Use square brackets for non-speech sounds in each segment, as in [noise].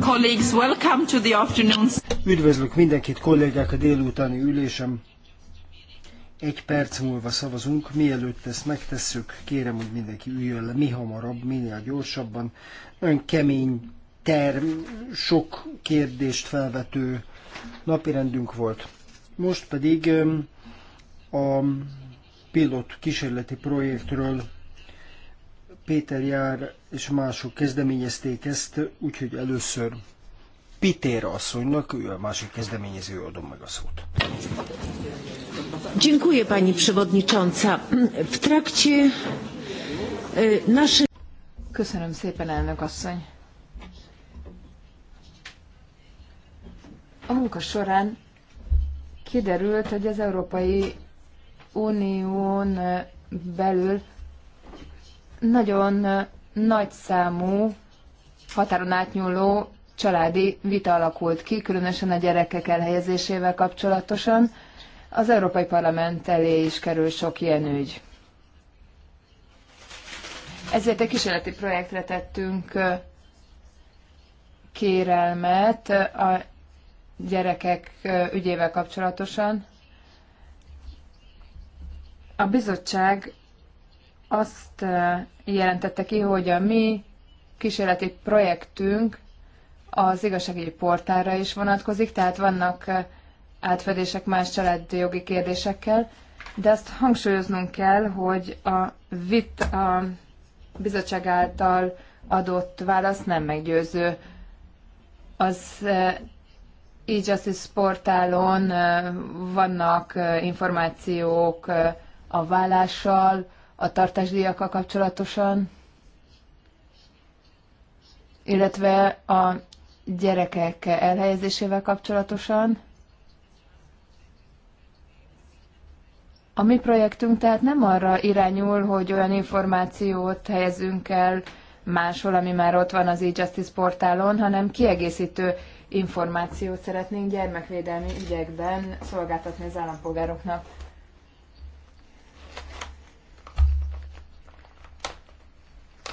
Colleagues, welcome to the afternoon. Üdvözlök mindenkit, kollégák, a délutáni ülésem. Egy perc múlva szavazunk, mielőtt ezt megtesszük, kérem, hogy mindenki üljön le, mi hamarabb, minél gyorsabban. Nagyon kemény term, sok kérdést felvető napirendünk volt. Most pedig a pilot kísérleti projektről Péter Jár és mások kezdeményezték ezt, úgyhogy először Pitér asszonynak, ő a másik kezdeményező, adom meg a szót. Dziękuję pani przewodnicząca. W trakcie e, naszej... Köszönöm szépen, elnök asszony. A munka során kiderült, hogy az Európai Unión e, belül nagyon nagy számú határon átnyúló családi vita alakult ki, különösen a gyerekek elhelyezésével kapcsolatosan. Az Európai Parlament elé is kerül sok ilyen ügy. Ezért egy kísérleti projektre tettünk kérelmet a gyerekek ügyével kapcsolatosan. A bizottság azt jelentette ki, hogy a mi kísérleti projektünk az igazságügyi portálra is vonatkozik, tehát vannak átfedések más családjogi kérdésekkel, de azt hangsúlyoznunk kell, hogy a VIT a bizottság által adott válasz nem meggyőző. Az az is portálon vannak információk a vállással, a tartásdíjakkal kapcsolatosan, illetve a gyerekek elhelyezésével kapcsolatosan. A mi projektünk tehát nem arra irányul, hogy olyan információt helyezünk el máshol, ami már ott van az e-justice portálon, hanem kiegészítő információt szeretnénk gyermekvédelmi ügyekben szolgáltatni az állampolgároknak.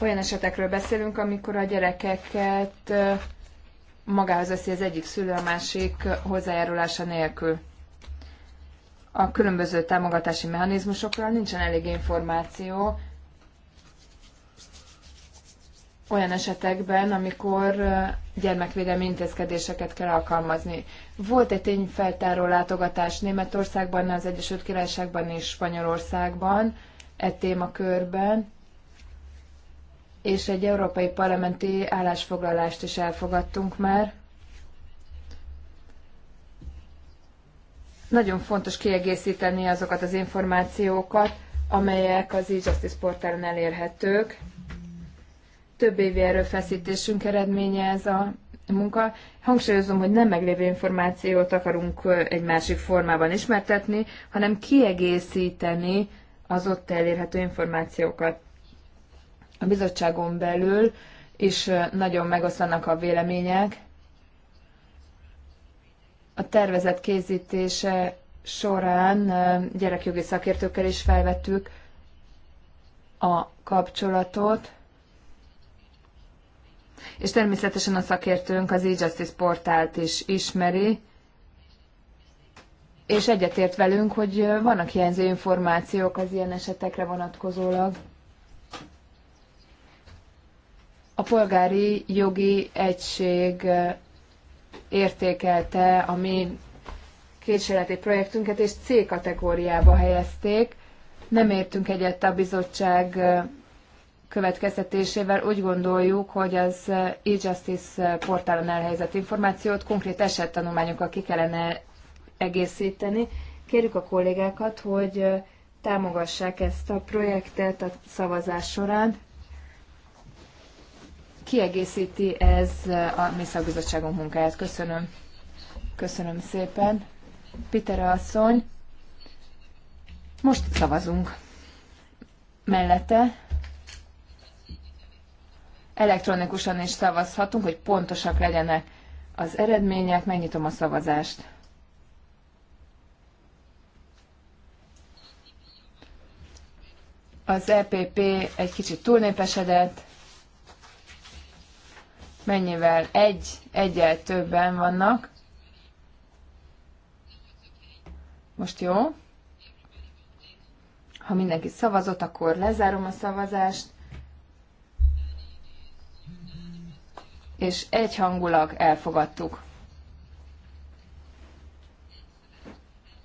olyan esetekről beszélünk, amikor a gyerekeket magához veszi az egyik szülő a másik hozzájárulása nélkül. A különböző támogatási mechanizmusokról nincsen elég információ, olyan esetekben, amikor gyermekvédelmi intézkedéseket kell alkalmazni. Volt egy tényfeltáró látogatás Németországban, az Egyesült Királyságban és Spanyolországban e témakörben és egy európai parlamenti állásfoglalást is elfogadtunk már. Nagyon fontos kiegészíteni azokat az információkat, amelyek az e-justice portálon elérhetők. Több évi erőfeszítésünk eredménye ez a munka. Hangsúlyozom, hogy nem meglévő információt akarunk egy másik formában ismertetni, hanem kiegészíteni az ott elérhető információkat a bizottságon belül is nagyon megoszlanak a vélemények. A tervezet készítése során gyerekjogi szakértőkkel is felvettük a kapcsolatot, és természetesen a szakértőnk az e-justice portált is ismeri, és egyetért velünk, hogy vannak hiányzó információk az ilyen esetekre vonatkozólag. A polgári jogi egység értékelte a mi kísérleti projektünket, és C kategóriába helyezték. Nem értünk egyet a bizottság következtetésével. Úgy gondoljuk, hogy az e-justice portálon elhelyezett információt konkrét esettanulmányokkal ki kellene egészíteni. Kérjük a kollégákat, hogy támogassák ezt a projektet a szavazás során kiegészíti ez eh, a mi szakbizottságunk munkáját. Köszönöm. Köszönöm szépen. Peter asszony, most szavazunk. Mellette elektronikusan is szavazhatunk, hogy pontosak legyenek az eredmények. Megnyitom a szavazást. Az EPP egy kicsit túlnépesedett mennyivel egy, egyel többen vannak. Most jó. Ha mindenki szavazott, akkor lezárom a szavazást. És egyhangulag elfogadtuk.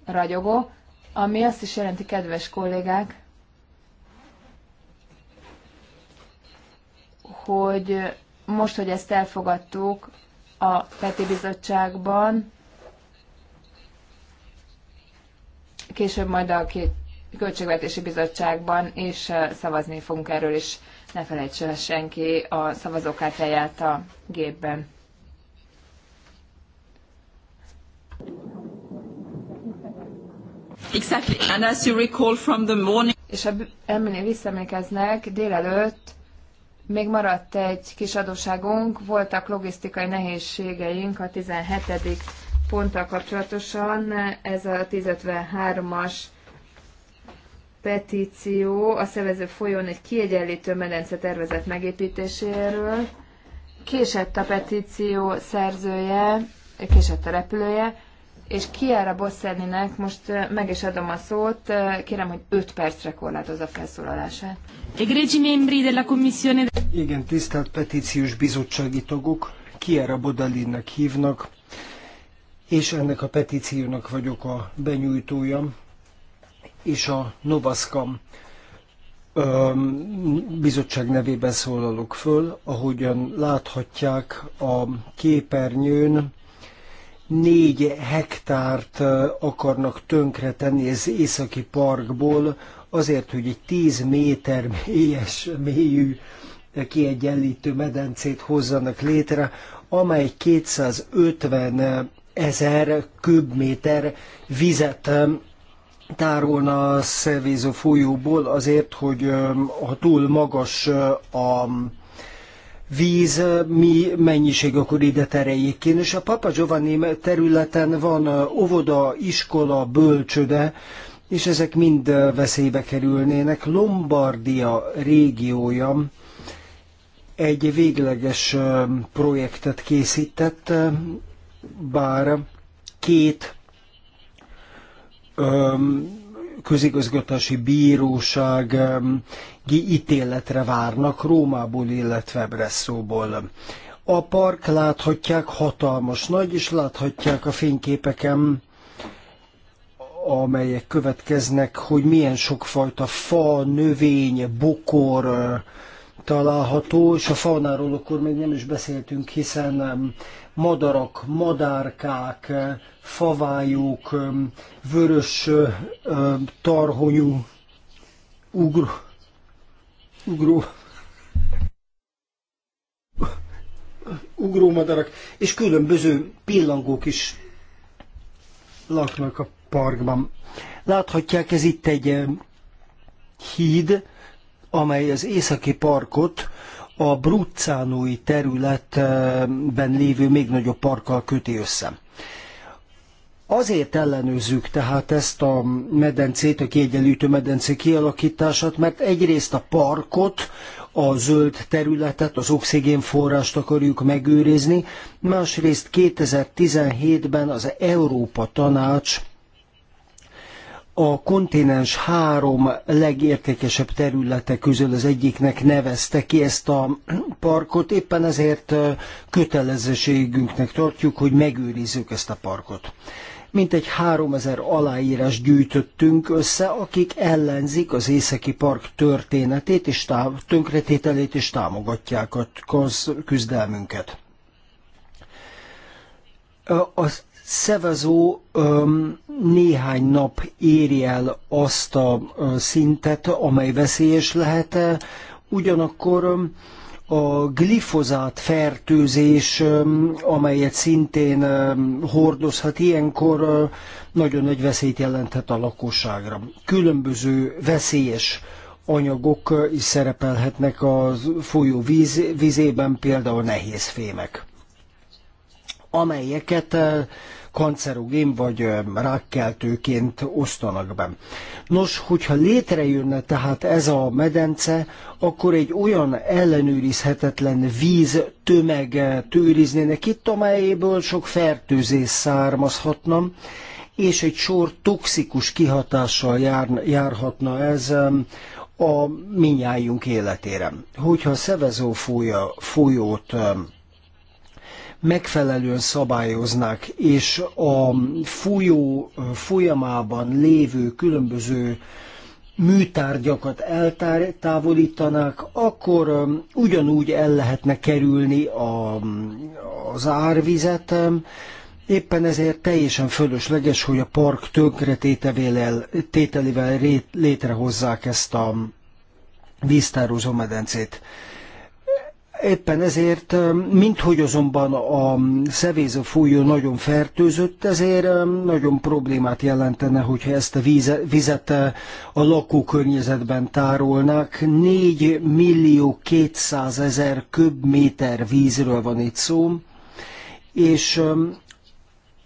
Ragyogó, ami azt is jelenti, kedves kollégák, hogy most, hogy ezt elfogadtuk a Peti Bizottságban, később majd a két Költségvetési Bizottságban is szavazni fogunk erről, és ne felejtsen senki a szavazókártyáját a gépben. Exactly. And as you recall from the morning... És ha emlékeznek, délelőtt még maradt egy kis adóságunk, voltak logisztikai nehézségeink a 17. ponttal kapcsolatosan. Ez a 1053-as petíció a szervező folyón egy kiegyenlítő medence tervezet megépítéséről. Késett a petíció szerzője, késett a repülője, és Kiára Bosszerninek most meg is adom a szót, kérem, hogy 5 percre a felszólalását. Egregi membri della commissione... Igen, tisztelt petíciós bizottsági tagok, Kiára Bodalinnek hívnak, és ennek a petíciónak vagyok a benyújtója, és a Novaszkam bizottság nevében szólalok föl, ahogyan láthatják a képernyőn, négy hektárt akarnak tönkretenni az északi parkból, azért, hogy egy 10 méter mélyes, mélyű kiegyenlítő medencét hozzanak létre, amely 250 ezer köbméter vizet tárolna a szervéző folyóból azért, hogy ha túl magas a víz mi mennyiség akkor ide tereljék ki. És a Papa Giovanni területen van óvoda, iskola, bölcsöde, és ezek mind veszélybe kerülnének. Lombardia régiója egy végleges projektet készített, bár két közigazgatási bíróság ítéletre várnak Rómából, illetve Bresszóból. A park láthatják hatalmas nagy, és láthatják a fényképeken, amelyek következnek, hogy milyen sokfajta fa, növény, bokor, található, és a faunáról akkor még nem is beszéltünk, hiszen madarak, madárkák, favályok, vörös tarhonyú ugró, ugró, madarak, és különböző pillangók is laknak a parkban. Láthatják, ez itt egy híd, amely az északi parkot a Bruccánói területben lévő még nagyobb parkkal köti össze. Azért ellenőrzzük tehát ezt a medencét, a kiegyenlítő medencé kialakítását, mert egyrészt a parkot, a zöld területet, az oxigénforrást akarjuk megőrizni, másrészt 2017-ben az Európa Tanács a kontinens három legértékesebb területe közül az egyiknek nevezte ki ezt a parkot, éppen ezért kötelezettségünknek tartjuk, hogy megőrizzük ezt a parkot. Mintegy 3000 aláírás gyűjtöttünk össze, akik ellenzik az északi park történetét és tá- tönkretételét és támogatják a küzdelmünket. Az Szevezó néhány nap éri el azt a szintet, amely veszélyes lehet, -e. ugyanakkor a glifozát fertőzés, amelyet szintén hordozhat ilyenkor, nagyon nagy veszélyt jelenthet a lakosságra. Különböző veszélyes anyagok is szerepelhetnek a folyó víz, vízében, például nehéz fémek, amelyeket kancerogén vagy rákkeltőként osztanak be. Nos, hogyha létrejönne tehát ez a medence, akkor egy olyan ellenőrizhetetlen víz tömeget őriznének itt, amelyéből sok fertőzés származhatna, és egy sor toxikus kihatással jár, járhatna ez a minnyájunk életére. Hogyha a Szevezó folyót megfelelően szabályoznák, és a folyó folyamában lévő különböző műtárgyakat eltávolítanák, akkor um, ugyanúgy el lehetne kerülni a, az árvizet. Um, éppen ezért teljesen fölösleges, hogy a park tönkretételével tételével létrehozzák ezt a víztározó medencét. Éppen ezért, minthogy azonban a szevéző folyó nagyon fertőzött, ezért nagyon problémát jelentene, hogyha ezt a vizet a lakókörnyezetben tárolnák. 4 millió 200 ezer köbméter vízről van itt szó, és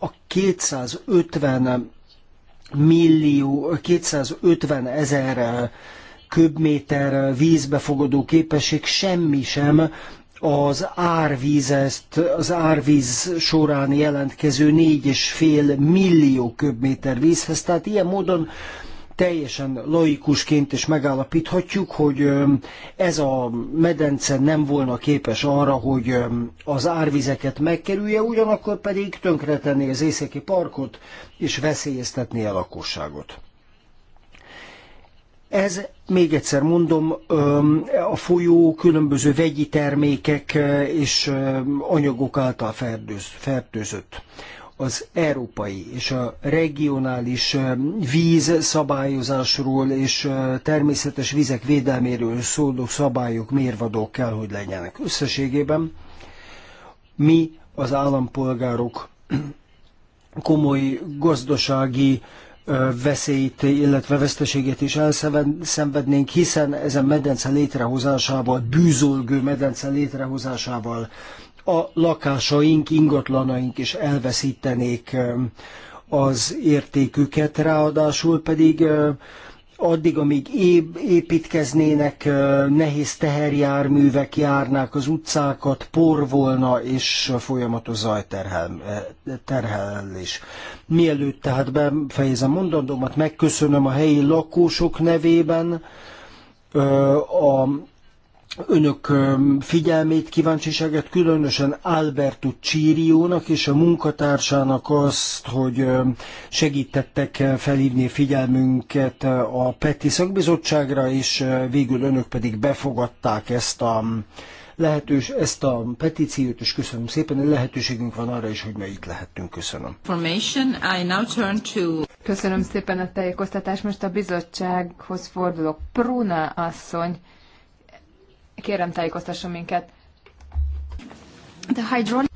a 250 millió, 250 ezer köbméter vízbefogadó képesség semmi sem az ezt, az árvíz során jelentkező 4,5 millió köbméter vízhez. Tehát ilyen módon teljesen laikusként is megállapíthatjuk, hogy ez a medence nem volna képes arra, hogy az árvizeket megkerülje, ugyanakkor pedig tönkretenné az északi parkot és veszélyeztetné a lakosságot. Ez, még egyszer mondom, a folyó különböző vegyi termékek és anyagok által fertőzött. Az európai és a regionális vízszabályozásról és természetes vizek védelméről szóló szabályok mérvadók kell, hogy legyenek. Összességében mi, az állampolgárok komoly gazdasági veszélyt, illetve veszteséget is elszenvednénk, hiszen ezen medence létrehozásával, bűzolgő medence létrehozásával a lakásaink, ingatlanaink is elveszítenék az értéküket, ráadásul pedig addig, amíg építkeznének, nehéz teherjárművek járnák az utcákat, por volna és folyamatos zajterhelés. E, Terhel Mielőtt tehát befejezem mondandómat, megköszönöm a helyi lakósok nevében a önök figyelmét, kíváncsiságát, különösen Alberto Csíriónak és a munkatársának azt, hogy segítettek felhívni figyelmünket a PETI szakbizottságra, és végül önök pedig befogadták ezt a lehetős, ezt a petíciót, és köszönöm szépen, lehetőségünk van arra is, hogy ma itt lehetünk. Köszönöm. Köszönöm szépen a tájékoztatást. Most a bizottsághoz fordulok. Pruna asszony, Kérem tájékoztasson minket.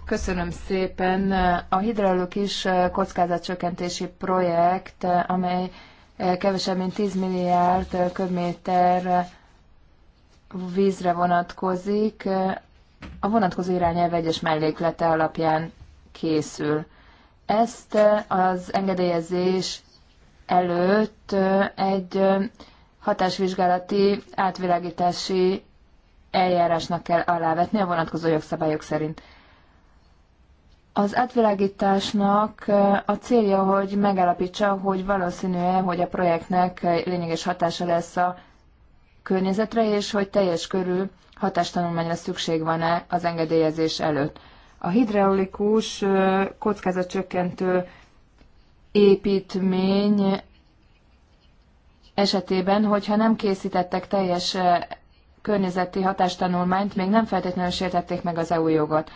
Köszönöm szépen. A hidraulik is eh, kockázatcsökkentési projekt, eh, amely eh, kevesebb mint 10 milliárd köbméter vízre vonatkozik, a vonatkozó irányelv egyes melléklete alapján készül. Ezt az engedélyezés előtt egy hatásvizsgálati átvilágítási eljárásnak kell alávetni a vonatkozó jogszabályok szerint. Az átvilágításnak a célja, hogy megállapítsa, hogy valószínű-e, hogy a projektnek lényeges hatása lesz a környezetre, és hogy teljes körű hatástanulmányra szükség van-e az engedélyezés előtt. A hidraulikus kockázatcsökkentő építmény esetében, hogyha nem készítettek teljes környezeti hatástanulmányt még nem feltétlenül sértették meg az EU jogot.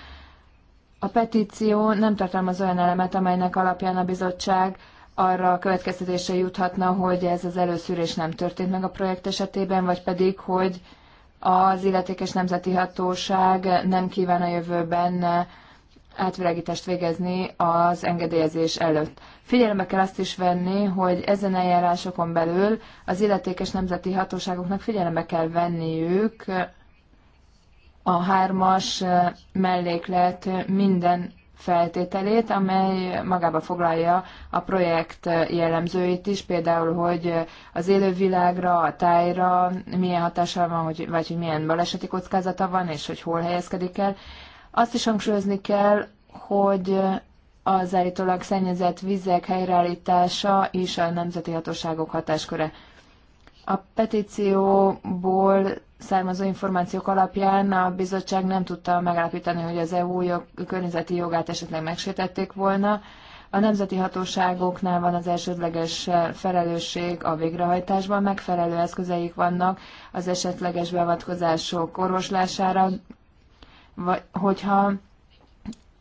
A petíció nem tartalmaz olyan elemet, amelynek alapján a bizottság arra a következtetése juthatna, hogy ez az előszűrés nem történt meg a projekt esetében, vagy pedig, hogy az illetékes nemzeti hatóság nem kíván a jövőben átvilágítást végezni az engedélyezés előtt. Figyelembe kell azt is venni, hogy ezen eljárásokon belül az illetékes nemzeti hatóságoknak figyelembe kell venniük a hármas melléklet minden feltételét, amely magába foglalja a projekt jellemzőit is, például, hogy az élővilágra, a tájra milyen hatással van, vagy hogy milyen baleseti kockázata van, és hogy hol helyezkedik el. Azt is hangsúlyozni kell, hogy az állítólag szennyezett vizek helyreállítása is a nemzeti hatóságok hatásköre. A petícióból származó információk alapján a bizottság nem tudta megállapítani, hogy az EU jog, környezeti jogát esetleg megsértették volna. A nemzeti hatóságoknál van az elsődleges felelősség a végrehajtásban, megfelelő eszközeik vannak az esetleges beavatkozások orvoslására, vagy hogyha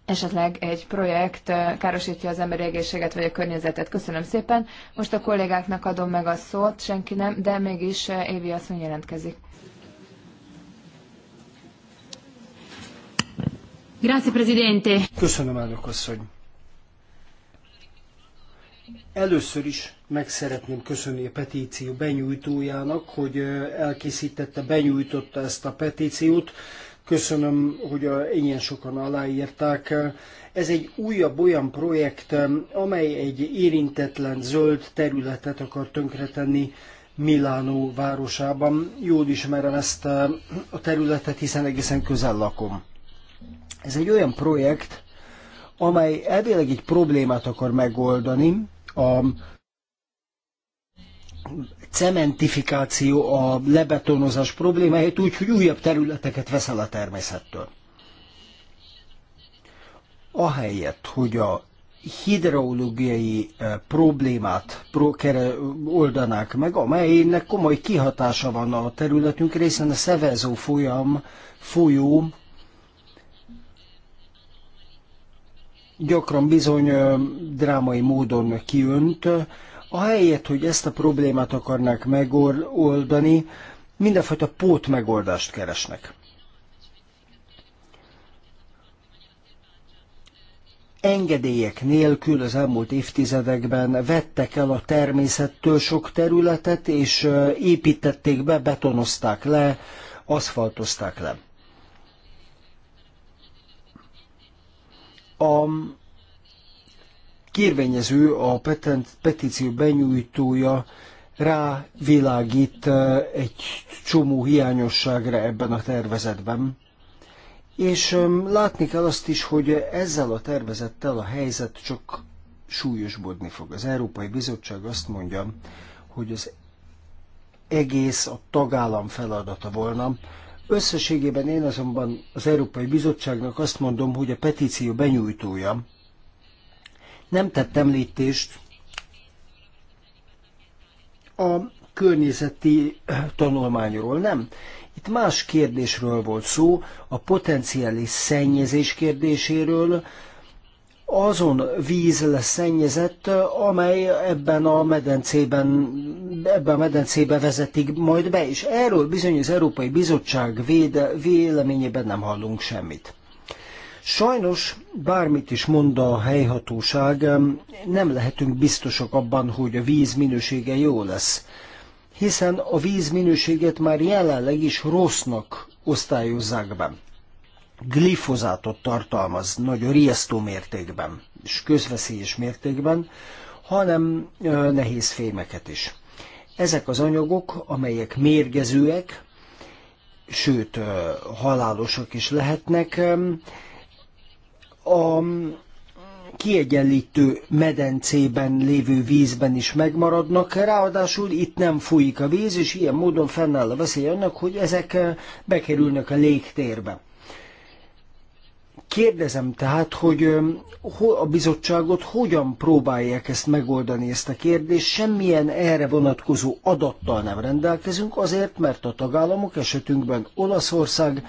esetleg egy projekt eh, károsítja az emberi egészséget vagy a környezetet. Köszönöm szépen. Most a kollégáknak adom meg a szót, senki nem, de mégis eh, Évi asszony jelentkezik. Grazie, Presidente. Köszönöm, elnök asszony. Először is meg szeretném köszönni a petíció benyújtójának, hogy eh, elkészítette, benyújtotta ezt a petíciót. Köszönöm, hogy a, ilyen sokan aláírták. Ez egy újabb olyan projekt, amely egy érintetlen zöld területet akar tönkretenni Milánó városában. Jól ismerem ezt eh, a területet, hiszen egészen közel lakom. Ez egy olyan projekt, amely elvileg egy problémát akar megoldani, a cementifikáció, a lebetonozás problémáját úgy, hogy újabb területeket veszel a természettől. Ahelyett, hogy a hidrológiai eh, problémát oldanák meg, amelynek komoly kihatása van a területünk részen, a szevezó folyam, folyó gyakran bizony eh, drámai módon kiönt, Ahelyett, hogy ezt a problémát akarnák megoldani, mindenfajta pót megoldást keresnek. engedélyek nélkül az elmúlt évtizedekben vettek el a természettől sok területet, és építették be, betonozták le, aszfaltozták le. A kérvényező, a petent, petíció benyújtója rávilágít eh, egy csomó hiányosságra ebben a tervezetben. És látni kell azt is, hogy ezzel a tervezettel a helyzet csak súlyosbodni fog. Az Európai Bizottság azt mondja, hogy az egész a tagállam feladata volna. Összességében én azonban az Európai Bizottságnak azt mondom, hogy a petíció benyújtója, nem tett említést a környezeti eh, tanulmányról, nem. Itt más kérdésről volt szó, a potenciális szennyezés kérdéséről, azon víz lesz szennyezett, amely ebben a medencében, ebben a medencébe vezetik majd be, és erről bizony az Európai Bizottság véde, véleményében nem hallunk semmit. Sajnos, bármit is mond a helyhatóság, nem lehetünk biztosak abban, hogy a víz minősége jó lesz, hiszen a víz minőséget már jelenleg is rossznak osztályozzák be. Glifozátot tartalmaz nagyon riasztó mértékben és közveszélyes mértékben, hanem nehéz fémeket is. Ezek az anyagok, amelyek mérgezőek, sőt halálosak is lehetnek, a kiegyenlítő medencében lévő vízben is megmaradnak, ráadásul itt nem folyik a víz, és ilyen módon fennáll a veszély annak, hogy ezek eh, bekerülnek a légtérbe. Kérdezem tehát, hogy eh, a bizottságot hogyan próbálják ezt megoldani, ezt a kérdést. Semmilyen erre vonatkozó adattal nem rendelkezünk, azért, mert a tagállamok esetünkben Olaszország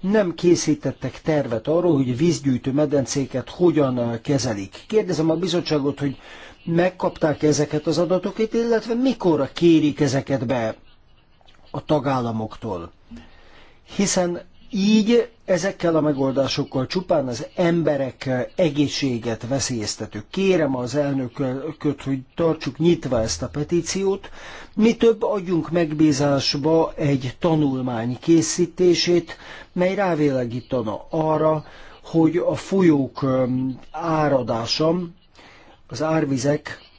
nem készítettek tervet arról, hogy vízgyűjtő medencéket hogyan uh, kezelik. Kérdezem a bizottságot, hogy megkapták ezeket az adatokat, illetve mikorra kérik ezeket be a tagállamoktól. Hiszen így ezekkel a megoldásokkal csupán az emberek egészséget veszélyeztetők. Kérem az elnököt, hogy tartsuk nyitva ezt a petíciót. Mi több adjunk megbízásba egy tanulmány készítését, mely rávilágítana arra, hogy a folyók áradása, az árvizek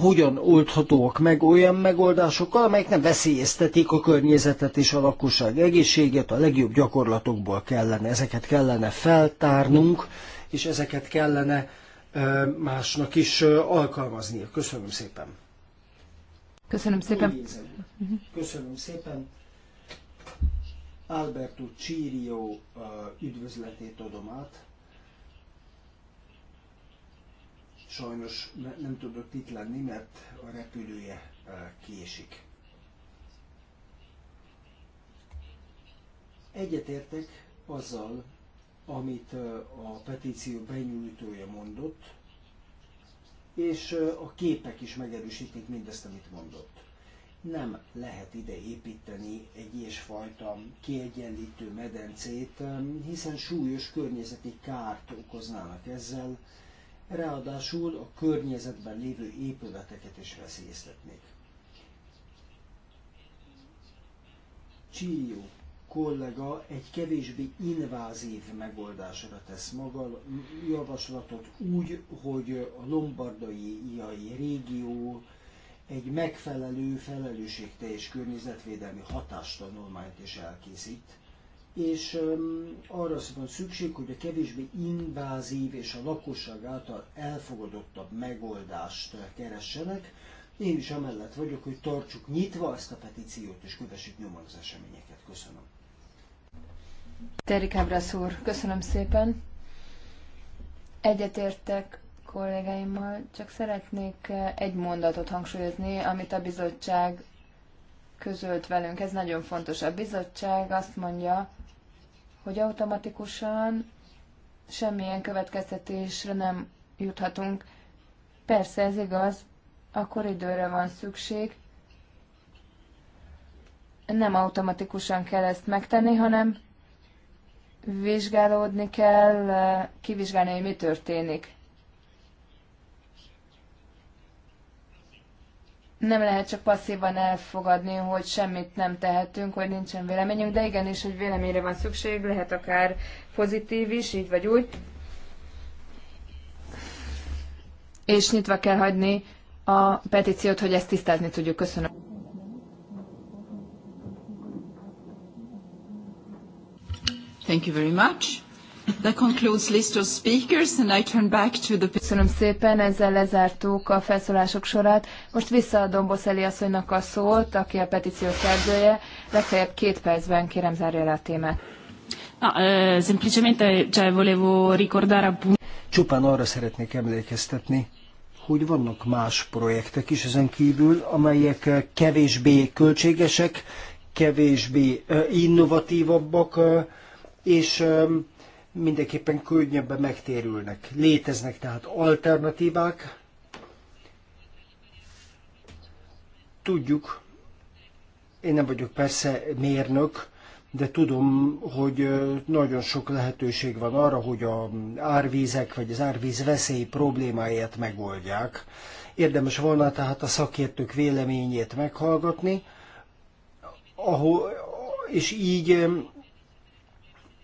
hogyan oldhatóak meg olyan megoldásokkal, amelyek nem veszélyeztetik a környezetet és a lakosság egészségét, a legjobb gyakorlatokból kellene, ezeket kellene feltárnunk, és ezeket kellene másnak is alkalmaznia. Köszönöm szépen. Köszönöm szépen. Köszönöm szépen. Alberto Csírió üdvözletét adom át. sajnos nem tudott itt lenni, mert a repülője e, késik. Egyetértek azzal, amit e, a petíció benyújtója mondott, és e, a képek is megerősítik mindezt, amit mondott. Nem lehet ide építeni egy ilyesfajta kiegyenlítő medencét, hiszen súlyos környezeti kárt okoznának ezzel, ráadásul a környezetben lévő épületeket is veszélyeztetnék. Csillió kollega egy kevésbé invázív megoldásra tesz maga javaslatot úgy, hogy a lombardai régió egy megfelelő felelősségteljes környezetvédelmi hatástanulmányt is elkészít, és arra van szükség, hogy a kevésbé invázív és a lakosság által elfogadottabb megoldást keressenek. Én is amellett vagyok, hogy tartsuk nyitva ezt a petíciót, és kövessük nyomon az eseményeket. Köszönöm. Terik Ábrász úr, köszönöm szépen. Egyetértek kollégáimmal, csak szeretnék eh, egy mondatot hangsúlyozni, amit a bizottság közölt velünk. Ez nagyon fontos. A bizottság azt mondja, hogy automatikusan semmilyen következtetésre nem juthatunk. Persze ez igaz, akkor időre van szükség. Nem automatikusan kell ezt megtenni, hanem vizsgálódni kell, eh, kivizsgálni, hogy mi történik. nem lehet csak passzívan elfogadni, hogy semmit nem tehetünk, hogy nincsen véleményünk, de igenis, hogy véleményre van szükség, lehet akár pozitív is, így vagy úgy. És nyitva kell hagyni a petíciót, hogy ezt tisztázni tudjuk. Köszönöm. Thank you very much. That concludes list of speakers, and I turn back to the... Köszönöm szépen, ezzel lezártuk a felszólások sorát. Most visszaadom Boszeli asszonynak a szót, aki a petíció szerzője. Legfeljebb két percben kérem zárja le a témát. Ah, semplicemente, cioè, volevo ricordare appunto... Csupán arra szeretnék emlékeztetni, hogy vannak más projektek is ezen kívül, amelyek kevésbé költségesek, kevésbé innovatívabbak, és mindenképpen könnyebben megtérülnek. Léteznek tehát alternatívák. Tudjuk, én nem vagyok persze mérnök, de tudom, hogy nagyon sok lehetőség van arra, hogy a árvízek vagy az árvíz veszély problémáját megoldják. Érdemes volna tehát a szakértők véleményét meghallgatni, ahol, és így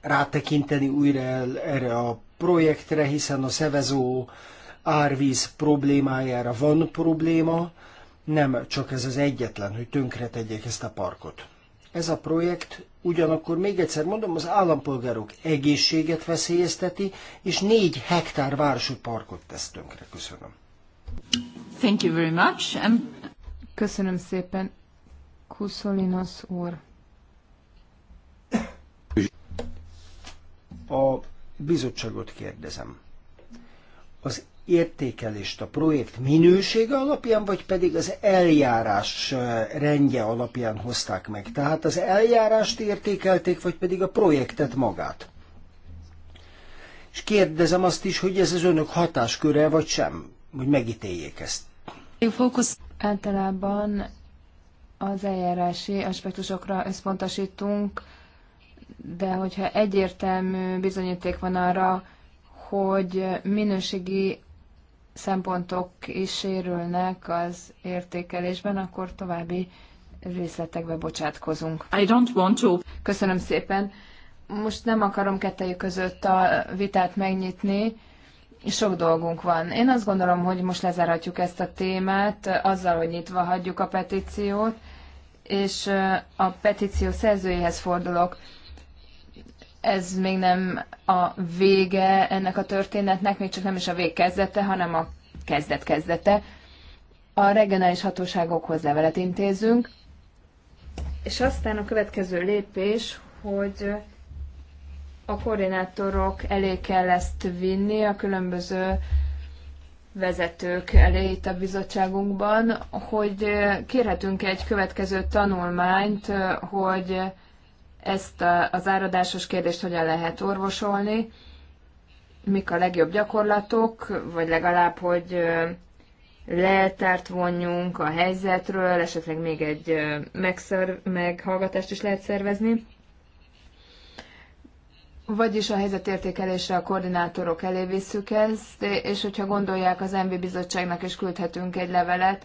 rátekinteni újra erre a projektre, hiszen a szevezó árvíz problémájára van probléma, nem csak ez az egyetlen, hogy tönkretegyék ezt a parkot. Ez a projekt ugyanakkor még egyszer mondom, az állampolgárok egészséget veszélyezteti, és négy hektár városi parkot tesz tönkre. Köszönöm. Thank you very much. I'm... Um, Köszönöm szépen, Kuszolinos úr. A bizottságot kérdezem. Az értékelést a projekt minősége alapján, vagy pedig az eljárás rendje alapján hozták meg? Tehát az eljárást értékelték, vagy pedig a projektet magát? És kérdezem azt is, hogy ez az önök hatásköre, vagy sem, hogy megítéljék ezt. A Fókusz. Általában az eljárási aspektusokra összpontosítunk, de hogyha egyértelmű bizonyíték van arra, hogy minőségi szempontok is sérülnek az értékelésben, akkor további részletekbe bocsátkozunk. I don't want to. Köszönöm szépen. Most nem akarom kettejük között a vitát megnyitni, sok dolgunk van. Én azt gondolom, hogy most lezárhatjuk ezt a témát azzal, hogy nyitva hagyjuk a petíciót, és a petíció szerzőjéhez fordulok ez még nem a vége ennek a történetnek, még csak nem is a végkezdete, hanem a kezdet-kezdete. A regionális hatóságokhoz levelet intézünk, és aztán a következő lépés, hogy a koordinátorok elé kell ezt vinni, a különböző vezetők elé itt a bizottságunkban, hogy kérhetünk egy következő tanulmányt, hogy ezt az áradásos kérdést hogyan lehet orvosolni, mik a legjobb gyakorlatok, vagy legalább, hogy leltárt vonjunk a helyzetről, esetleg még egy megszer, meghallgatást is lehet szervezni. Vagyis a helyzetértékelésre a koordinátorok elé visszük ezt, és hogyha gondolják, az MB bizottságnak is küldhetünk egy levelet,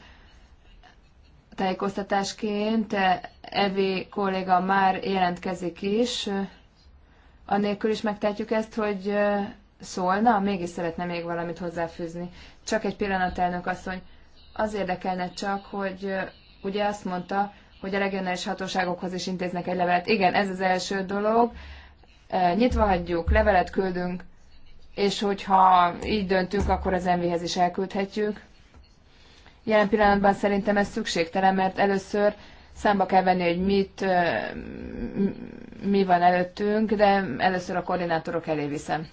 tájékoztatásként Evi kolléga már jelentkezik is, anélkül is megtehetjük ezt, hogy szólna, mégis szeretne még valamit hozzáfűzni. Csak egy pillanat, elnök asszony. Az érdekelne csak, hogy ugye azt mondta, hogy a regionális hatóságokhoz is intéznek egy levelet. Igen, ez az első dolog. Nyitva hagyjuk, levelet küldünk, és hogyha így döntünk, akkor az MV-hez is elküldhetjük. Jelen pillanatban szerintem ez szükségtelen, mert először számba kell venni, hogy mit, mi van előttünk, de először a koordinátorok elé viszem.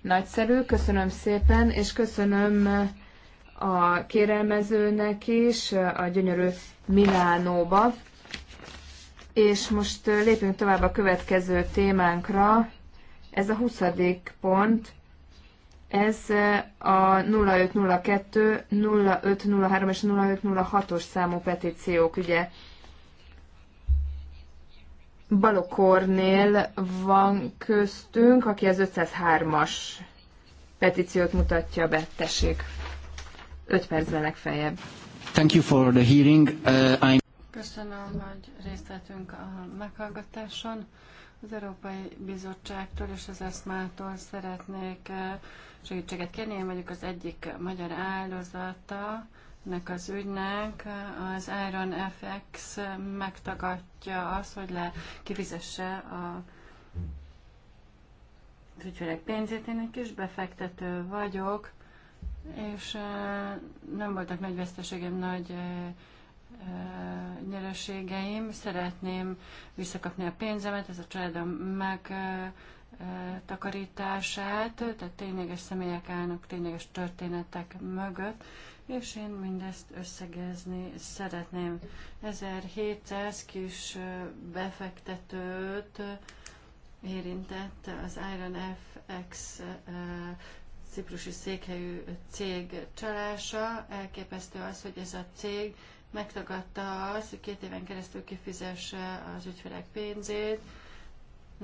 Nagyszerű, köszönöm szépen, és köszönöm a kérelmezőnek is a gyönyörű Milánóba. És most lépünk tovább a következő témánkra. Ez a 20. pont, ez eh, a 0502, 0503 és 0506-os számú petíciók ugye Balokornél van köztünk, aki az 503-as petíciót mutatja be. Tessék, 5 percben legfeljebb. Thank you for the hearing. Uh, I... Köszönöm, hogy részt vettünk a meghallgatáson. Az Európai Bizottságtól és az ESMA-tól szeretnék eh, segítséget kérni. Én vagyok az egyik magyar áldozata ennek az ügynek. Az Iron FX megtagadja azt, hogy le kifizesse a az ügyfelek pénzét. Én egy kis befektető vagyok, és nem voltak nagy veszteségem, nagy nyereségeim. Szeretném visszakapni a pénzemet, ez a családom meg takarítását, tehát tényleges személyek állnak tényleges történetek mögött, és én mindezt összegezni szeretném. 1700 kis befektetőt érintett az Iron FX ciprusi székhelyű cég csalása. Elképesztő az, hogy ez a cég megtagadta azt, hogy két éven keresztül kifizesse az ügyfelek pénzét,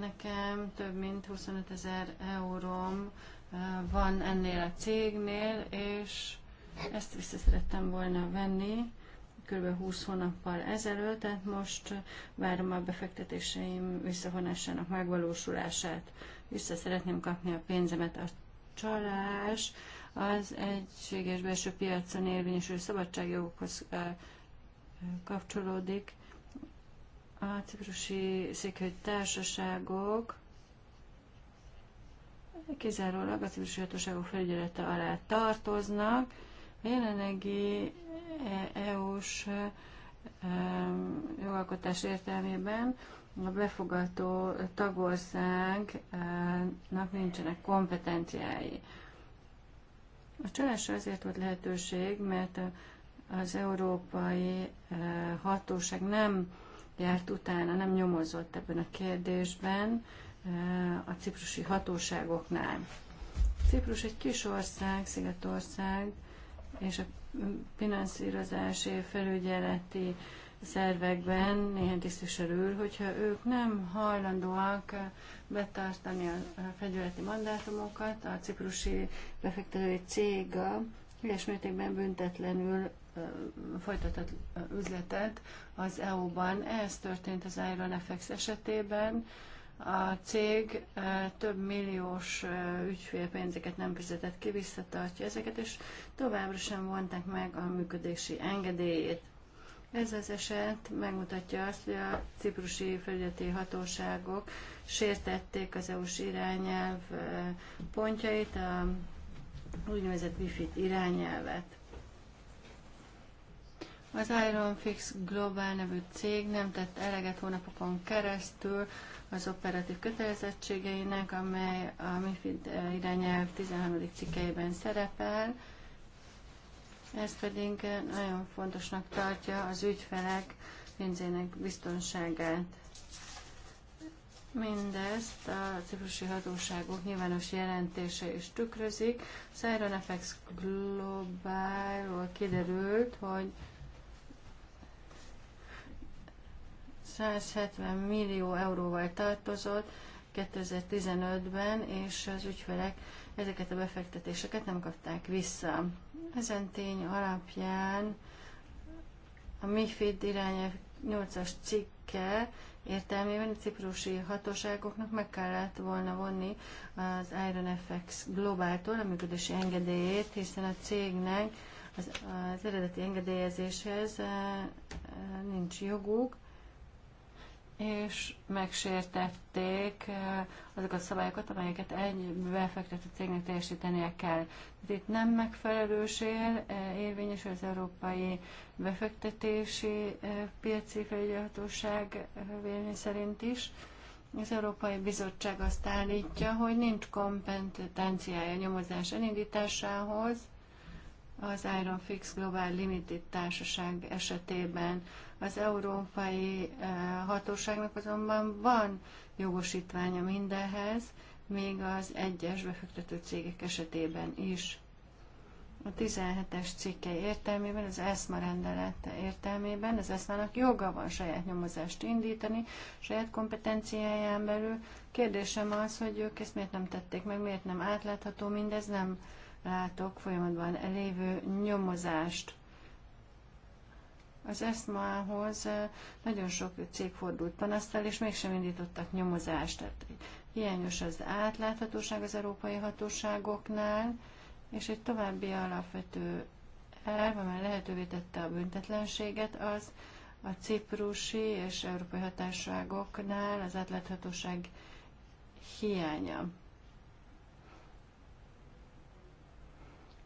nekem több mint 25 ezer euróm van ennél a cégnél, és ezt vissza szerettem volna venni kb. 20 hónappal ezelőtt, tehát most várom a befektetéseim visszavonásának megvalósulását. Vissza szeretném kapni a pénzemet. A csalás az egységes belső piacon érvényesülő szabadságjogokhoz kapcsolódik, a ciprusi székhely társaságok kizárólag a ciprusi hatóságok felügyelete alá tartoznak. A jelenlegi EU-s e, e, jogalkotás értelmében a befogadó tagországnak nincsenek kompetenciái. A csalásra azért volt lehetőség, mert az európai e, hatóság nem járt utána, nem nyomozott ebben a kérdésben a ciprusi hatóságoknál. Ciprus egy kis ország, szigetország, és a finanszírozási felügyeleti szervekben néhány tisztviselő, hogyha ők nem hajlandóak betartani a fegyületi mandátumokat, a ciprusi befektetői cég a mértékben büntetlenül folytatott üzletet az EU-ban. Ez történt az Iron FX esetében. A cég több milliós ügyfélpénzeket nem fizetett ki, visszatartja ezeket, és továbbra sem vonták meg a működési engedélyét. Ez az eset megmutatja azt, hogy a ciprusi felügyeleti hatóságok sértették az EU-s irányelv pontjait, a úgynevezett wifi irányelvet. Az Fix Global nevű cég nem tett eleget hónapokon keresztül az operatív kötelezettségeinek, amely a MIFID eh, irányelv 13. cikkeiben szerepel. Ez pedig eh, nagyon fontosnak tartja az ügyfelek pénzének biztonságát. Mindezt a ciprusi hatóságok nyilvános jelentése is tükrözik. Siron FX Globálról kiderült, hogy 170 millió euróval tartozott 2015-ben, és az ügyfelek ezeket a befektetéseket nem kapták vissza. Ezen tény alapján a MIFID irányelv 8-as cikke értelmében a ciprusi hatóságoknak meg kellett volna vonni az Iron FX Globáltól a működési engedélyét, hiszen a cégnek az, az eredeti engedélyezéshez eh, eh, nincs joguk, és megsértették eh, azokat a szabályokat, amelyeket egy befektető cégnek teljesítenie kell. Itt nem megfelelősél eh, érvényes az Európai Befektetési eh, Piaci Felügyelhatóság vélemény szerint is. Az Európai Bizottság azt állítja, hogy nincs kompetenciája nyomozás elindításához az Iron Fix Global Limited társaság esetében. Az európai eh, hatóságnak azonban van jogosítványa mindenhez, még az egyes befektető cégek esetében is. A 17-es cikke értelmében, az ESMA rendelet értelmében az ESMA-nak joga van saját nyomozást indítani, saját kompetenciáján belül. Kérdésem az, hogy ők ezt miért nem tették meg, miért nem átlátható mindez, nem látok folyamatban elévő nyomozást. Az ESMA-hoz nagyon sok cég fordult panasztal, és mégsem indítottak nyomozást. Tehát hiányos az átláthatóság az európai hatóságoknál, és egy további alapvető elv, amely lehetővé tette a büntetlenséget, az a ciprusi és európai hatóságoknál az átláthatóság hiánya.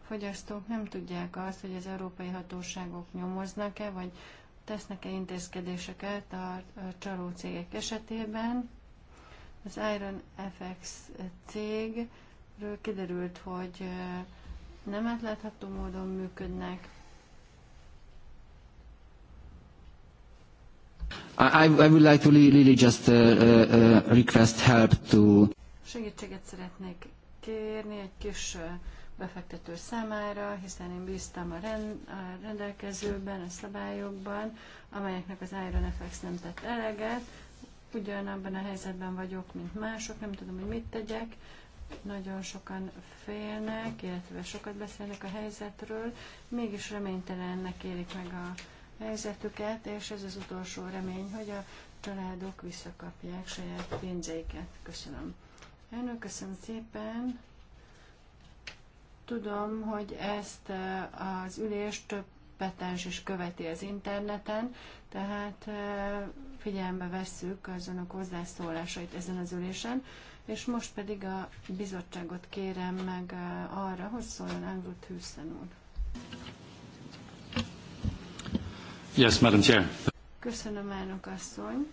fogyasztók nem tudják azt, hogy az európai hatóságok nyomoznak-e, vagy tesznek-e intézkedéseket a csaló cégek esetében. Az Iron FX cégről kiderült, hogy nem átlátható módon működnek. I, I would like to really just uh, uh, uh, request help to... Segítséget szeretnék kérni, egy kis uh, befektető számára, hiszen én bíztam a, rend, a rendelkezőben, a szabályokban, amelyeknek az Iron FX nem tett eleget. Ugyanabban a helyzetben vagyok, mint mások, nem tudom, hogy mit tegyek. Nagyon sokan félnek, illetve sokat beszélnek a helyzetről, mégis reménytelennek élik meg a helyzetüket, és ez az utolsó remény, hogy a családok visszakapják saját pénzeiket. Köszönöm. Elnök, köszönöm szépen. Tudom, hogy ezt eh, az ülést több petens is követi az interneten, tehát eh, figyelembe vesszük az önök hozzászólásait ezen az ülésen, és most pedig a bizottságot kérem meg eh, arra, hogy szóljon Angol Hűszen úr. Yes, Madam Chair. Köszönöm, elnök asszony.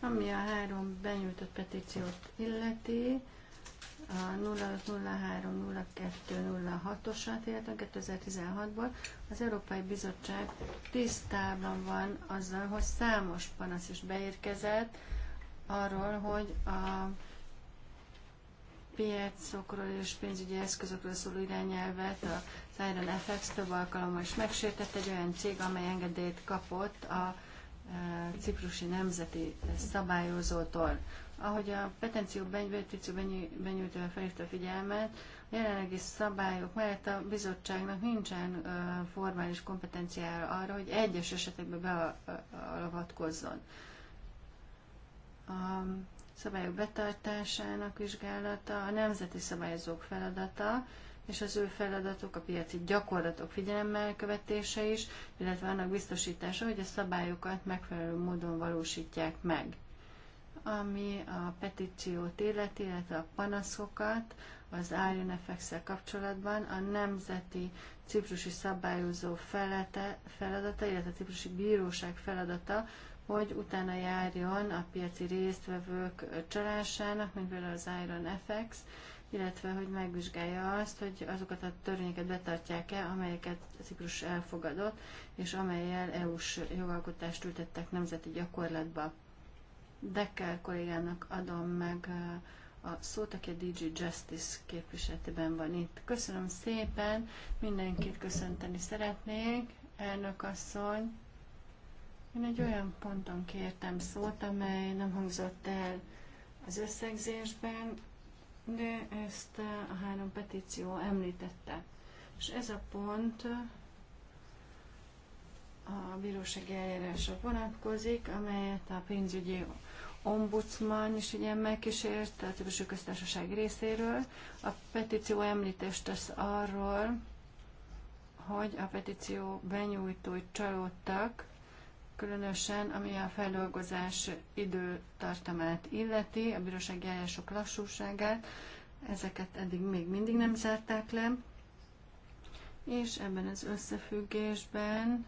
Ami a három benyújtott petíciót illeti, a 0503 06 osat illetve 2016-ból az Európai Bizottság tisztában van azzal, hogy számos panasz is beérkezett arról, hogy a piacokról és pénzügyi eszközökről szóló irányelvet a Siren FX több alkalommal is megsértett egy olyan cég, amely engedélyt kapott a e, ciprusi nemzeti szabályozótól. Ahogy a petíció benyújtó felhívta a figyelmet, a jelenlegi szabályok mellett a bizottságnak nincsen formális kompetenciája arra, hogy egyes esetekben beavatkozzon. A szabályok betartásának vizsgálata a nemzeti szabályozók feladata, és az ő feladatok, a piaci gyakorlatok figyelemmel követése is, illetve annak biztosítása, hogy a szabályokat megfelelő módon valósítják meg ami a petíciót illeti, illetve a panaszokat az infx effekszel kapcsolatban a Nemzeti Ciprusi Szabályozó felete, feladata, illetve a Ciprusi Bíróság feladata, hogy utána járjon a piaci résztvevők csalásának, mint például az Iron FX, illetve hogy megvizsgálja azt, hogy azokat a törvényeket betartják-e, amelyeket Ciprus elfogadott, és amelyel EU-s jogalkotást ültettek nemzeti gyakorlatba. Dekker kollégának adom meg a szót, aki a DG Justice képviseletében van itt. Köszönöm szépen, mindenkit köszönteni szeretnék, elnök asszony. Én egy olyan ponton kértem szót, amely nem hangzott el az összegzésben, de ezt a három petíció említette. És ez a pont a bírósági eljárásra vonatkozik, amelyet a pénzügyi ombudsman is ilyen megkísért a Ciprusi Köztársaság részéről. A petíció említést tesz arról, hogy a petíció benyújtói csalódtak, különösen ami a feldolgozás időtartamát illeti, a bírósági eljárások lassúságát, ezeket eddig még mindig nem zárták le, és ebben az összefüggésben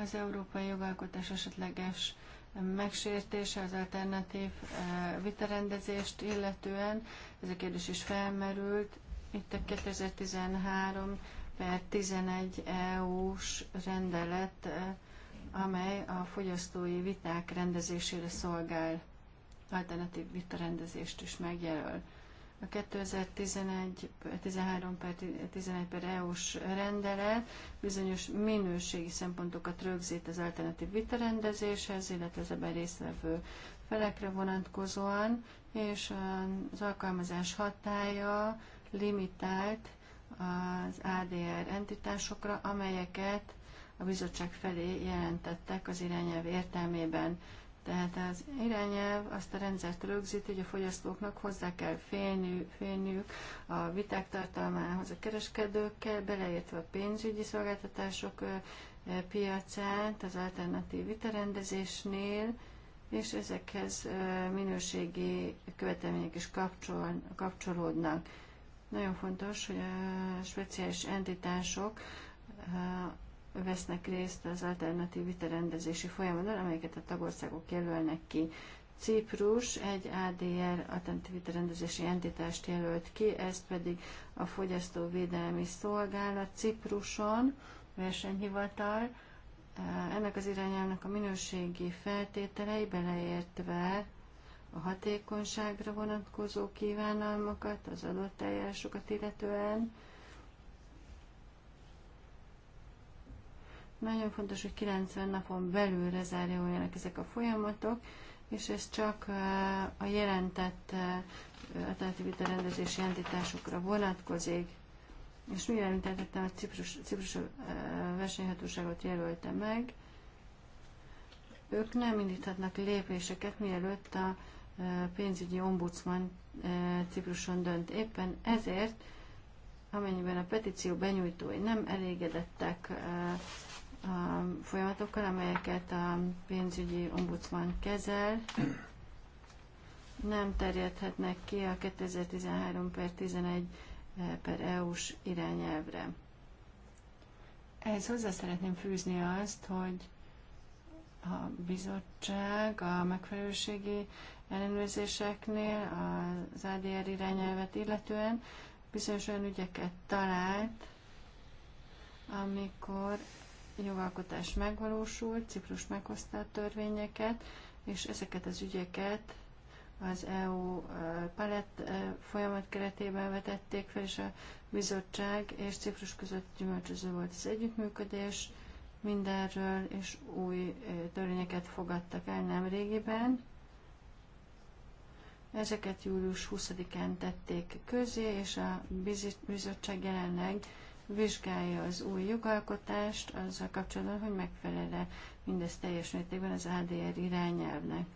az európai jogalkotás esetleges megsértése az alternatív eh, vitarendezést illetően. Ez a kérdés is felmerült. Itt a 2013 per 11 EU-s rendelet, eh, amely a fogyasztói viták rendezésére szolgál, alternatív vitarendezést is megjelöl a 2011 13 per 11 per EU-s rendelet bizonyos minőségi szempontokat rögzít az alternatív vitarendezéshez, illetve az ebben résztvevő felekre vonatkozóan, és az alkalmazás hatája limitált az ADR entitásokra, amelyeket a bizottság felé jelentettek az irányelv értelmében. Tehát az irányelv azt a rendszert rögzít, hogy a fogyasztóknak hozzá kell félni, félniük a viták tartalmához a kereskedőkkel, beleértve a pénzügyi szolgáltatások piacát az alternatív vitarendezésnél, és ezekhez minőségi követelmények is kapcsol, kapcsolódnak. Nagyon fontos, hogy a speciális entitások vesznek részt az alternatív viterendezési folyamaton, amelyeket a tagországok jelölnek ki. Ciprus egy ADR alternatív viterendezési entitást jelölt ki, ez pedig a Fogyasztóvédelmi Szolgálat Cipruson, versenyhivatal. Ennek az irányának a minőségi feltételei beleértve a hatékonyságra vonatkozó kívánalmakat, az adott eljárásokat illetően, Nagyon fontos, hogy 90 napon belül lezáruljanak ezek a folyamatok, és ez csak a jelentett alternatív rendezési entitásokra vonatkozik. És mivel említettem, a Ciprus, Ciprus versenyhatóságot jelölte meg, ők nem indíthatnak lépéseket, mielőtt a pénzügyi ombudsman Cipruson dönt. Éppen ezért, amennyiben a petíció benyújtói nem elégedettek folyamatokkal, amelyeket a pénzügyi ombudsman kezel, nem terjedhetnek ki a 2013 per 11 eh, per EU-s irányelvre. Ehhez hozzá szeretném fűzni azt, hogy a bizottság a megfelelőségi ellenőrzéseknél az ADR irányelvet illetően bizonyos olyan ügyeket talált, amikor jogalkotás megvalósult, Ciprus meghozta a törvényeket, és ezeket az ügyeket az EU palett folyamat keretében vetették fel, és a bizottság és Ciprus között gyümölcsöző volt az együttműködés mindenről, és új törvényeket fogadtak el nem régiben. Ezeket július 20-án tették közé, és a bizottság jelenleg vizsgálja az új jogalkotást azzal kapcsolatban, hogy megfelele mindez teljes mértékben az ADR irányelvnek.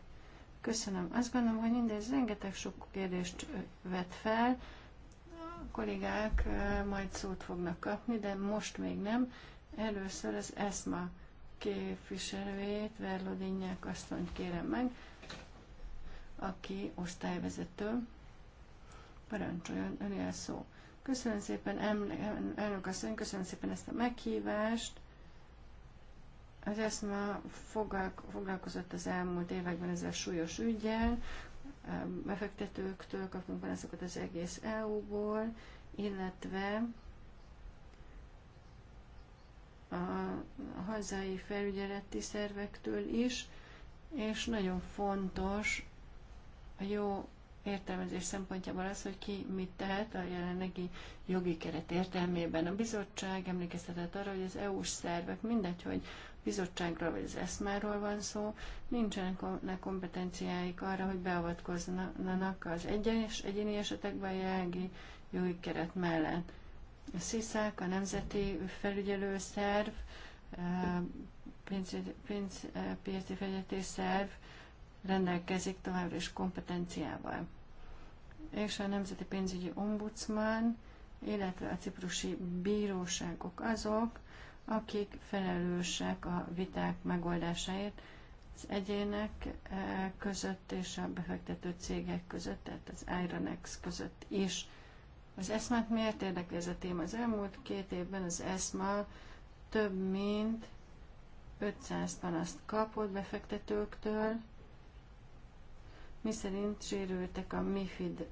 Köszönöm. Azt gondolom, hogy mindez rengeteg sok kérdést vet fel. A kollégák majd szót fognak kapni, de most még nem. Először az ESMA képviselőjét, Verlodinyák asszonyt kérem meg, aki osztályvezető. Parancsoljon, önél szó. Köszönöm szépen, elnök asszony, köszönöm szépen ezt a meghívást. Az eszme foglalkozott az elmúlt években ezzel súlyos ügyel, befektetőktől kaptunk panaszokat az egész EU-ból, illetve a hazai felügyeleti szervektől is, és nagyon fontos a jó értelmezés szempontjából az, hogy ki mit tehet a jelenlegi jogi keret értelmében. A bizottság emlékeztetett arra, hogy az EU-s szervek, mindegy, hogy bizottságról vagy az eszmáról van szó, nincsenek kompetenciáik arra, hogy beavatkozzanak az egyes egyéni esetekben a jelenlegi jogi keret mellett. A SZISZÁK, a Nemzeti Felügyelőszerv, pénzpiaci fegyetés szerv rendelkezik továbbra is kompetenciával és a Nemzeti Pénzügyi Ombudsman, illetve a ciprusi bíróságok azok, akik felelősek a viták megoldásáért az egyének eh, között és a befektető cégek között, tehát az Ironex között is. Az ESMA-t miért érdekli ez a téma? Az elmúlt két évben az ESMA több mint 500 panaszt kapott befektetőktől, miszerint sérültek a MIFID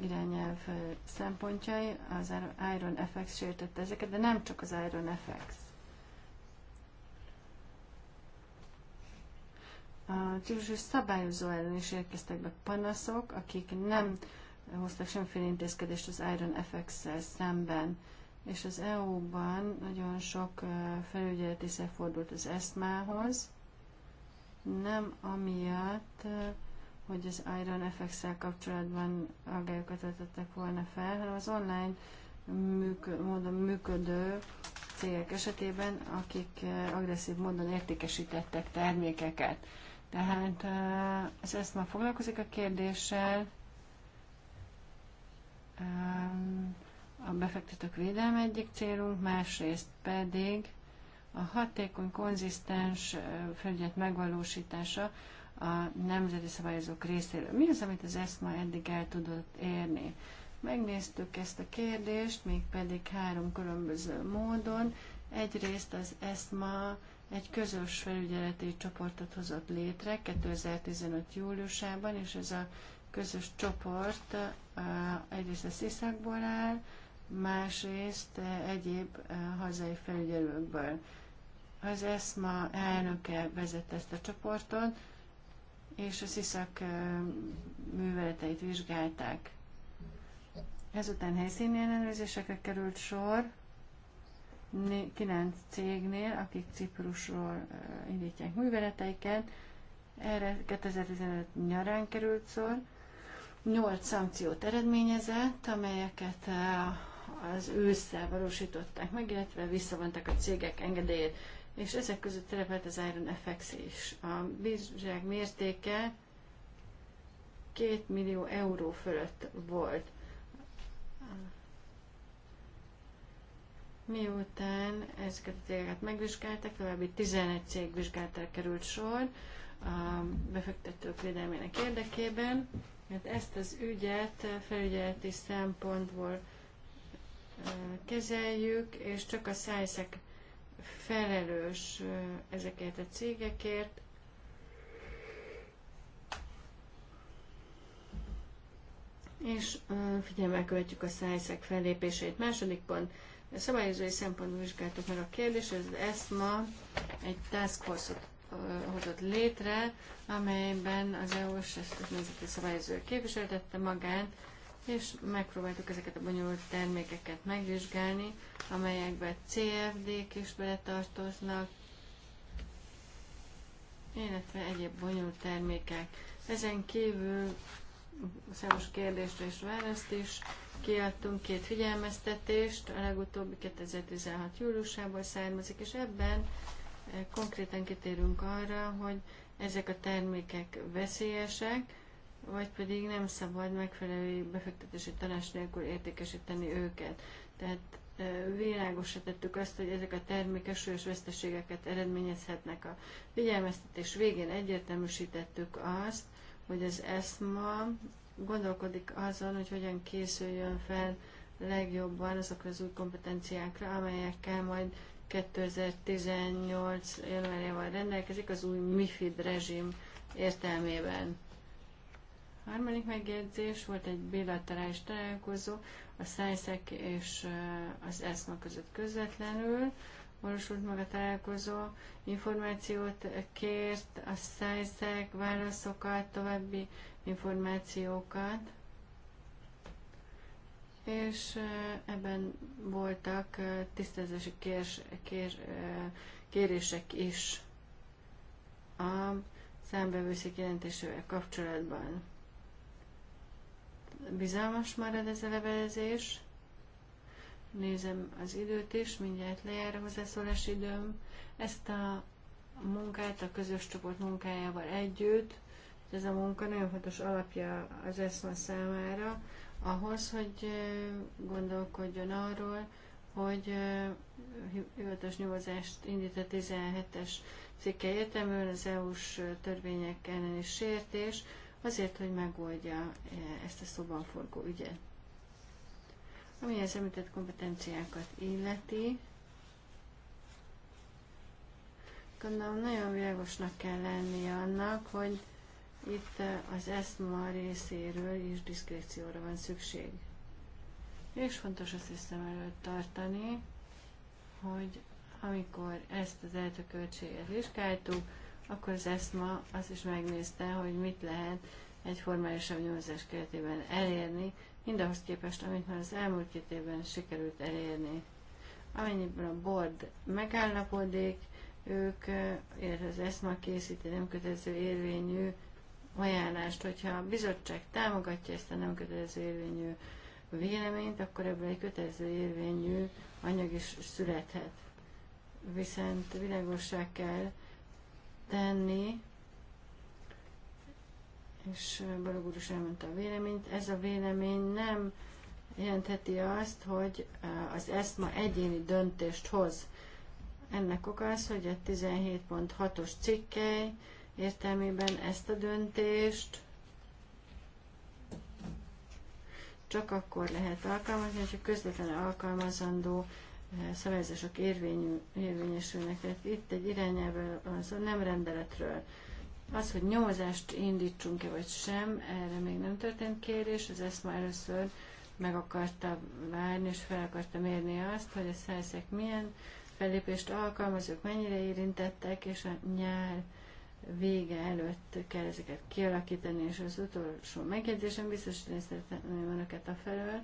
irányelv szempontjai, az Iron FX sértette ezeket, de nem csak az Iron FX. A típusú szabályozó ellen is érkeztek be panaszok, akik nem hoztak semmiféle intézkedést az Iron FX-szel szemben, és az EU-ban nagyon sok felügyeleti fordult az ESMA-hoz, nem amiatt, hogy az Iron FX-szel kapcsolatban aggályokat vetettek volna fel, hanem az online módon működő cégek esetében, akik agresszív módon értékesítettek termékeket. Tehát ez ezt már foglalkozik a kérdéssel. A befektetők védelme egyik célunk, másrészt pedig a hatékony, konzisztens felügyet megvalósítása a nemzeti szabályozók részéről. Mi az, amit az ESMA eddig el tudott érni? Megnéztük ezt a kérdést, mégpedig három különböző módon. Egyrészt az ESMA egy közös felügyeleti csoportot hozott létre 2015. júliusában, és ez a közös csoport egyrészt a sziszakból áll, másrészt egyéb hazai felügyelőkből. Az ESMA elnöke vezette ezt a csoportot, és az sziszak műveleteit vizsgálták. Ezután helyszíni ellenőrzésekre került sor, kilenc cégnél, akik Ciprusról indítják műveleteiket. Erre 2015 nyarán került szor. Nyolc szankciót eredményezett, amelyeket az ősszel valósították meg, illetve visszavontak a cégek engedélyét és ezek között terepelt az Iron FX is. A bizottság mértéke 2 millió euró fölött volt. Miután ezeket a cégeket megvizsgálták, további 11 cég vizsgáltára került sor a befektetők védelmének érdekében. mert hát ezt az ügyet felügyeleti szempontból kezeljük, és csak a szájszek felelős ezeket a cégekért, és figyelemmel követjük a szájszek fellépéseit. Második pont, a szabályozói szempontból vizsgáltuk meg a kérdést, az ESMA egy task force hozott létre, amelyben az EU-s nemzeti szabályozó képviseltette magát, és megpróbáltuk ezeket a bonyolult termékeket megvizsgálni, amelyekbe CFD-k is beletartoznak, illetve egyéb bonyolult termékek. Ezen kívül számos kérdésre és választ is kiadtunk két figyelmeztetést, a legutóbbi 2016. júliusából származik, és ebben eh, konkrétan kitérünk arra, hogy ezek a termékek veszélyesek, vagy pedig nem szabad megfelelő befektetési tanács nélkül értékesíteni őket. Tehát világosra tettük azt, hogy ezek a termékek súlyos veszteségeket eredményezhetnek. A figyelmeztetés végén egyértelműsítettük azt, hogy az ESMA gondolkodik azon, hogy hogyan készüljön fel legjobban azokra az új kompetenciákra, amelyekkel majd 2018. januárjával rendelkezik az új MIFID rezsim értelmében. Harmadik megjegyzés, volt egy bilaterális találkozó a Szájszek és az ESMA között közvetlenül valósult meg a találkozó, információt kért, a Szájszek, válaszokat, további információkat, és ebben voltak tisztázási kér, kér, kérések is a számbevőszék jelentésével kapcsolatban bizalmas marad ez a levelezés. Nézem az időt is, mindjárt lejár a hozzászólás időm. Ezt a munkát a közös csoport munkájával együtt, ez a munka nagyon fontos alapja az eszma számára, ahhoz, hogy gondolkodjon arról, hogy hivatalos nyomozást indít a 17-es cikke értelműen az EU-s törvények elleni sértés, azért, hogy megoldja e, ezt a szóban forgó ügyet. Ami az említett kompetenciákat illeti, gondolom nagyon világosnak kell lennie annak, hogy itt e, az eszma részéről is diszkrécióra van szükség. És fontos azt hiszem előtt tartani, hogy amikor ezt az eltököltséget vizsgáltuk, akkor az ESMA azt is megnézte, hogy mit lehet egy formálisabb nyomozás keretében elérni, mindahhoz képest, amit már az elmúlt két évben sikerült elérni. Amennyiben a board megállapodik, ők, illetve az ESMA készíti nem kötelező érvényű ajánlást, hogyha a bizottság támogatja ezt a nem kötelező érvényű véleményt, akkor ebből egy kötelező érvényű anyag is születhet. Viszont világosság kell, tenni, és Balogúr is elmondta a véleményt. Ez a vélemény nem jelentheti azt, hogy az ma egyéni döntést hoz. Ennek oka az, hogy a 17.6-os cikkely értelmében ezt a döntést csak akkor lehet alkalmazni, hogyha közvetlenül alkalmazandó szabályozások érvényű, érvényesülnek. Tehát itt egy irányelvről van szó, nem rendeletről. Az, hogy nyomozást indítsunk-e vagy sem, erre még nem történt kérés, az ezt már először meg akarta várni, és fel akarta mérni azt, hogy a szerszek milyen fellépést alkalmazók, mennyire érintettek, és a nyár vége előtt kell ezeket kialakítani, és az utolsó megjegyzésem biztosítani szeretném önöket a felől,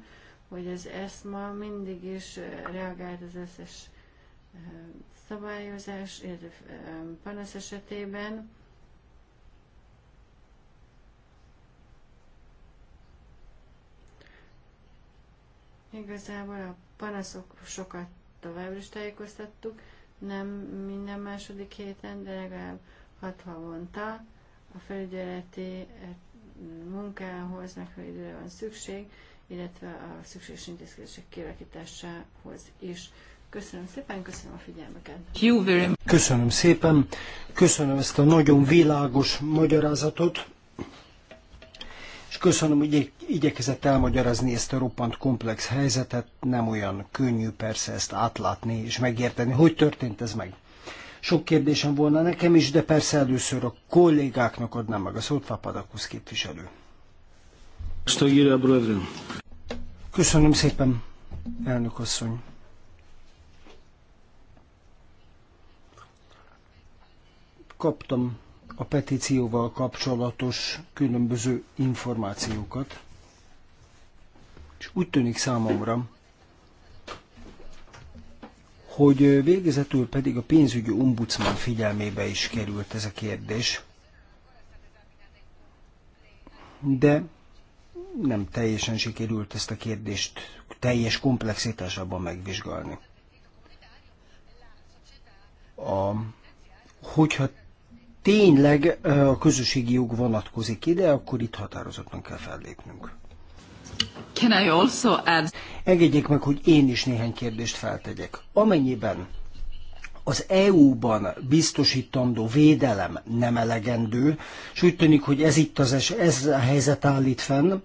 hogy az ESMA mindig is reagált az összes szabályozás, illetve panasz esetében. Igazából a panaszok sokat továbbra is tájékoztattuk, nem minden második héten, de legalább hat havonta a felügyeleti eh, munkához megfelelő időre van szükség, illetve a szükséges intézkedések kialakításához is. Köszönöm szépen, köszönöm a figyelmüket. Köszönöm szépen, köszönöm ezt a nagyon világos magyarázatot, és köszönöm, hogy igyekezett elmagyarázni ezt a roppant komplex helyzetet. Nem olyan könnyű persze ezt átlátni és megérteni, hogy történt ez meg. Sok kérdésem volna nekem is, de persze először a kollégáknak adnám meg a szót, Papadakusz képviselő. Köszönöm szépen, elnök asszony. Kaptam a petícióval kapcsolatos különböző információkat, és úgy tűnik számomra, hogy végezetül pedig a pénzügyi ombudsman figyelmébe is került ez a kérdés. De nem teljesen sikerült ezt a kérdést teljes komplexitásában megvizsgálni. A, hogyha tényleg a közösségi jog vonatkozik ide, akkor itt határozottan kell fellépnünk. Can I also add... Engedjék meg, hogy én is néhány kérdést feltegyek. Amennyiben az EU-ban biztosítandó védelem nem elegendő, és úgy tűnik, hogy ez itt az es, ez a helyzet állít fenn,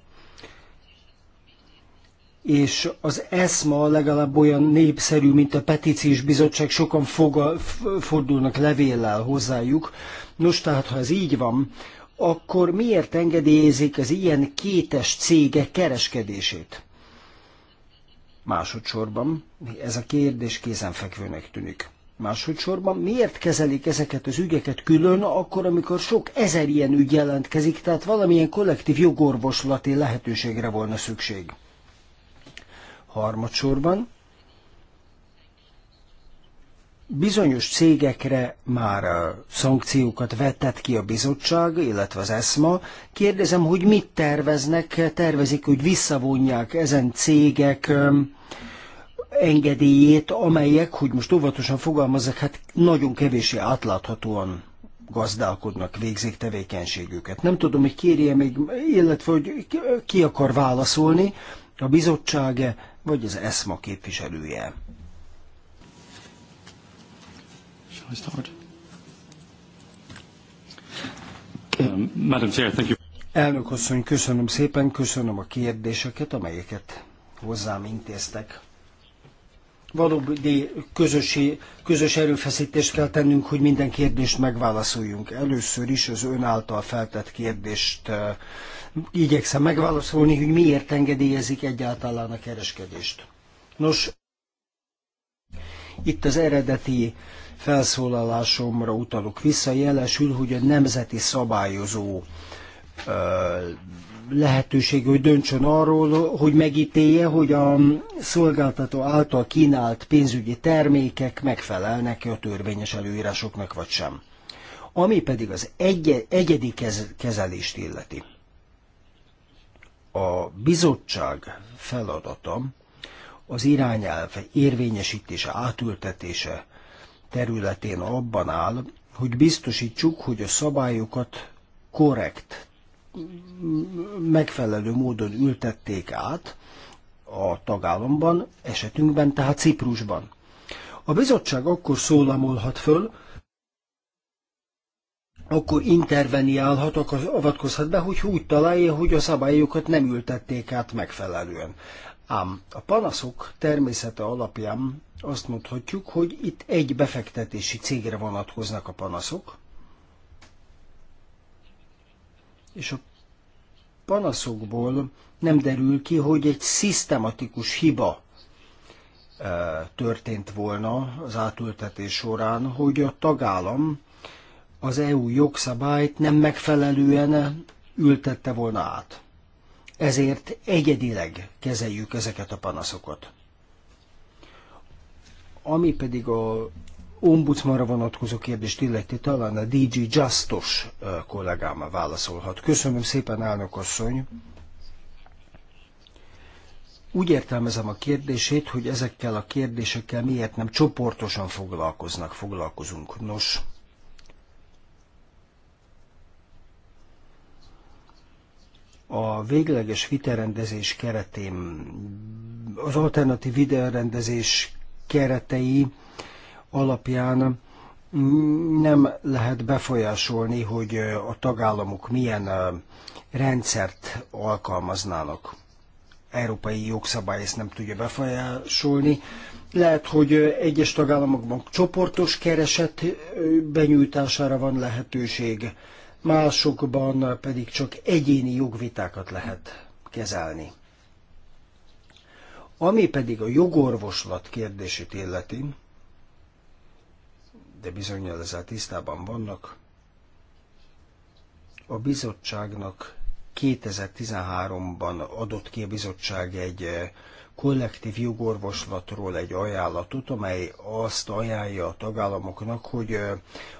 és az ESMA legalább olyan népszerű, mint a petíciós bizottság, sokan foga, fordulnak levéllel hozzájuk. Nos, tehát ha ez így van, akkor miért engedélyezik az ilyen kétes cégek kereskedését? Másodszorban, ez a kérdés kézenfekvőnek tűnik. Másodszorban miért kezelik ezeket az ügyeket külön, akkor, amikor sok ezer ilyen ügy jelentkezik, tehát valamilyen kollektív jogorvoslati lehetőségre volna szükség? Harmadsorban bizonyos cégekre már szankciókat vetett ki a bizottság, illetve az ESMA. Kérdezem, hogy mit terveznek, tervezik, hogy visszavonják ezen cégek engedélyét, amelyek, hogy most óvatosan fogalmazzak, hát nagyon kevésé átláthatóan gazdálkodnak, végzik tevékenységüket. Nem tudom, hogy kérje még, illetve hogy ki akar válaszolni. A bizottság vagy az ESMA képviselője. Um, Madam Chair, thank you. Elnök asszony, köszönöm szépen, köszönöm a kérdéseket, amelyeket hozzám intéztek. Valódi közösi, közös erőfeszítést kell tennünk, hogy minden kérdést megválaszoljunk. Először is az ön által feltett kérdést uh, igyekszem megválaszolni, hogy miért engedélyezik egyáltalán a kereskedést. Nos, itt az eredeti felszólalásomra utalok vissza, jelesül, hogy a nemzeti szabályozó lehetőség, hogy döntsön arról, hogy megítélje, hogy a szolgáltató által kínált pénzügyi termékek megfelelnek-e a törvényes előírásoknak, vagy sem. Ami pedig az egy egyedi kezelést illeti a bizottság feladata az irányelv érvényesítése, átültetése területén abban áll, hogy biztosítsuk, hogy a szabályokat korrekt, megfelelő módon ültették át a tagállamban, esetünkben, tehát Ciprusban. A bizottság akkor szólamolhat föl, akkor interveniálhat, avatkozhat be, hogy úgy találja, hogy a szabályokat nem ültették át megfelelően. Ám a panaszok természete alapján azt mondhatjuk, hogy itt egy befektetési cégre vonatkoznak a panaszok, és a panaszokból nem derül ki, hogy egy szisztematikus hiba e, történt volna az átültetés során, hogy a tagállam az EU jogszabályt nem megfelelően ültette volna át. Ezért egyedileg kezeljük ezeket a panaszokat. Ami pedig a ombudsmanra vonatkozó kérdést illeti, talán a DG Justos kollégám válaszolhat. Köszönöm szépen, elnök asszony! Úgy értelmezem a kérdését, hogy ezekkel a kérdésekkel miért nem csoportosan foglalkoznak, foglalkozunk. Nos, a végleges viterendezés keretén, az alternatív viterendezés keretei alapján nem lehet befolyásolni, hogy a tagállamok milyen rendszert alkalmaznának. Európai jogszabály ezt nem tudja befolyásolni. Lehet, hogy egyes tagállamokban csoportos kereset benyújtására van lehetőség, másokban pedig csak egyéni jogvitákat lehet kezelni. Ami pedig a jogorvoslat kérdését illeti, de bizonyal ezzel tisztában vannak, a bizottságnak 2013-ban adott ki a bizottság egy eh, kollektív jogorvoslatról egy ajánlatot, amely azt ajánlja a tagállamoknak, hogy eh,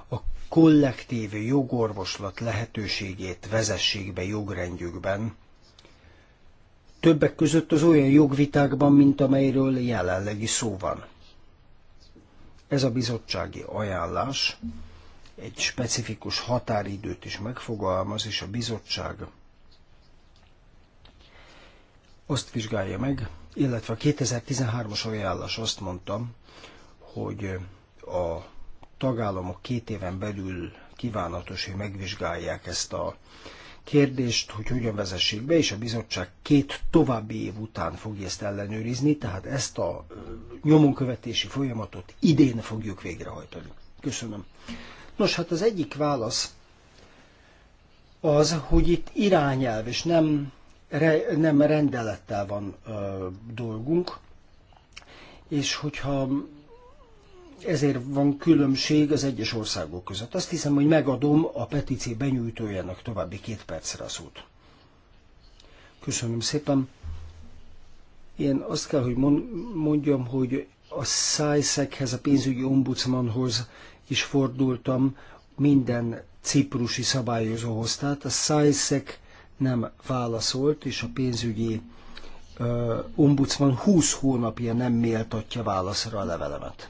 a kollektív jogorvoslat lehetőségét vezessék be jogrendjükben, többek között az olyan jogvitákban, mint amelyről jelenlegi szó van. Ez a bizottsági ajánlás egy specifikus határidőt is megfogalmaz, és a bizottság azt vizsgálja meg, illetve a 2013-as ajánlás azt mondta, hogy a tagállamok két éven belül kívánatos, hogy megvizsgálják ezt a kérdést, hogy hogyan vezessék be, és a bizottság két további év után fogja ezt ellenőrizni, tehát ezt a nyomonkövetési folyamatot idén fogjuk végrehajtani. Köszönöm. Nos, hát az egyik válasz az, hogy itt irányelv és nem, re, nem rendelettel van ö, dolgunk, és hogyha ezért van különbség az egyes országok között. Azt hiszem, hogy megadom a petíció benyújtójának további két percre a szót. Köszönöm szépen. Én azt kell, hogy mondjam, hogy a szájszekhez, a pénzügyi ombudsmanhoz is fordultam, minden ciprusi szabályozóhoz. Tehát a szájszek nem válaszolt, és a pénzügyi ö, ombudsman 20 hónapja nem méltatja válaszra a levelemet.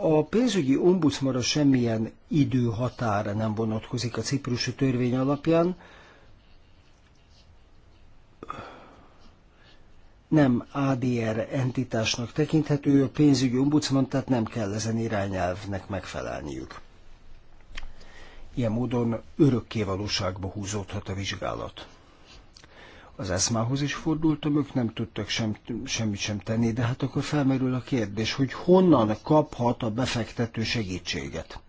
A pénzügyi ombudsmanra semmilyen időhatára nem vonatkozik a ciprusi törvény alapján. Nem ADR entitásnak tekinthető a pénzügyi ombudsman, tehát nem kell ezen irányelvnek megfelelniük. Ilyen módon örökké valóságba húzódhat a vizsgálat az eszmához is fordultam, ők nem tudtak sem, semmit sem tenni, de hát akkor felmerül a kérdés, hogy honnan kaphat a befektető segítséget.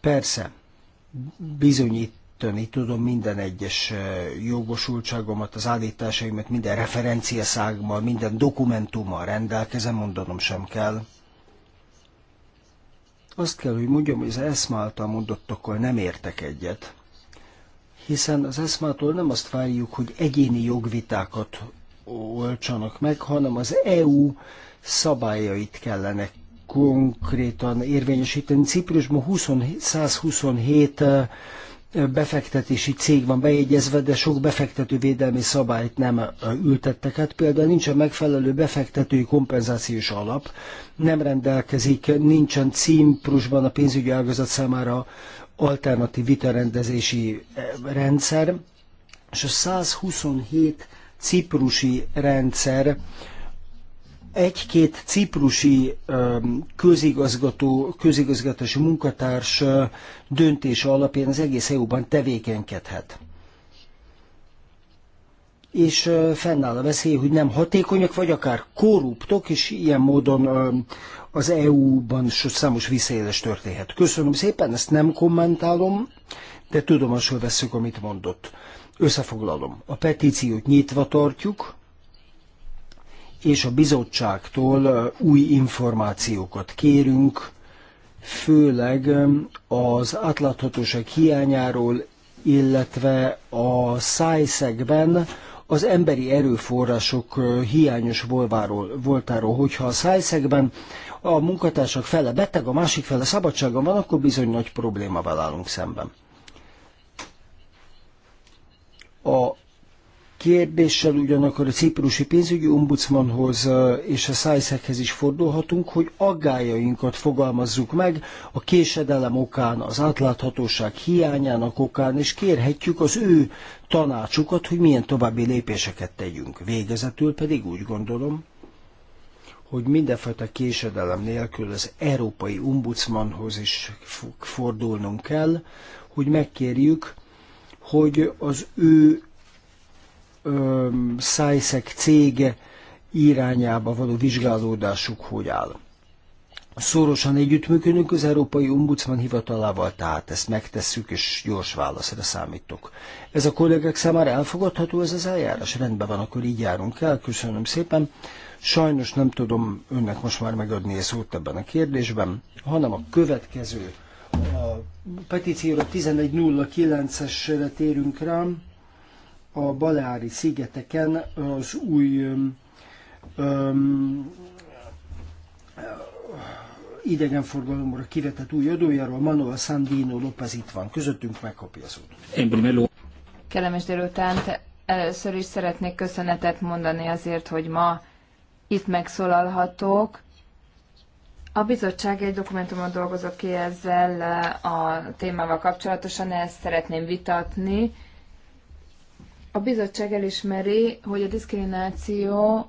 Persze, bizonyítani tudom minden egyes eh, jogosultságomat, az állításaimat, minden referenciaszágmal, minden dokumentummal rendelkezem, mondanom sem kell. Azt kell, hogy mondjam, hogy az eszmáltal mondottakkal nem értek egyet hiszen az ESMA-tól nem azt várjuk, hogy egyéni jogvitákat oltsanak meg, hanem az EU szabályait kellene konkrétan érvényesíteni. Ciprusban 20, 127 befektetési cég van bejegyezve, de sok befektetővédelmi szabályt nem ültettek Hát Például nincsen megfelelő befektetői kompenzációs alap, nem rendelkezik, nincsen Ciprusban a pénzügyi ágazat számára alternatív vitarendezési eh, rendszer, és a 127 ciprusi rendszer, egy-két ciprusi közigazgató, közigazgatási munkatárs döntése alapján az egész EU-ban tevékenykedhet és fennáll a veszély, hogy nem hatékonyak, vagy akár korruptok, és ilyen módon az EU-ban számos visszaélés történhet. Köszönöm szépen, ezt nem kommentálom, de tudomásul veszük, amit mondott. Összefoglalom. A petíciót nyitva tartjuk, és a bizottságtól új információkat kérünk, főleg az átláthatóság hiányáról, illetve a szájszegben az emberi erőforrások hiányos volváról, voltáról, hogyha a szájszegben a munkatársak fele beteg, a másik fele szabadságon van, akkor bizony nagy problémával állunk szemben. A kérdéssel ugyanakkor a ciprusi pénzügyi ombudsmanhoz és a szájszekhez is fordulhatunk, hogy aggájainkat fogalmazzuk meg a késedelem okán, az átláthatóság hiányának okán, és kérhetjük az ő tanácsukat, hogy milyen további lépéseket tegyünk. Végezetül pedig úgy gondolom, hogy mindenfajta késedelem nélkül az Európai Ombudsmanhoz is fordulnunk kell, hogy megkérjük, hogy az ő SciSec cég irányába való vizsgálódásuk hogy áll. Szorosan együttműködünk az Európai Ombudsman hivatalával, tehát ezt megtesszük, és gyors válaszra számítok. Ez a kollégák számára elfogadható ez az eljárás? Rendben van, akkor így járunk el. Köszönöm szépen. Sajnos nem tudom önnek most már megadni a szót ebben a kérdésben, hanem a következő a petícióra 1109-esre térünk rám a Baleári szigeteken az új öm, öm, idegenforgalomra kivetett új adójáról Manuel Sandino López itt van. Közöttünk megkapja a szót. Kellemes délután, Először is szeretnék köszönetet mondani azért, hogy ma itt megszólalhatok. A bizottság egy dokumentumot dolgozott ki ezzel a témával kapcsolatosan, ezt szeretném vitatni. A bizottság elismeri, hogy a diszkrimináció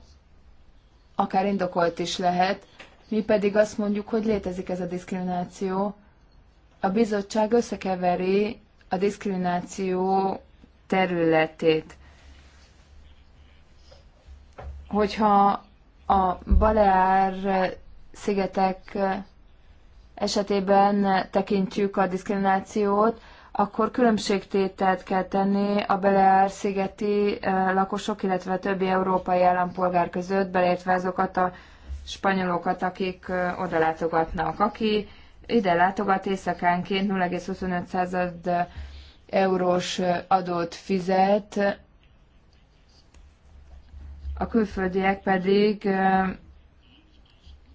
akár indokolt is lehet, mi pedig azt mondjuk, hogy létezik ez a diszkrimináció. A bizottság összekeveri a diszkrimináció területét. Hogyha a Baleár szigetek esetében tekintjük a diszkriminációt, akkor különbségtételt kell tenni a Beleár-szigeti lakosok, illetve a többi európai állampolgár között, beleértve azokat a spanyolokat, akik oda látogatnak. Aki ide látogat éjszakánként 0,25 eurós adót fizet, a külföldiek pedig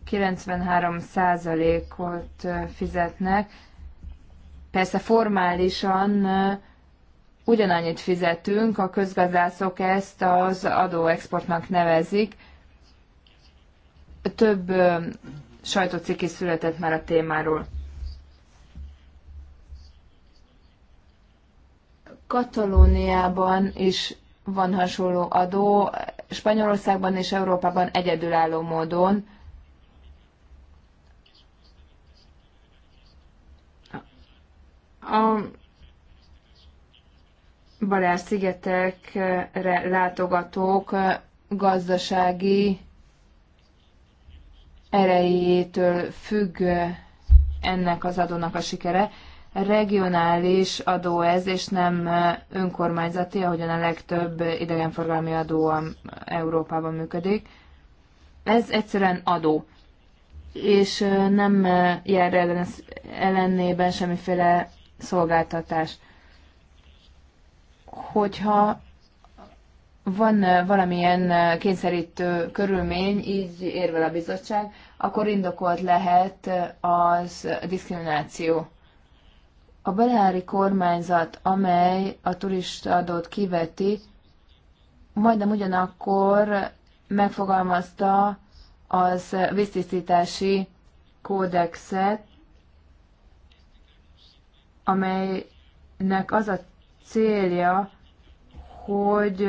93 százalékot fizetnek. Persze formálisan ugyanannyit fizetünk, a közgazdászok ezt az adóexportnak nevezik. Több sajtócikk is született már a témáról. Katalóniában is van hasonló adó, Spanyolországban és Európában egyedülálló módon A Balár-szigetekre látogatók gazdasági erejétől függ ennek az adónak a sikere. Regionális adó ez, és nem önkormányzati, ahogyan a legtöbb idegenforgalmi adó Európában működik. Ez egyszerűen adó, és nem jár ellen, ellenében semmiféle szolgáltatás. Hogyha van eh, valamilyen eh, kényszerítő körülmény, így érvel a bizottság, akkor indokolt lehet eh, az diszkrimináció. A belári kormányzat, amely a turista adót kiveti, majdnem ugyanakkor megfogalmazta az visszisztítási kódexet, amelynek az a célja, hogy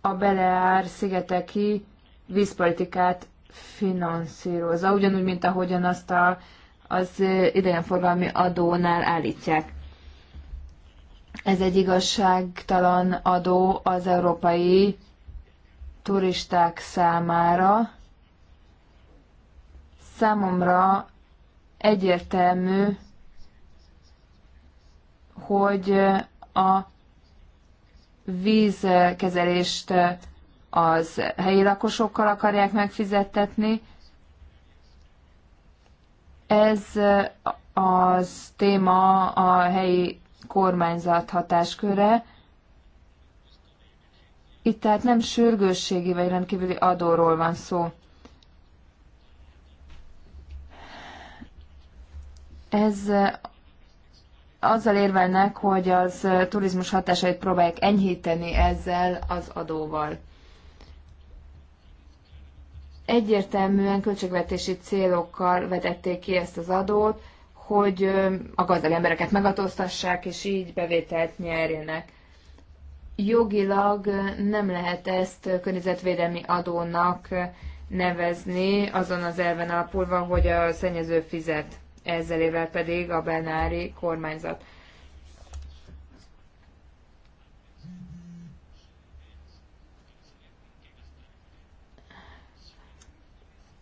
a Beleár szigeteki vízpolitikát finanszírozza, ugyanúgy, mint ahogyan azt a, az idegenforgalmi adónál állítják. Ez egy igazságtalan adó az európai turisták számára. Számomra egyértelmű, hogy a vízkezelést az helyi lakosokkal akarják megfizettetni. Ez az téma a helyi kormányzat hatásköre. Itt tehát nem sürgősségi vagy rendkívüli adóról van szó. Ez azzal érvelnek, hogy az turizmus hatásait próbálják enyhíteni ezzel az adóval. Egyértelműen költségvetési célokkal vetették ki ezt az adót, hogy a gazdag embereket megadóztassák, és így bevételt nyerjenek. Jogilag nem lehet ezt környezetvédelmi adónak nevezni, azon az elven alapulva, hogy a szennyező fizet ezzel évvel pedig a benári kormányzat.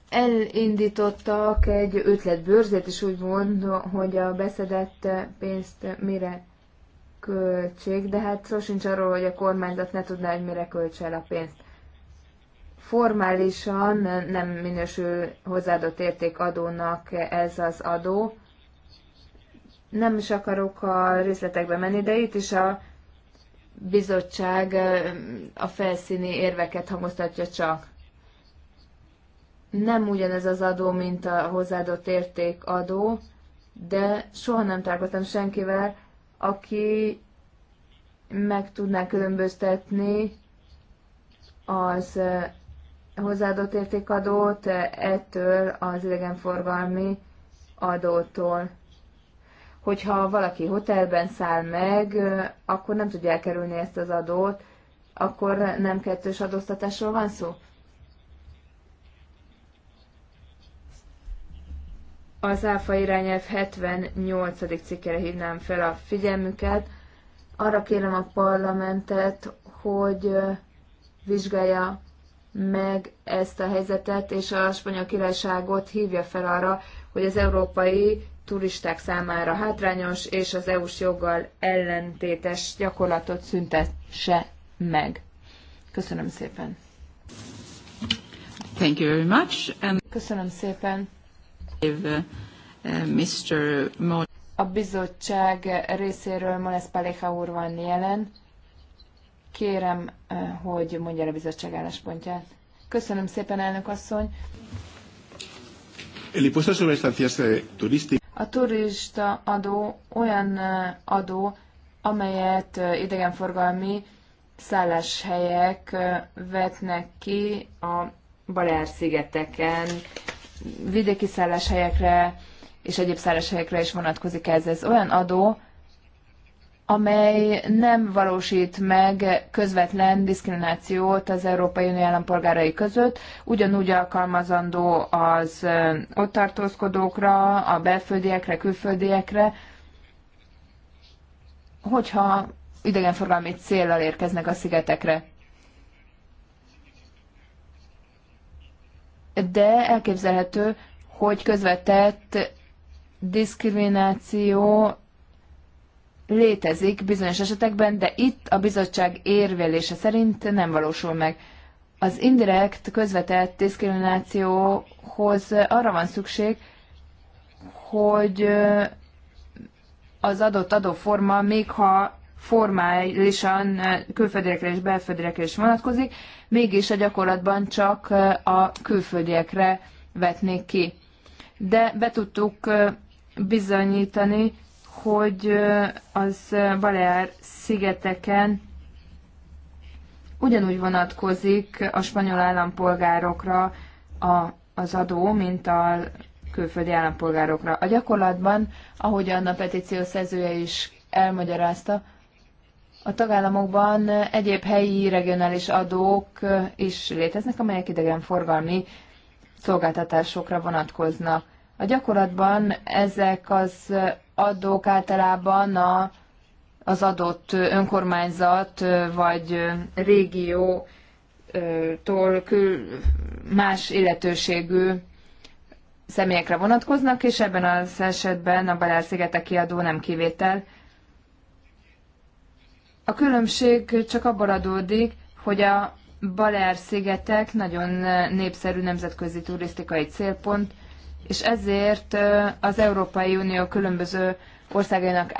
elindítottak egy ötletbőrzét, és úgy mond, hogy a beszedett pénzt mire költség, de hát szó sincs arról, hogy a kormányzat ne tudná, hogy mire költse el a pénzt formálisan nem minősül hozzáadott értékadónak ez az adó. Nem is akarok a részletekbe menni, de itt is a bizottság a felszíni érveket hangoztatja csak. Nem ugyanez az adó, mint a hozzáadott értékadó, de soha nem találkoztam senkivel, aki meg tudná különböztetni az hozzáadott értékadót ettől az idegenforgalmi adótól. Hogyha valaki hotelben száll meg, akkor nem tudja elkerülni ezt az adót, akkor nem kettős adóztatásról van szó? Az ÁFA irányelv 78. cikkére hívnám fel a figyelmüket. Arra kérem a parlamentet, hogy vizsgálja meg ezt a helyzetet, és a spanyol királyságot hívja fel arra, hogy az európai turisták számára hátrányos és az EU-s joggal ellentétes gyakorlatot szüntesse meg. Köszönöm szépen. Thank you very much. And Köszönöm szépen. If, uh, Mr. Mon- a bizottság részéről Mones Paleha úr van jelen, Kérem, eh, hogy mondja a bizottság álláspontját. Köszönöm szépen, elnök asszony. Eh, a turista adó olyan eh, adó, amelyet idegenforgalmi szálláshelyek vetnek ki a Baleár-szigeteken, vidéki szálláshelyekre és egyéb szálláshelyekre is vonatkozik ez. Ez olyan adó, amely nem valósít meg közvetlen diszkriminációt az Európai Unió állampolgárai között, ugyanúgy alkalmazandó az ott tartózkodókra, a belföldiekre, külföldiekre, hogyha idegenforgalmi célral érkeznek a szigetekre. De elképzelhető, hogy közvetett diszkrimináció létezik bizonyos esetekben, de itt a bizottság érvelése szerint nem valósul meg. Az indirekt közvetett diszkriminációhoz arra van szükség, hogy az adott adóforma, még ha formálisan külföldiekre és belföldiekre is vonatkozik, mégis a gyakorlatban csak a külföldiekre vetnék ki. De be tudtuk bizonyítani, hogy az Balear szigeteken ugyanúgy vonatkozik a spanyol állampolgárokra a, az adó, mint a külföldi állampolgárokra. A gyakorlatban, ahogyan a petíció szerzője is elmagyarázta, a tagállamokban egyéb helyi regionális adók is léteznek, amelyek idegenforgalmi szolgáltatásokra vonatkoznak. A gyakorlatban ezek az adók általában a, az adott önkormányzat vagy régiótól kül más illetőségű személyekre vonatkoznak, és ebben az esetben a Balázs-szigetek adó nem kivétel. A különbség csak abból adódik, hogy a Balár-szigetek nagyon népszerű nemzetközi turisztikai célpont, és ezért az Európai Unió különböző országainak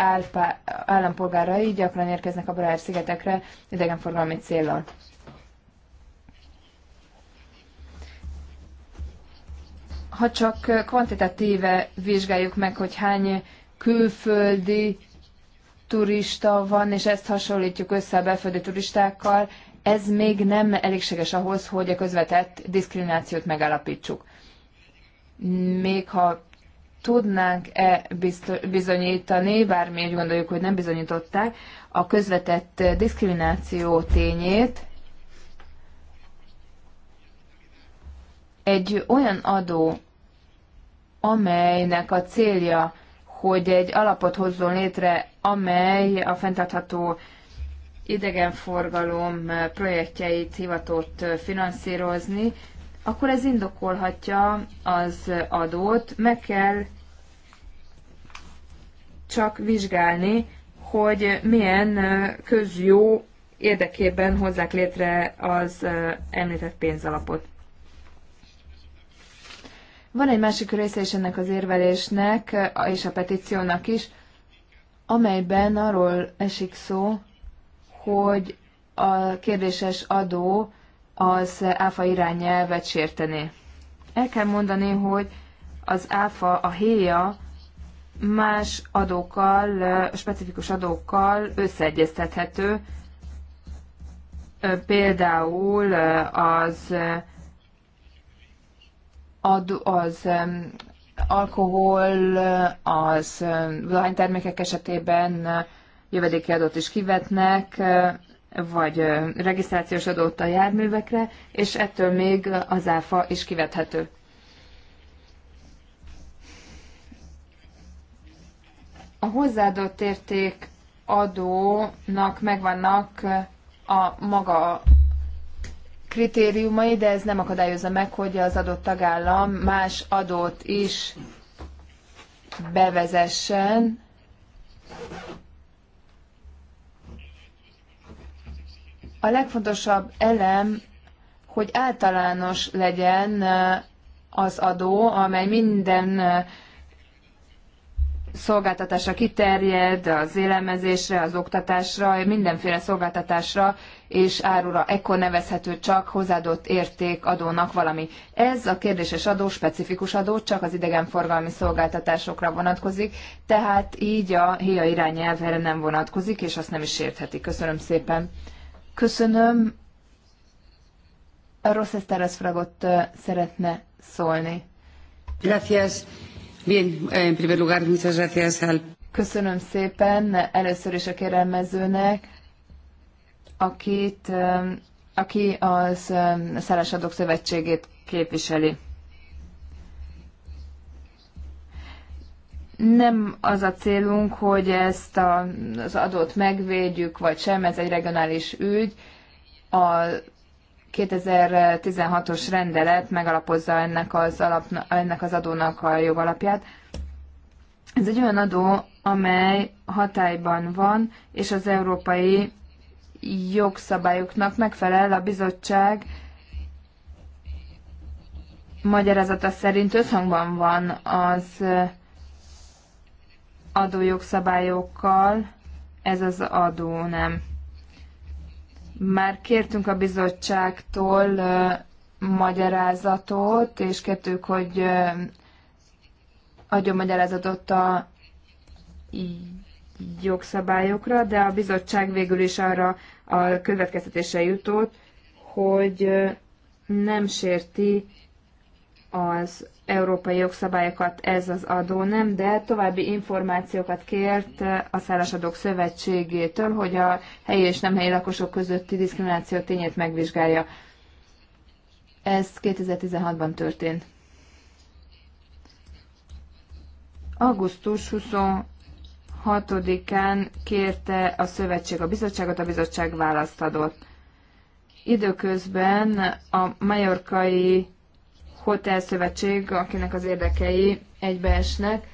állampolgárai gyakran érkeznek a Balear szigetekre idegenforgalmi célon. Ha csak kvantitatíve vizsgáljuk meg, hogy hány külföldi turista van, és ezt hasonlítjuk össze a belföldi turistákkal, ez még nem elégséges ahhoz, hogy a közvetett diszkriminációt megállapítsuk még ha tudnánk-e bizonyítani, bár mi úgy gondoljuk, hogy nem bizonyították, a közvetett diszkrimináció tényét egy olyan adó, amelynek a célja, hogy egy alapot hozzon létre, amely a fenntartható idegenforgalom projektjeit hivatott finanszírozni, akkor ez indokolhatja az adót. Meg kell csak vizsgálni, hogy milyen közjó érdekében hozzák létre az említett pénzalapot. Van egy másik része is ennek az érvelésnek, és a petíciónak is, amelyben arról esik szó, hogy a kérdéses adó az áfa irányelvet sérteni. El kell mondani, hogy az áfa, a héja más adókkal, specifikus adókkal összeegyeztethető, például az, ad, az alkohol, az dohánytermékek esetében jövedéki adót is kivetnek, vagy regisztrációs adót a járművekre, és ettől még az áfa is kivethető. A hozzáadott érték adónak megvannak a maga kritériumai, de ez nem akadályozza meg, hogy az adott tagállam más adót is bevezessen, A legfontosabb elem, hogy általános legyen az adó, amely minden szolgáltatásra kiterjed, az élelmezésre, az oktatásra, mindenféle szolgáltatásra és árura. Ekkor nevezhető csak hozzáadott érték adónak valami. Ez a kérdéses adó, specifikus adó, csak az idegenforgalmi szolgáltatásokra vonatkozik, tehát így a HIA irányelvre nem vonatkozik, és azt nem is értheti. Köszönöm szépen. Köszönöm. A Rossz Eszteres Fragot szeretne szólni. Gracias. Bien, en primer lugar, muchas gracias al... Köszönöm szépen először is a kérelmezőnek, akit, aki az Szállásadók Szövetségét képviseli. nem az a célunk, hogy ezt a, az adót megvédjük, vagy sem, ez egy regionális ügy. A 2016-os rendelet megalapozza ennek az, alap, ennek az adónak a jogalapját. Ez egy olyan adó, amely hatályban van, és az európai jogszabályoknak megfelel a bizottság magyarázata szerint összhangban van az adójogszabályokkal, ez az adó nem. Már kértünk a bizottságtól uh, magyarázatot, és kértük, hogy uh, adjon magyarázatot a jogszabályokra, de a bizottság végül is arra a következtetése jutott, hogy nem sérti az európai jogszabályokat ez az adó nem, de további információkat kért a szállásadók szövetségétől, hogy a helyi és nem helyi lakosok közötti diszkrimináció tényét megvizsgálja. Ez 2016-ban történt. Augusztus 26-án kérte a szövetség a bizottságot, a bizottság választ adott. Időközben a majorkai hotel szövetség, akinek az érdekei egybeesnek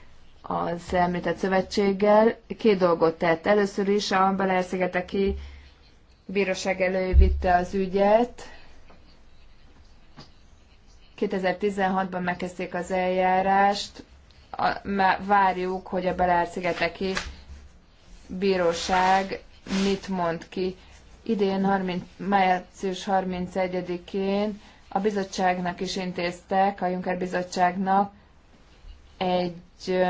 az említett szövetséggel, két dolgot tett. Először is a balear bíróság elővitte az ügyet. 2016-ban megkezdték az eljárást. Várjuk, hogy a Balear-szigeteki bíróság mit mond ki. Idén 30, március 31-én a bizottságnak is intéztek, a Juncker bizottságnak egy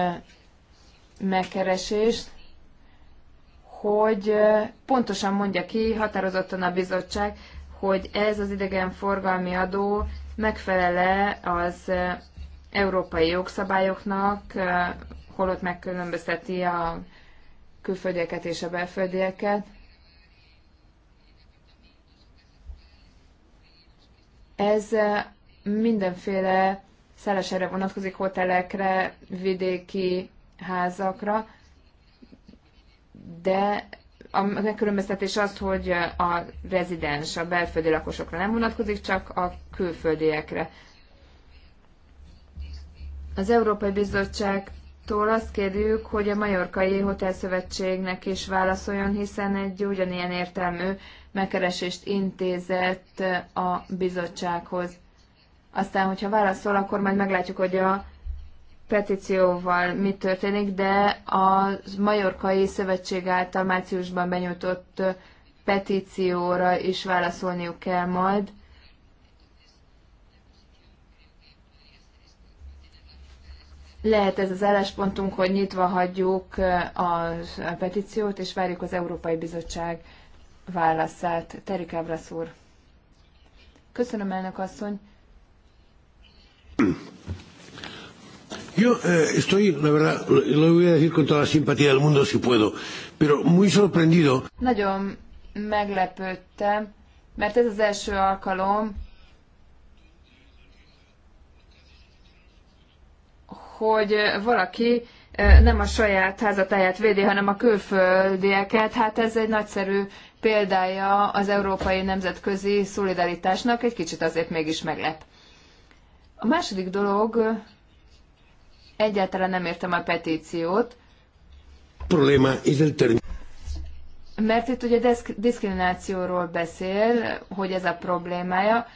megkeresést, hogy pontosan mondja ki, határozottan a bizottság, hogy ez az idegenforgalmi adó megfelele az európai jogszabályoknak, holott megkülönbözteti a külföldieket és a belföldieket. Ez mindenféle szállására vonatkozik hotelekre, vidéki házakra, de a megkülönböztetés az, hogy a rezidens, a belföldi lakosokra nem vonatkozik, csak a külföldiekre. Az Európai Bizottságtól azt kérjük, hogy a Majorkai Hotelszövetségnek is válaszoljon, hiszen egy ugyanilyen értelmű megkeresést intézett a bizottsághoz. Aztán, hogyha válaszol, akkor majd meglátjuk, hogy a petícióval mi történik, de a Majorkai Szövetség által márciusban benyújtott petícióra is válaszolniuk kell majd. Lehet ez az álláspontunk, hogy nyitva hagyjuk a petíciót, és várjuk az Európai Bizottság válaszát. Terik Ábrasz úr. Köszönöm, elnök asszony. Yo eh, estoy, la verdad, lo voy a decir con toda la simpatía del mundo si puedo, pero muy sorprendido. Nagyon meglepődtem, mert ez az első alkalom, hogy valaki nem a saját házatáját védi, hanem a külföldieket. Hát ez egy nagyszerű példája az európai nemzetközi szolidaritásnak, egy kicsit azért mégis meglep. A második dolog, egyáltalán nem értem a petíciót. Probléma is el mert itt ugye diszkriminációról beszél, hogy ez a problémája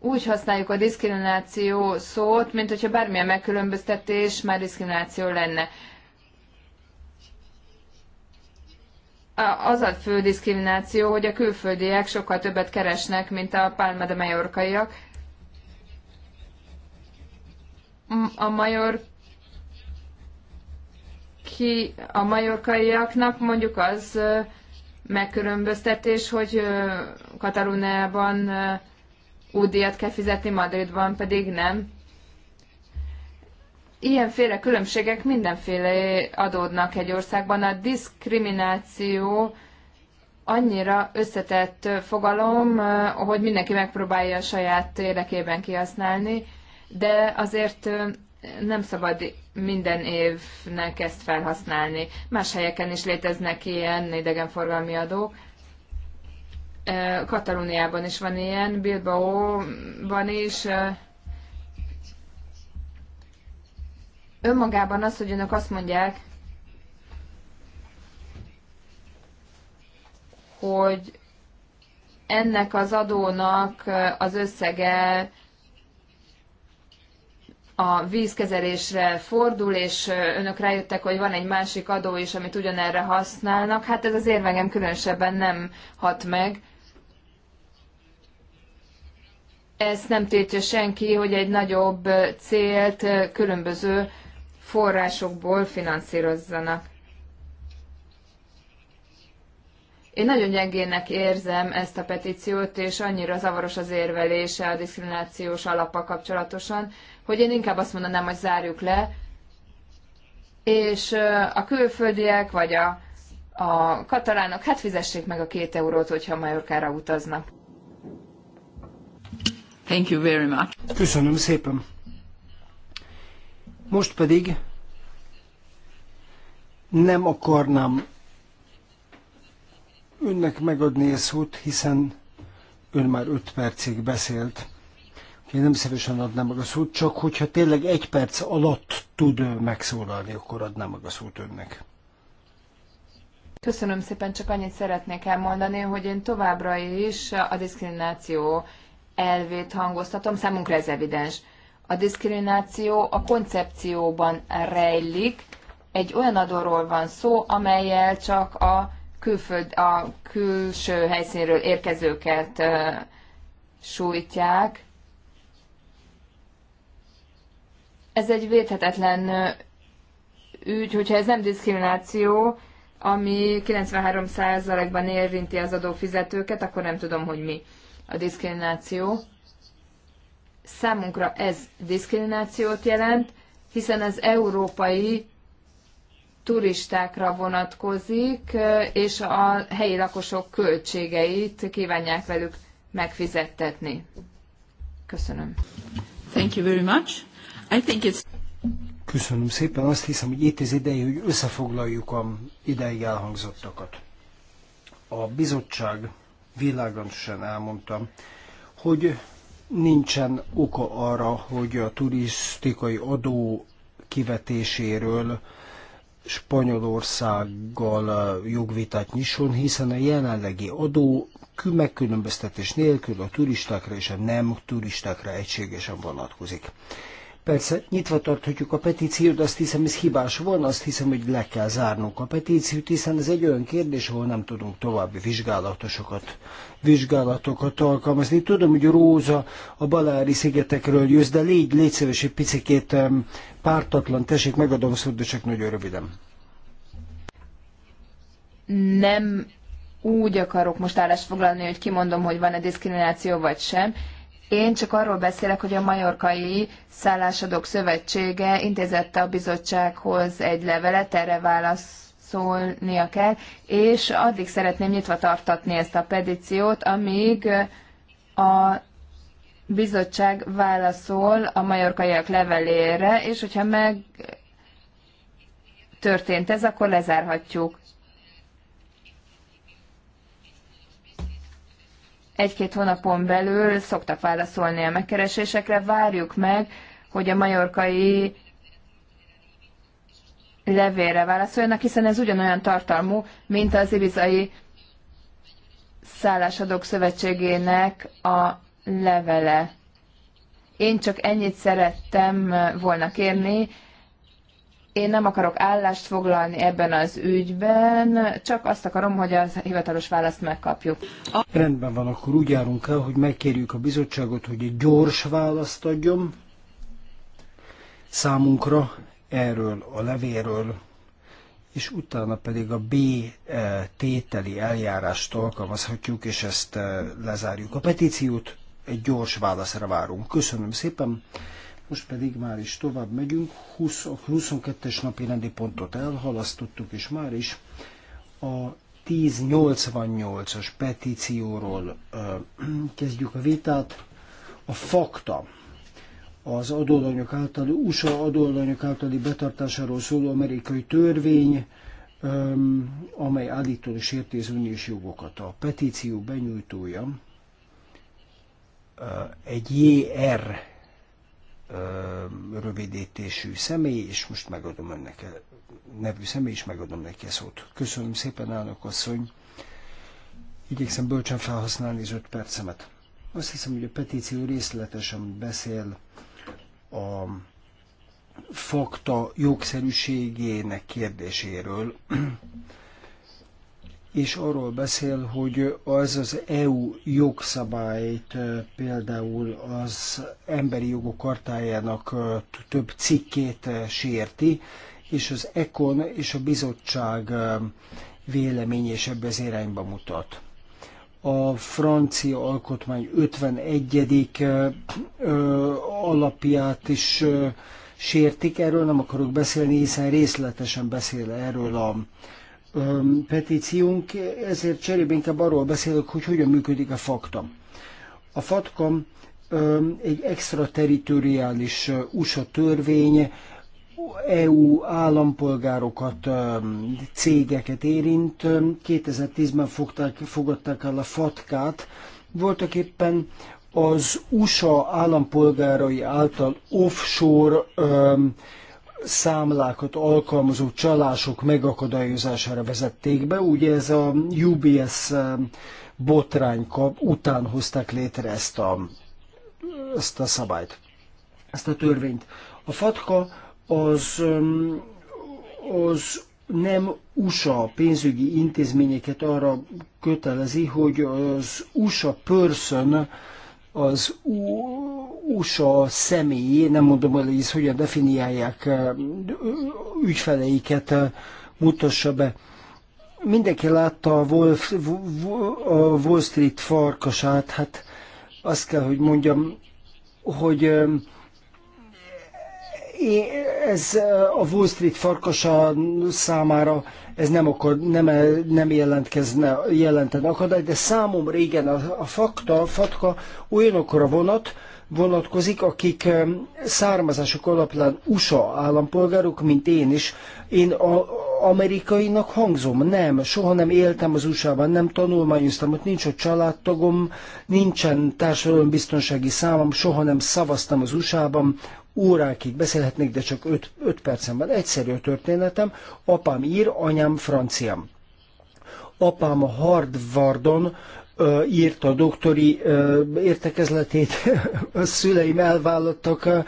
úgy használjuk a diszkrimináció szót, mint hogyha bármilyen megkülönböztetés már diszkrimináció lenne. Az a fő diszkrimináció, hogy a külföldiek sokkal többet keresnek, mint a Palma de Mallorcaiak. A Major ki a majorkaiaknak mondjuk az megkülönböztetés, hogy Katalóniában útdíjat kell fizetni, Madridban pedig nem. Ilyenféle különbségek mindenféle adódnak egy országban. A diszkrimináció annyira összetett fogalom, hogy mindenki megpróbálja a saját érdekében kihasználni, de azért nem szabad minden évnek ezt felhasználni. Más helyeken is léteznek ilyen idegenforgalmi adók. Katalóniában is van ilyen, Bilbaóban is. Önmagában az, hogy önök azt mondják, hogy ennek az adónak az összege a vízkezelésre fordul, és önök rájöttek, hogy van egy másik adó is, amit ugyanerre használnak, hát ez az érvegem különösebben nem hat meg. ez nem tiltja senki, hogy egy nagyobb célt különböző forrásokból finanszírozzanak. Én nagyon gyengének érzem ezt a petíciót, és annyira zavaros az érvelése a diszkriminációs alappal kapcsolatosan, hogy én inkább azt mondanám, hogy zárjuk le, és a külföldiek vagy a, a katalánok, hát fizessék meg a két eurót, hogyha Majorkára utaznak. Thank you very much. Köszönöm szépen. Most pedig nem akarnám önnek megadni a szót, hiszen ön már öt percig beszélt. Én nem szívesen adnám meg a szót, csak hogyha tényleg egy perc alatt tud megszólalni, akkor adnám meg a szót önnek. Köszönöm szépen, csak annyit szeretnék elmondani, hogy én továbbra is a diszkrimináció elvét hangoztatom, számunkra ez evidens. A diszkrimináció a koncepcióban rejlik, egy olyan adóról van szó, amelyel csak a, külföld, a külső helyszínről érkezőket uh, sújtják. Ez egy védhetetlen ügy, hogyha ez nem diszkrimináció, ami 93%-ban érinti az adófizetőket, akkor nem tudom, hogy mi a diszkrimináció. Számunkra ez diszkriminációt jelent, hiszen az európai turistákra vonatkozik, és a helyi lakosok költségeit kívánják velük megfizettetni. Köszönöm. Thank you very much. I think it's... Köszönöm szépen. Azt hiszem, hogy itt az ideje, hogy összefoglaljuk a ideig elhangzottakat. A bizottság világosan elmondtam, hogy nincsen oka arra, hogy a turisztikai adó kivetéséről Spanyolországgal jogvitát nyisson, hiszen a jelenlegi adó megkülönböztetés nélkül a turistákra és a nem turistákra egységesen vonatkozik. Persze nyitva tarthatjuk a petíciót, de azt hiszem ez hibás volna, azt hiszem, hogy le kell zárnunk a petíciót, hiszen ez egy olyan kérdés, ahol nem tudunk további vizsgálatosokat, vizsgálatokat alkalmazni. Tudom, hogy Róza a Balári szigetekről jössz, de légy, légy szíves, egy picikét pártatlan, tessék, megadom szót, de csak nagyon röviden. Nem úgy akarok most állást foglalni, hogy kimondom, hogy van-e diszkrimináció vagy sem. Én csak arról beszélek, hogy a Majorkai Szállásadók Szövetsége intézette a bizottsághoz egy levelet, erre válaszolnia kell, és addig szeretném nyitva tartatni ezt a petíciót, amíg a bizottság válaszol a majorkaiak levelére, és hogyha meg történt ez, akkor lezárhatjuk. egy-két hónapon belül szoktak válaszolni a megkeresésekre. Várjuk meg, hogy a majorkai levélre válaszoljanak, hiszen ez ugyanolyan tartalmú, mint az ibizai szállásadók szövetségének a levele. Én csak ennyit szerettem volna kérni, én nem akarok állást foglalni ebben az ügyben, csak azt akarom, hogy az hivatalos választ megkapjuk. Rendben van, akkor úgy járunk el, hogy megkérjük a bizottságot, hogy egy gyors választ adjon számunkra erről a levéről, és utána pedig a B eh, tételi eljárást alkalmazhatjuk, és ezt eh, lezárjuk a petíciót. Egy gyors válaszra várunk. Köszönöm szépen! Most pedig már is tovább megyünk. 20, 22-es napi rendi pontot elhalasztottuk, és már is a 1088-as petícióról ö, kezdjük a vitát. A fakta az adóalanyok általi, USA adóalanyok általi betartásáról szóló amerikai törvény, ö, amely is érti az uniós jogokat. A petíció benyújtója ö, egy JR rövidítésű személy, és most megadom önnek nevű személy, és megadom neki a szót. Köszönöm szépen, elnök asszony. Igyekszem bölcsen felhasználni az öt percemet. Azt hiszem, hogy a petíció részletesen beszél a fakta jogszerűségének kérdéséről, és arról beszél, hogy az az EU jogszabályt, például az emberi jogok kartájának több cikkét sérti, és az ECON és a bizottság véleménye is ebbe az irányba mutat. A francia alkotmány 51. alapját is sértik, erről nem akarok beszélni, hiszen részletesen beszél erről a petíciónk, ezért cserébe inkább arról beszélek, hogy hogyan működik a faktam. A fatkam egy teritoriális USA törvény, EU állampolgárokat, cégeket érint. 2010-ben fogták, fogadták el a fatkát. Voltak éppen az USA állampolgárai által offshore számlákat alkalmazó csalások megakadályozására vezették be. Ugye ez a UBS eh, botrány után hozták létre ezt a, ezt a szabályt, ezt a törvényt. A FATKA az, eh, az nem USA pénzügyi intézményeket arra kötelezi, hogy az USA person az USA személyé, nem mondom el, hogy hogyan definiálják ügyfeleiket, mutassa be. Mindenki látta a Wall, a Wall Street farkasát, hát azt kell, hogy mondjam, hogy ez a Wall Street farkasa számára ez nem, akar, nem, eh, nem jelentkezne, jelentene akadály, de számomra igen, a, a fakta, a fatka olyanokra vonat, vonatkozik, akik eh, származások alapján USA állampolgárok, mint én is. Én a, amerikainak hangzom, nem, soha nem éltem az USA-ban, nem tanulmányoztam, ott nincs a családtagom, nincsen társadalombiztonsági számom, soha nem szavaztam az USA-ban, órákig beszélhetnék, de csak 5, 5 percen van. Egyszerű a történetem. Apám ír, anyám franciám. Apám a Harvardon írt a doktori értekezletét, [laughs] a szüleim elvállottak, a,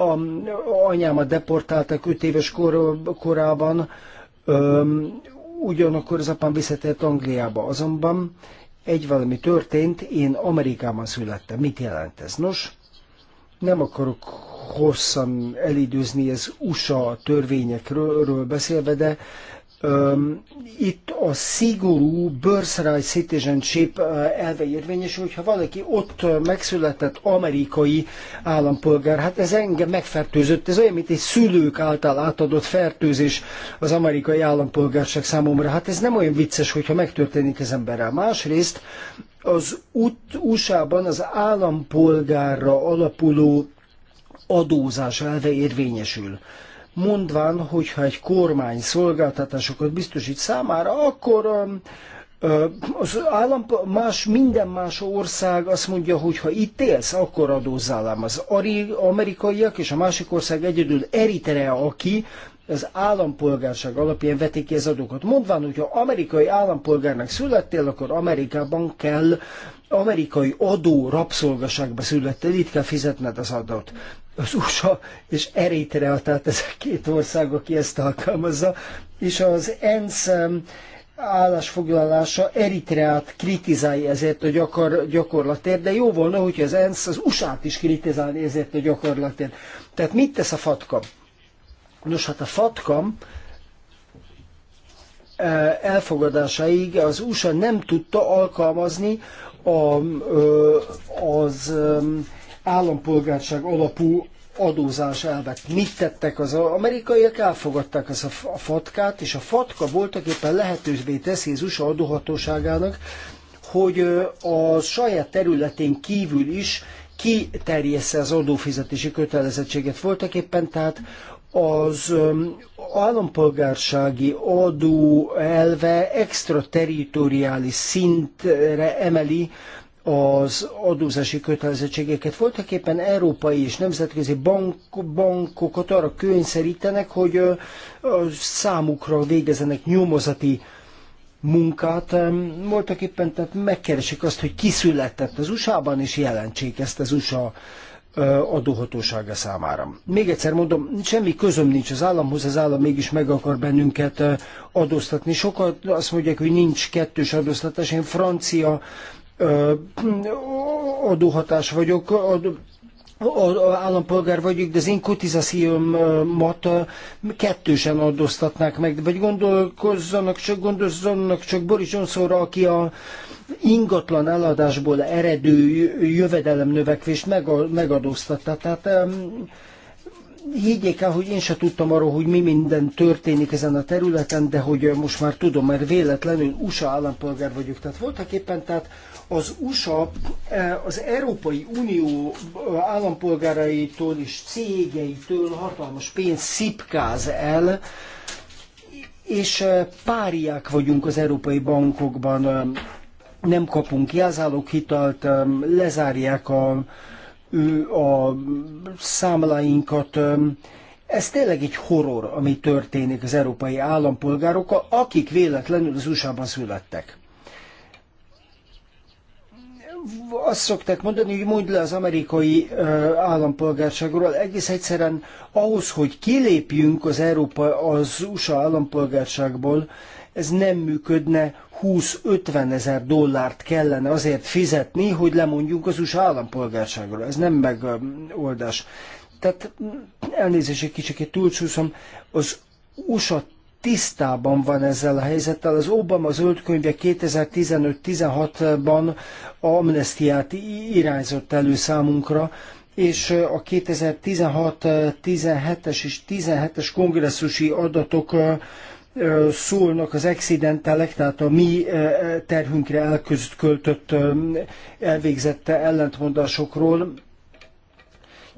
a anyámat deportáltak 5 éves kor, korában, ugyanakkor az apám visszatért Angliába. Azonban egy valami történt, én Amerikában születtem. Mit jelent ez? Nos, nem akarok hosszan elidőzni ez USA törvényekről beszélve, de um, itt a szigorú birthright citizenship elve érvényes, hogyha valaki ott megszületett amerikai állampolgár, hát ez engem megfertőzött, ez olyan, mint egy szülők által átadott fertőzés az amerikai állampolgárság számomra. Hát ez nem olyan vicces, hogyha megtörténik az emberrel. Másrészt az USA-ban az állampolgárra alapuló adózás elve érvényesül. Mondván, hogyha egy kormány szolgáltatásokat biztosít számára, akkor um, uh, az állam, más, minden más ország azt mondja, hogy ha itt élsz, akkor adózzál ám. Az amerikaiak és a másik ország egyedül Eritrea, aki az állampolgárság alapján vetik ki az adókat. Mondván, hogyha amerikai állampolgárnak születtél, akkor Amerikában kell amerikai adó rabszolgaságba születtél, itt kell fizetned az adót. Az USA és Eritrea, tehát ez a két ország, aki ezt alkalmazza, és az ENSZ állásfoglalása Eritreát kritizálja ezért a gyakor, gyakorlatért, de jó volna, hogyha az ENSZ az USA-t is kritizálni ezért a gyakorlatért. Tehát mit tesz a fatka? Nos, hát a fatkam eh, elfogadásáig az USA nem tudta alkalmazni a, az állampolgárság alapú adózás elvet. Mit tettek az amerikaiak? Elfogadták ezt a fatkát, és a fatka voltak éppen lehetővé teszi az USA adóhatóságának, hogy a saját területén kívül is kiterjessze az adófizetési kötelezettséget. Voltak éppen tehát az állampolgársági adó elve extraterritoriális szintre emeli az adózási kötelezettségeket. Voltak éppen európai és nemzetközi bank, bankokat arra kényszerítenek, hogy számukra végezenek nyomozati munkát. Voltak éppen tehát megkeresik azt, hogy kiszületett az USA-ban, és jelentsék ezt az USA adóhatósága számára. Még egyszer mondom, semmi közöm nincs az államhoz, az állam mégis meg akar bennünket adóztatni. Sokat azt mondják, hogy nincs kettős adóztatás. Én francia adóhatás vagyok, adó, állampolgár vagyok, de az én kotizációmat kettősen adóztatnák meg. Vagy gondolkozzanak csak, gondolkozzanak csak Boris Johnsonra, aki a ingatlan eladásból eredő jövedelem növekvést megadóztatta. Tehát higgyék el, hogy én se tudtam arról, hogy mi minden történik ezen a területen, de hogy most már tudom, mert véletlenül USA állampolgár vagyok. Tehát voltak éppen, tehát az USA e, az Európai Unió e, állampolgáraitól és cégeitől hatalmas pénz szipkáz el, és e, páriák vagyunk az európai bankokban nem kapunk hitelt, lezárják a, a számláinkat. Ez tényleg egy horror, ami történik az európai állampolgárokkal, akik véletlenül az USA-ban születtek azt szokták mondani, hogy mondd le az amerikai állampolgárságról. Egész egyszerűen ahhoz, hogy kilépjünk az Európa, az USA állampolgárságból, ez nem működne, 20-50 ezer dollárt kellene azért fizetni, hogy lemondjunk az USA állampolgárságról. Ez nem megoldás. Tehát elnézést, egy kicsit túlcsúszom. Az USA tisztában van ezzel a helyzettel. Az Obama zöld könyve 2015-16-ban a amnestiát irányzott elő számunkra, és a 2016-17-es és 17-es kongresszusi adatok szólnak az excidentelek, tehát a mi terhünkre elközt költött elvégzette ellentmondásokról.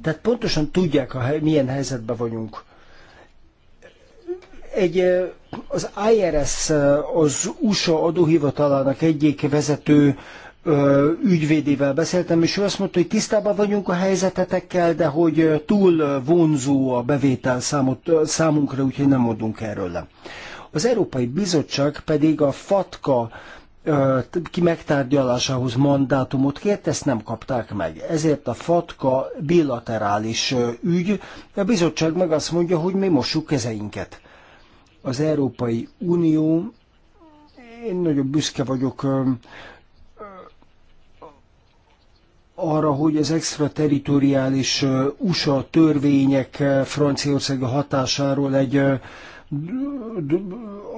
Tehát pontosan tudják, milyen helyzetben vagyunk. Egy, az IRS, az USA adóhivatalának egyik vezető ügyvédével beszéltem, és ő azt mondta, hogy tisztában vagyunk a helyzetetekkel, de hogy túl vonzó a bevétel számot, számunkra, úgyhogy nem mondunk erről le. Az Európai Bizottság pedig a FATKA ki megtárgyalásához mandátumot kért, ezt nem kapták meg. Ezért a FATKA bilaterális ügy, a bizottság meg azt mondja, hogy mi mossuk kezeinket. Az Európai Unió, én nagyon büszke vagyok arra, hogy az extrateritoriális USA törvények Franciaországa hatásáról egy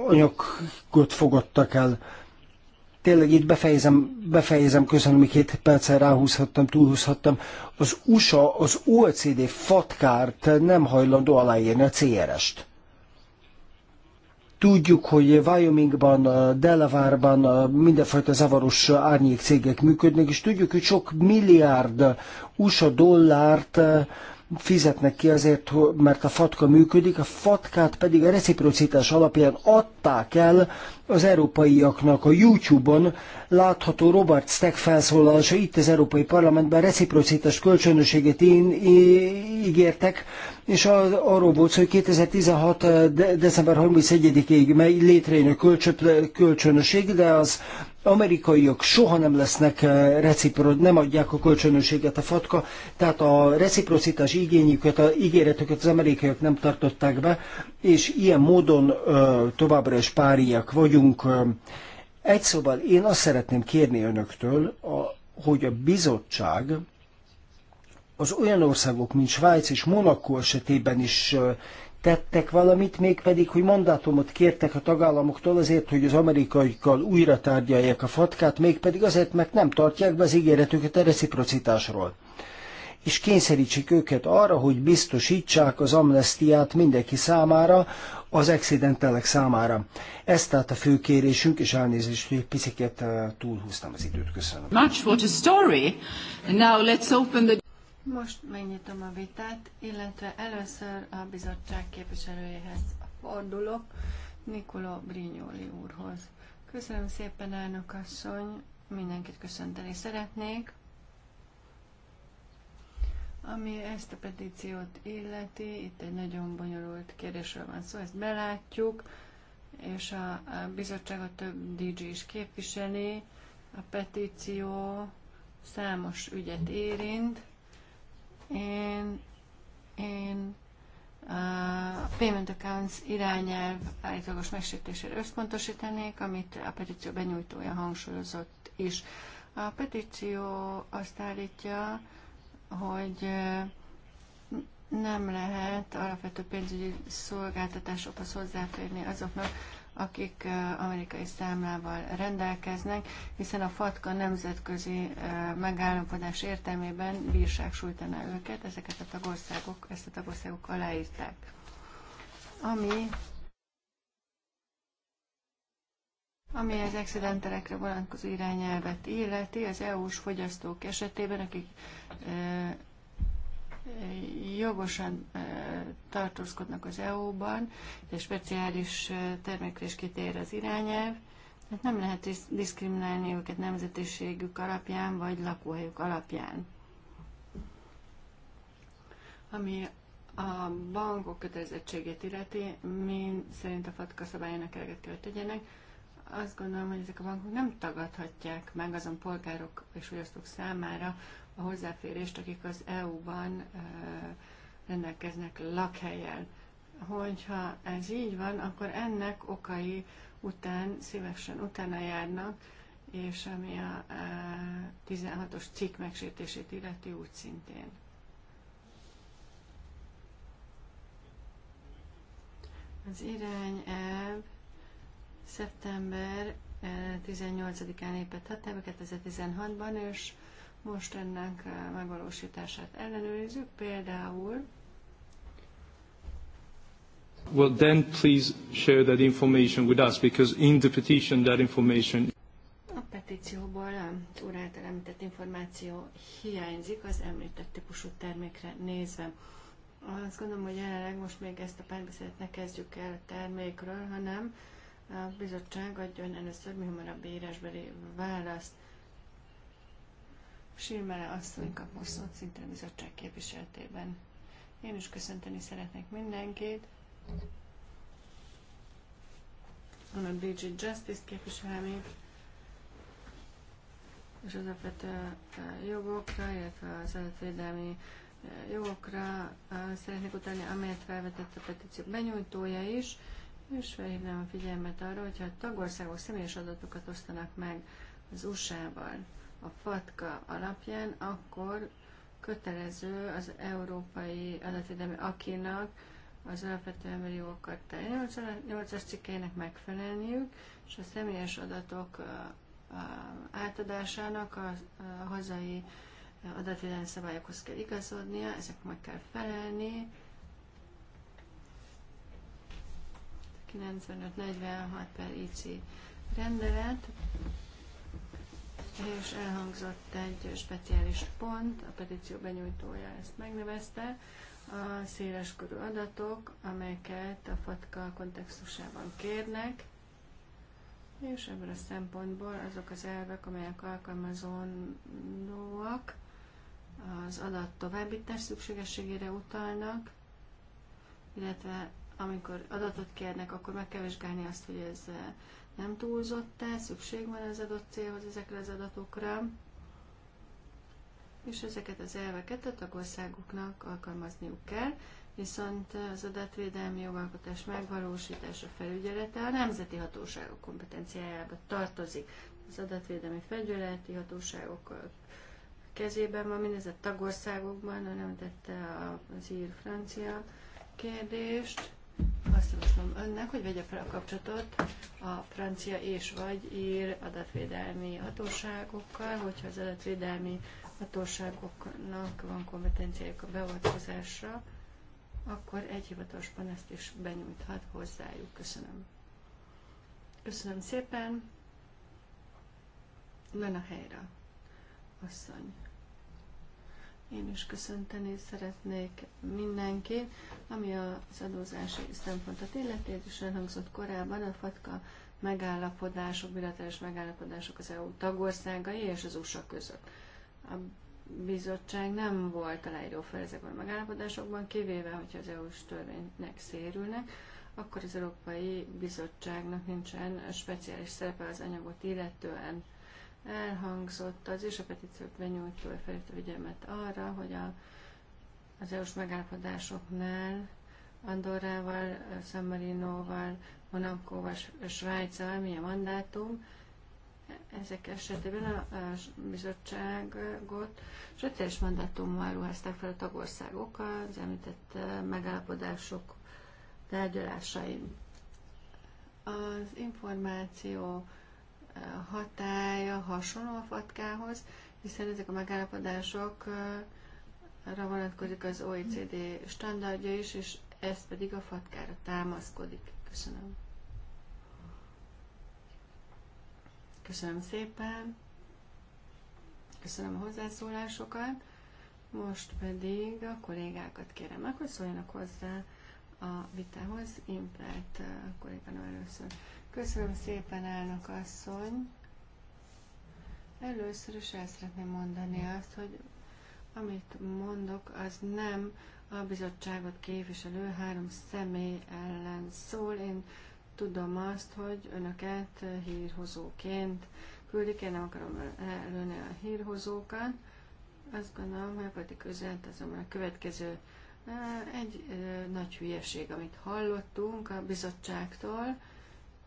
anyagot fogadtak el. Tényleg itt befejezem, befejezem köszönöm, hogy két perccel ráhúzhattam, túlhúzhattam. Az USA az OECD fatkárt nem hajlandó aláírni a CRS-t. Tudjuk, hogy Wyomingban, Delawareban mindenfajta zavaros árnyék cégek működnek, és tudjuk, hogy sok milliárd USA dollárt fizetnek ki azért, mert a fatka működik, a fatkát pedig a reciprocitás alapján adták el az európaiaknak. A YouTube-on látható Robert Stack felszólalása itt az Európai Parlamentben reciprocitás kölcsönösséget ígértek, és az, arról volt szó, hogy 2016. De, december 31-ig létrejön a kölcsönösség, de az amerikaiak soha nem lesznek eh, recipro, nem adják a kölcsönösséget a fatka, tehát a reciprocitás igényüket, a ígéretüket az amerikaiak nem tartották be, és ilyen módon eh, továbbra is páriak vagyunk. Egy szóval én azt szeretném kérni önöktől, a, hogy a bizottság az olyan országok, mint Svájc és Monaco esetében is eh, tettek valamit, mégpedig, hogy mandátumot kértek a tagállamoktól azért, hogy az amerikaikkal újra tárgyalják a fatkát, mégpedig azért, mert nem tartják be az ígéretüket a reciprocitásról. És kényszerítsék őket arra, hogy biztosítsák az amnestiát mindenki számára, az excidentelek számára. Ez tehát a fő kérésünk, és elnézést, hogy piciket eh, túlhúztam az időt. Köszönöm. Much for the story. Now let's open the... Most megnyitom a vitát, illetve először a bizottság képviselőjéhez fordulok, Nikoló Brignoli úrhoz. Köszönöm szépen, elnök asszony, mindenkit köszönteni szeretnék. Ami ezt a petíciót illeti, itt egy nagyon bonyolult kérdésről van szó, ezt belátjuk, és a, a bizottság a több DG is képviseli, a petíció számos ügyet érint, én, én a Payment Accounts irányelv állítólagos megsértésére összpontosítanék, amit a petíció benyújtója hangsúlyozott is. A petíció azt állítja, hogy nem lehet alapvető pénzügyi szolgáltatásokhoz hozzáférni azoknak, akik amerikai számlával rendelkeznek, hiszen a FATKA nemzetközi megállapodás értelmében bírság sújtaná őket, ezeket a tagországok, ezt a tagországok aláírták. Ami ami az excedenterekre vonatkozó irányelvet illeti, az EU-s fogyasztók esetében, akik jogosan tartózkodnak az EU-ban, de speciális termékre is kitér az irányelv, tehát nem lehet diszkriminálni őket nemzetiségük alapján, vagy lakóhelyük alapján. Ami a bankok kötelezettségét illeti, mi szerint a FATKA szabályának eleget kell tegyenek, azt gondolom, hogy ezek a bankok nem tagadhatják meg azon polgárok és fogyasztók számára, a hozzáférést, akik az EU-ban rendelkeznek lakhelyen. Hogyha ez így van, akkor ennek okai után szívesen utána járnak, és ami a 16-os cikk megsértését illeti úgy szintén. Az irányelv szeptember 18-án lépett hatályba 2016-ban, és most ennek eh, megvalósítását ellenőrizzük, például Well, then please share that information with us, because in the petition that information... A petícióból az úr által említett információ hiányzik az említett típusú termékre nézve. Azt gondolom, hogy jelenleg most még ezt a párbeszédet ne kezdjük el a termékről, hanem a bizottság adjon először mi hamarabb írásbeli választ. Sírmele asszony kaposzott most szinte a bizottság képviseletében. Én is köszönteni szeretnék mindenkit. Van a Bridget Justice képviselmi, és az alapvető jogokra, illetve az adatvédelmi jogokra szeretnék utalni, amelyet felvetett a petíció benyújtója is, és felhívnám a figyelmet arra, hogyha a tagországok személyes adatokat osztanak meg az USA-val, a FATKA alapján, akkor kötelező az Európai Adatvédelmi Akinak az alapvető emberi jogokat 8-as cikkeinek megfelelniük, és a személyes adatok átadásának a hazai adatvédelmi szabályokhoz kell igazodnia, ezek meg kell felelni. 95-46 per IC rendelet és elhangzott egy speciális pont, a petíció benyújtója ezt megnevezte, a széleskörű adatok, amelyeket a FATKA kontextusában kérnek, és ebből a szempontból azok az elvek, amelyek alkalmazóak, az adat továbbítás szükségességére utalnak, illetve amikor adatot kérnek, akkor meg kell vizsgálni azt, hogy ez nem túlzott-e, szükség van az adott célhoz ezekre az adatokra, és ezeket az elveket a tagországoknak alkalmazniuk kell, viszont az adatvédelmi jogalkotás megvalósítása felügyelete a nemzeti hatóságok kompetenciájába tartozik. Az adatvédelmi felügyeleti hatóságok kezében van, mindez a tagországokban, nem tette az ír-francia kérdést. Azt javaslom önnek, hogy vegye fel a kapcsolatot a francia és vagy ír adatvédelmi hatóságokkal, hogyha az adatvédelmi hatóságoknak van kompetenciájuk a beavatkozásra, akkor egy hivatalos panaszt is benyújthat hozzájuk. Köszönöm. Köszönöm szépen. a helyre, asszony. Én is köszönteni szeretnék mindenkit. Ami az adózási szempontot illeti, ez is elhangzott korábban, a FATKA megállapodások, bilaterális megállapodások az EU tagországai és az USA között. A bizottság nem volt aláíró fel ezekben a megállapodásokban, kivéve, hogyha az EU-s törvénynek szérülnek, akkor az Európai Bizottságnak nincsen speciális szerepe az anyagot illetően. Elhangzott az és a petíciót benyújtó felhívta figyelmet arra, hogy a az EU-s megállapodásoknál Andorrával, San Marinóval, Monakóval, Svájccal mi a mandátum. Ezek esetében a bizottságot sötétes mandátummal ruházták fel a tagországok az említett e, megállapodások tárgyalásain. Az információ e, hatája hasonló a fatkához, hiszen ezek a megállapodások e, arra vonatkozik az OECD standardja is, és ez pedig a fatkára támaszkodik. Köszönöm. Köszönöm szépen. Köszönöm a hozzászólásokat. Most pedig a kollégákat kérem meg, hogy szóljanak hozzá a vitához. Impelt uh, kolléganő először. Köszönöm szépen, elnök asszony. Először is el szeretném mondani azt, hogy amit mondok, az nem a bizottságot képviselő három személy ellen szól. Én tudom azt, hogy önöket hírhozóként küldik, én nem akarom előni a hírhozókat. Azt gondolom, hogy a politik üzenet az a következő egy nagy hülyeség, amit hallottunk a bizottságtól.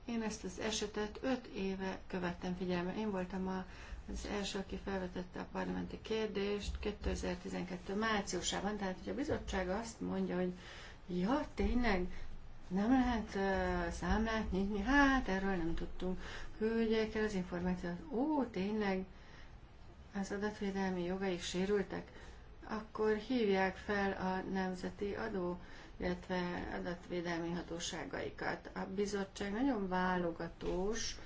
Én ezt az esetet öt éve követtem figyelme. Én voltam a az első, aki felvetette a parlamenti kérdést 2012. márciusában, tehát hogy a bizottság azt mondja, hogy ja, tényleg nem lehet uh, számlát nyitni, hát erről nem tudtunk. el az információt, ó, tényleg az adatvédelmi jogaik sérültek, akkor hívják fel a nemzeti adó, illetve adatvédelmi hatóságaikat. A bizottság nagyon válogatós,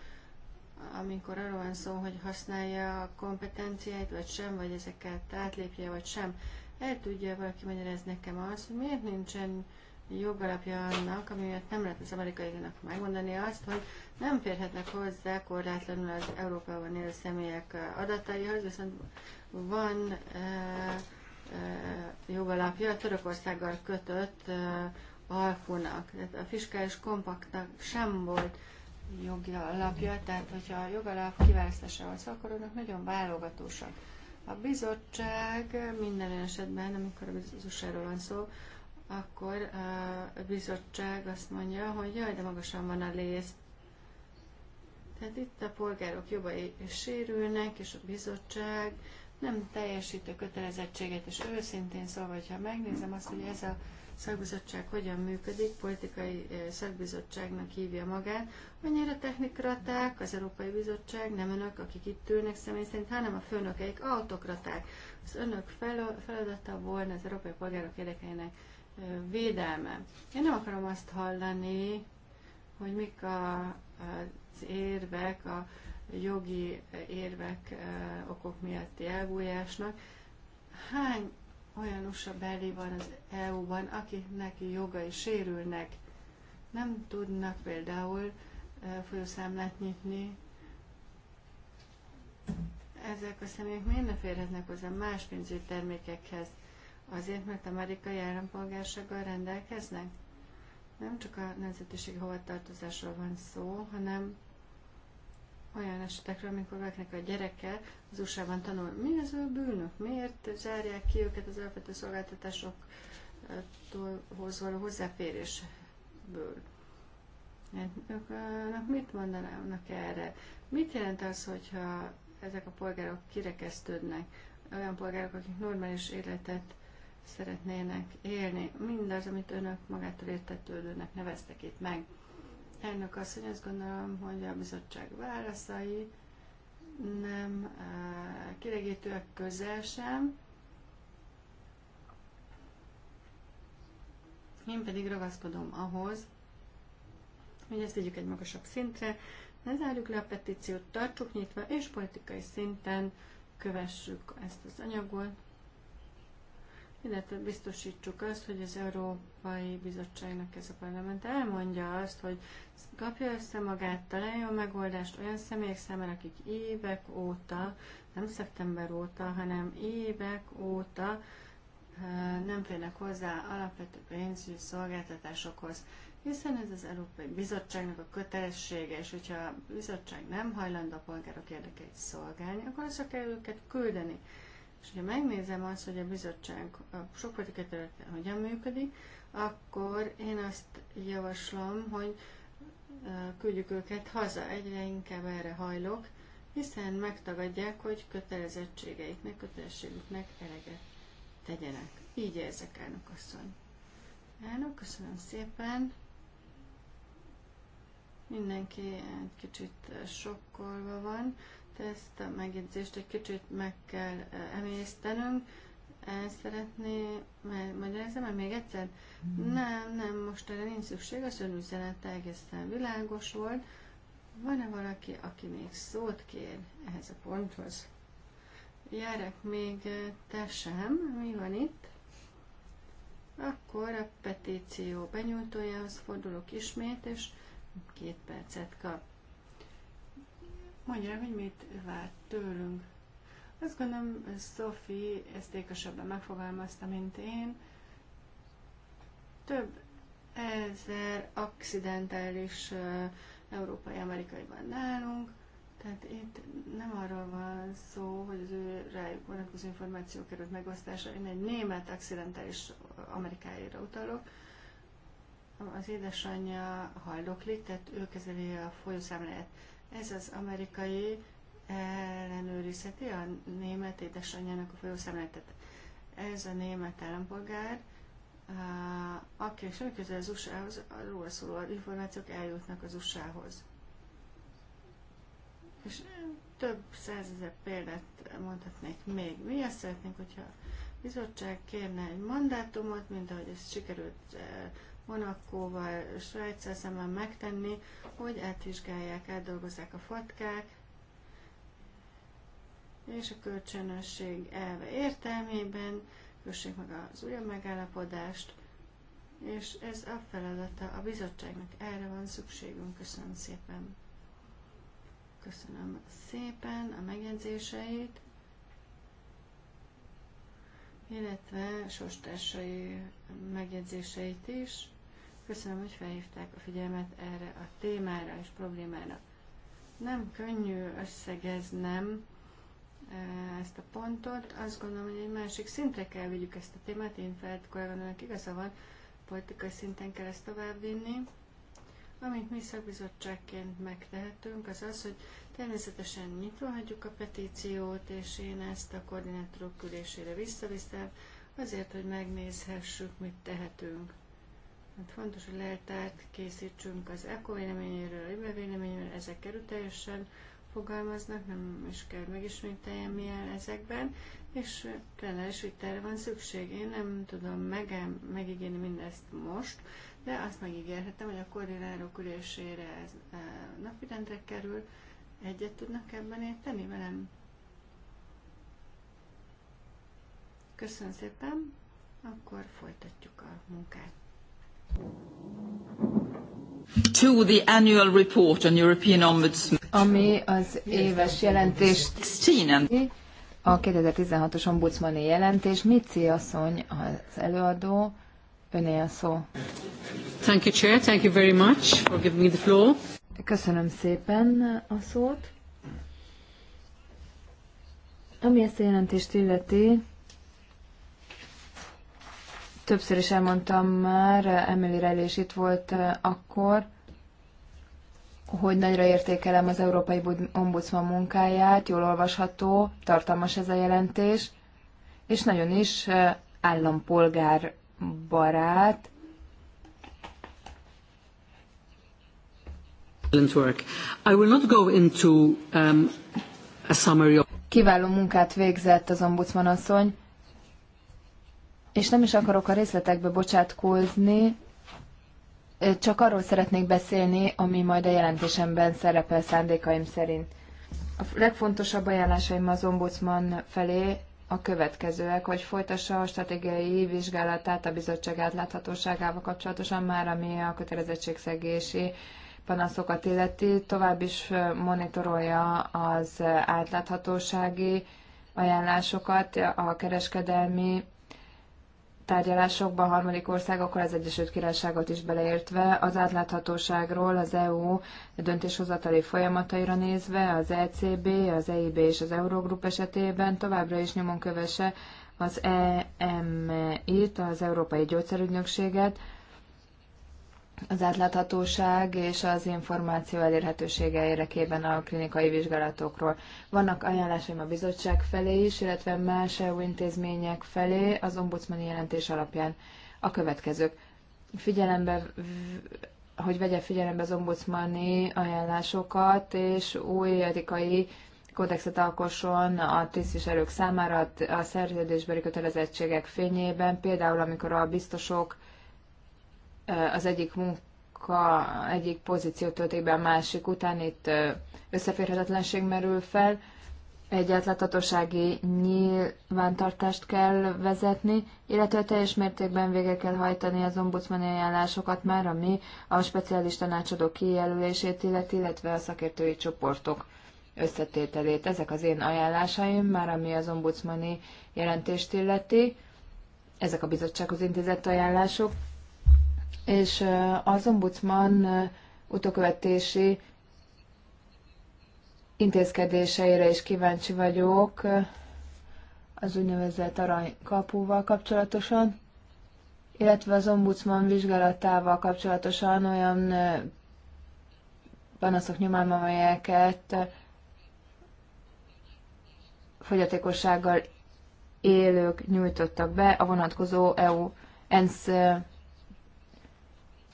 amikor arról van szó, hogy használja a kompetenciáit, vagy sem, vagy ezeket átlépje, vagy sem. El tudja valaki magyarázni nekem azt, hogy miért nincsen jogalapja annak, amiért nem lehet az amerikaiaknak megmondani azt, hogy nem férhetnek hozzá korlátlanul az Európában élő személyek adataihoz, viszont van e, e, jogalapja a Törökországgal kötött e, alkunak. Tehát a fiskális kompaktnak sem volt e, jogi alapja, tehát hogyha a jogalap kiválasztása van szó, szóval akkor annak nagyon válogatósak. A bizottság minden esetben, amikor a bizottságról van szó, akkor a bizottság azt mondja, hogy jaj, de magasan van a léz. Tehát itt a polgárok jobbai sérülnek, és a bizottság nem teljesít a kötelezettséget, és őszintén szóval, hogyha megnézem azt, hogy ez a szakbizottság hogyan működik, politikai szakbizottságnak hívja magát, annyira technikraták, az Európai Bizottság, nem önök, akik itt ülnek személy szerint, hanem a főnökeik, autokraták. Az önök feladata volna az európai polgárok érdekeinek védelme. Én nem akarom azt hallani, hogy mik a, az érvek, a jogi érvek okok miatti elbújásnak. Hány olyan USA belé van az EU-ban, akiknek jogai sérülnek. Nem tudnak például folyószámlát nyitni. Ezek a személyek miért ne férhetnek hozzá más pénzügyi termékekhez? Azért, mert amerikai állampolgársággal rendelkeznek? Nem csak a nemzetiségi hovatartozásról van szó, hanem olyan esetekről, amikor valakinek a gyereke az USA-ban tanul. Mi az ő bűnök? Miért zárják ki őket az alapvető szolgáltatásokhoz való hozzáférésből? Önök mit mondanának erre? Mit jelent az, hogyha ezek a polgárok kirekesztődnek? Olyan polgárok, akik normális életet szeretnének élni. Mindaz, amit önök magától értetődőnek neveztek itt meg. Elnök asszony, azt gondolom, hogy a bizottság válaszai nem eh, kiregítőek közel sem. Én pedig ragaszkodom ahhoz, hogy ezt tegyük egy magasabb szintre, ne zárjuk le a petíciót, tartsuk nyitva, és politikai szinten kövessük ezt az anyagot, illetve biztosítsuk azt, hogy az Európai Bizottságnak ez a parlament elmondja azt, hogy kapja össze magát, találjon megoldást olyan személyek számára, akik évek óta, nem szeptember óta, hanem évek óta nem férnek hozzá alapvető pénzügyi szolgáltatásokhoz, hiszen ez az Európai Bizottságnak a kötelessége, és hogyha a bizottság nem hajlandó a polgárok érdekeit szolgálni, akkor azt kell őket küldeni. És ha megnézem azt, hogy a bizottság a sok politikai területen hogyan működik, akkor én azt javaslom, hogy küldjük őket haza, egyre inkább erre hajlok, hiszen megtagadják, hogy kötelezettségeiknek, kötelességüknek eleget tegyenek. Így érzek, elnök asszony. Elnök, köszönöm szépen. Mindenki egy kicsit sokkolva van ezt a megjegyzést egy kicsit meg kell emésztenünk. El szeretné, mert magyarázom, mert még egyszer? Nem, nem, most erre nincs szükség, az ön üzenete egészen világos volt. Van-e valaki, aki még szót kér ehhez a ponthoz? Járek még te sem, mi van itt? Akkor a petíció benyújtójához fordulok ismét, és két percet kap mondja hogy mit vár tőlünk. Azt gondolom, Szofi ezt ékesebben megfogalmazta, mint én. Több ezer accidentális európai-amerikai van nálunk, tehát itt nem arról van szó, hogy az ő rájuk vonatkozó információ került megosztásra. Én egy német accidentális amerikáira utalok. Az édesanyja haldoklik, tehát ő kezeli a folyószámláját. Ez az amerikai ellenőrizheti a német édesanyjának a folyószemletet. Ez a német állampolgár, aki semmi közel az USA-hoz, arról szóló információk eljutnak az USA-hoz. És több százezer példát mondhatnék még. Mi azt szeretnénk, hogyha a bizottság kérne egy mandátumot, mint ahogy ez sikerült Monakóval, Svájccal szemben megtenni, hogy átvizsgálják, átdolgozzák a fatkák, és a kölcsönösség elve értelmében kössék meg az újabb megállapodást, és ez a feladata a bizottságnak. Erre van szükségünk. Köszönöm szépen. Köszönöm szépen a megjegyzéseit, illetve sostársai megjegyzéseit is. Köszönöm, hogy felhívták a figyelmet erre a témára és problémára. Nem könnyű összegeznem e, ezt a pontot. Azt gondolom, hogy egy másik szintre kell vigyük ezt a témát. Én felt kolléganőnek igaza van, politikai szinten kell ezt továbbvinni. Amit mi szakbizottságként megtehetünk, az az, hogy természetesen nyitva hagyjuk a petíciót, és én ezt a koordinátorok külésére visszaviszem, azért, hogy megnézhessük, mit tehetünk. Hát fontos, hogy leltárt készítsünk az ECO véleményéről, a LIBE véleményéről, ezek erőteljesen fogalmaznak, nem is kell megismételjem milyen ezekben, és hogy erre van szükség. Én nem tudom megem, megígérni mindezt most, de azt megígérhetem, hogy a koordinátorok ülésére ez e, napirendre kerül. Egyet tudnak ebben érteni velem? Köszönöm szépen, akkor folytatjuk a munkát. To the annual report on European Ombudsman. Ami az éves jelentést a 2016-os ombudsmani jelentés. Mici asszony az előadó, öné a szó. Thank you, Chair. Thank you very much for giving me the floor. Köszönöm szépen a szót. Ami ezt a jelentést illeti, Többször is elmondtam már, Emily Rally is itt volt eh, akkor, hogy nagyra értékelem az Európai Ombudsman munkáját, jól olvasható, tartalmas ez a jelentés, és nagyon is eh, állampolgár barát. I will not go into um, a of... Kiváló munkát végzett az ombudsman asszony és nem is akarok a részletekbe bocsátkozni, csak arról szeretnék beszélni, ami majd a jelentésemben szerepel szándékaim szerint. A legfontosabb ajánlásaim az ombudsman felé a következőek, hogy folytassa a stratégiai vizsgálatát a bizottság átláthatóságával kapcsolatosan már, ami a kötelezettségszegési panaszokat illeti, tovább is monitorolja az átláthatósági ajánlásokat, a kereskedelmi tárgyalásokban harmadik országokkal, az Egyesült Királyságot is beleértve, az átláthatóságról az EU döntéshozatali folyamataira nézve, az ECB, az EIB és az Eurogroup esetében továbbra is nyomon kövesse az EMI-t, az Európai Gyógyszerügynökséget, az átláthatóság és az információ elérhetősége érdekében a klinikai vizsgálatokról. Vannak ajánlásaim a bizottság felé is, illetve más EU intézmények felé az ombudsmani jelentés alapján a következők. Figyelembe, hogy vegye figyelembe az ombudsmani ajánlásokat, és új etikai kódexet alkosson a tisztviselők számára a szerződésbeli kötelezettségek fényében, például amikor a biztosok az egyik munka, egyik pozíció töltik be a másik után, itt összeférhetetlenség merül fel, egy átláthatósági nyilvántartást kell vezetni, illetve teljes mértékben végre kell hajtani az ombudsmani ajánlásokat már, ami a speciális tanácsadó kijelölését illeti, illetve a szakértői csoportok összetételét. Ezek az én ajánlásaim már, ami az ombudsmani jelentést illeti. Ezek a bizottsághoz intézett ajánlások és az ombudsman utókövetési intézkedéseire is kíváncsi vagyok az úgynevezett aranykapuval kapcsolatosan, illetve az ombudsman vizsgálatával kapcsolatosan olyan panaszok nyomán, amelyeket fogyatékossággal élők nyújtottak be a vonatkozó EU ENSZ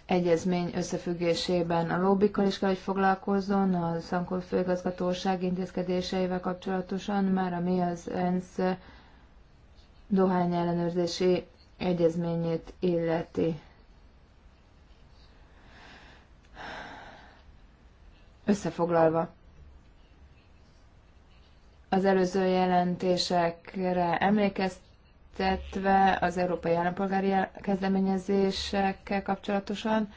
egyezmény összefüggésében. A lobbikkal is kell, hogy foglalkozzon, a Szankor főigazgatóság intézkedéseivel kapcsolatosan, már ami az ENSZ dohány ellenőrzési egyezményét illeti. Összefoglalva, az előző jelentésekre emlékeztet, egyeztetve az európai állampolgári kezdeményezésekkel kapcsolatosan.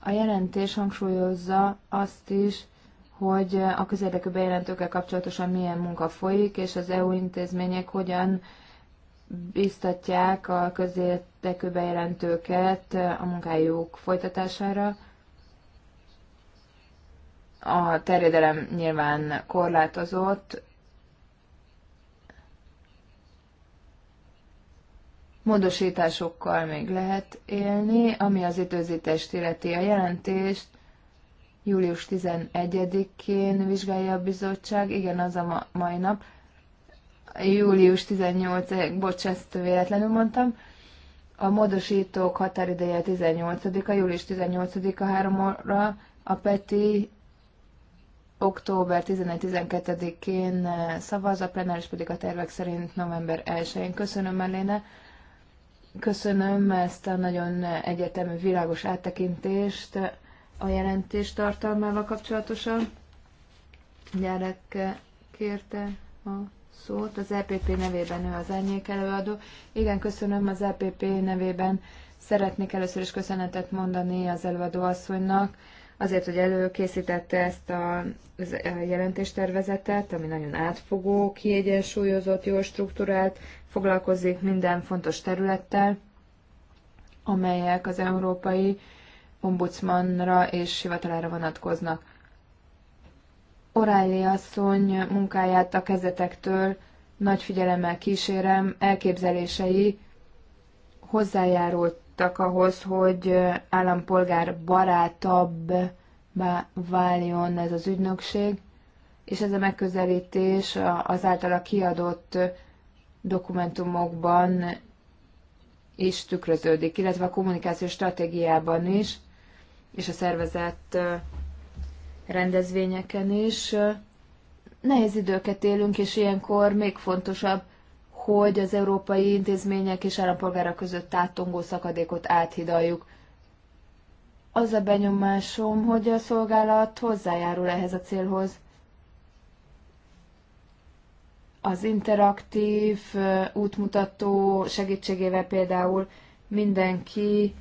A jelentés hangsúlyozza azt is, hogy a közérdekű bejelentőkkel kapcsolatosan milyen munka folyik, és az EU intézmények hogyan biztatják a közérdekű bejelentőket a munkájuk folytatására. A terjedelem nyilván korlátozott, módosításokkal még lehet élni, ami az időzítést illeti a jelentést. Július 11-én vizsgálja a bizottság, igen, az a ma- mai nap. Július 18, én bocs, ezt véletlenül mondtam. A módosítók határideje 18-a, július 18-a 3 óra, a PETI október 11-12-én szavaz, a plenáris pedig a tervek szerint november 1-én. Köszönöm, Melléne. Köszönöm ezt a nagyon egyetemű, világos áttekintést a jelentés tartalmával kapcsolatosan. Gyerek kérte a szót. Az EPP nevében ő az árnyék előadó. Igen, köszönöm az EPP nevében. Szeretnék először is köszönetet mondani az előadó asszonynak azért, hogy előkészítette ezt a e, jelentéstervezetet, ami nagyon átfogó, kiegyensúlyozott, jól struktúrált, foglalkozik minden fontos területtel, amelyek az európai ombudsmanra és hivatalára vonatkoznak. O'Reilly asszony munkáját a kezetektől nagy figyelemmel kísérem, elképzelései hozzájárult hozzájárultak ahhoz, hogy állampolgár barátabb váljon ez az ügynökség, és ez a megközelítés az általa kiadott dokumentumokban is tükröződik, illetve a kommunikációs stratégiában is, és a szervezett rendezvényeken is. Nehéz időket élünk, és ilyenkor még fontosabb, hogy az európai intézmények és állampolgárok között áttongó szakadékot áthidaljuk. Az a benyomásom, hogy a szolgálat hozzájárul ehhez a célhoz. Az interaktív útmutató segítségével például mindenki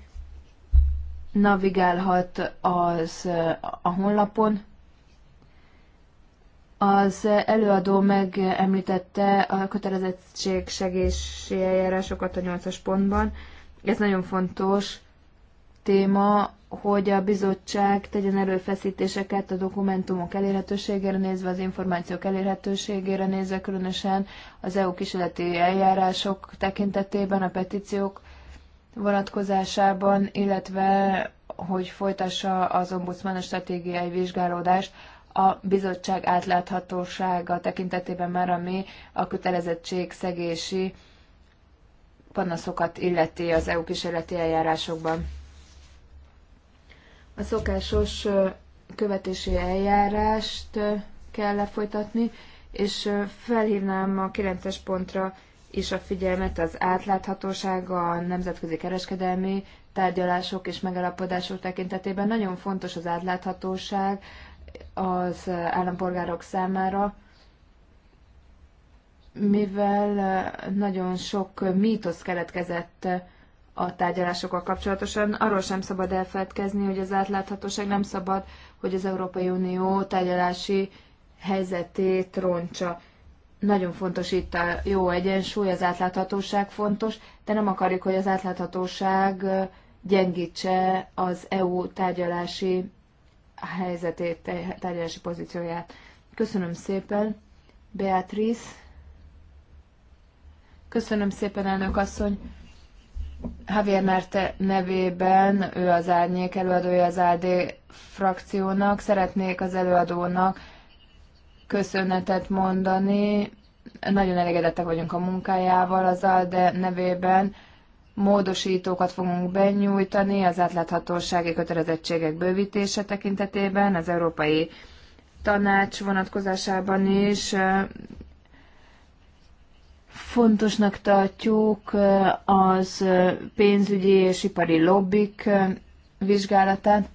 navigálhat az a honlapon, az előadó megemlítette a kötelezettség segési eljárásokat a nyolcas pontban. Ez nagyon fontos téma, hogy a bizottság tegyen erőfeszítéseket a dokumentumok elérhetőségére nézve, az információk elérhetőségére nézve, különösen az EU kísérleti eljárások tekintetében, a petíciók vonatkozásában, illetve hogy folytassa az ombudsman a stratégiai vizsgálódást a bizottság átláthatósága tekintetében már, ami a kötelezettség szegési panaszokat illeti az EU kísérleti eljárásokban. A szokásos követési eljárást kell lefolytatni, és felhívnám a 9-es pontra is a figyelmet az átláthatóság a nemzetközi kereskedelmi tárgyalások és megállapodások tekintetében. Nagyon fontos az átláthatóság az állampolgárok számára, mivel nagyon sok mítosz keletkezett a tárgyalásokkal kapcsolatosan. Arról sem szabad elfeledkezni, hogy az átláthatóság nem szabad, hogy az Európai Unió tárgyalási helyzetét roncsa. Nagyon fontos itt a jó egyensúly, az átláthatóság fontos, de nem akarjuk, hogy az átláthatóság gyengítse az EU tárgyalási helyzetét, tárgyalási pozícióját. Köszönöm szépen, Beatrice. Köszönöm szépen, elnök asszony. Javier Merte nevében, ő az árnyék előadója az AD frakciónak. Szeretnék az előadónak köszönetet mondani. Nagyon elégedettek vagyunk a munkájával az AD nevében módosítókat fogunk benyújtani az átláthatósági kötelezettségek bővítése tekintetében, az Európai Tanács vonatkozásában is. Fontosnak tartjuk az pénzügyi és ipari lobbik vizsgálatát.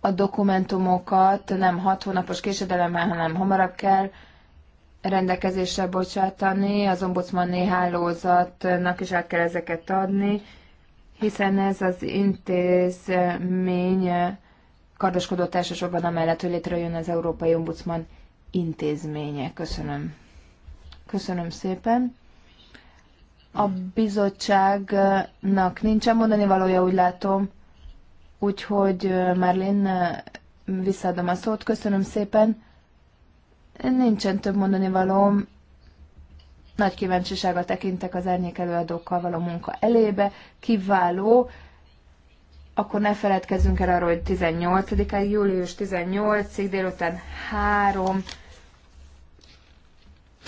A dokumentumokat nem hat hónapos késedelemmel, hanem hamarabb kell rendelkezésre bocsátani, az ombudsmani hálózatnak is át kell ezeket adni, hiszen ez az intézmény kardoskodott elsősorban amellett, hogy létrejön az Európai Ombudsman intézménye. Köszönöm. Köszönöm szépen. A bizottságnak nincsen mondani valója, úgy látom. Úgyhogy Marlin, visszaadom a szót. Köszönöm szépen. Nincsen több mondani valóm. Nagy kíváncsisággal tekintek az árnyék előadókkal való munka elébe. Kiváló. Akkor ne feledkezzünk el arról, hogy 18 ig július 18-ig délután 3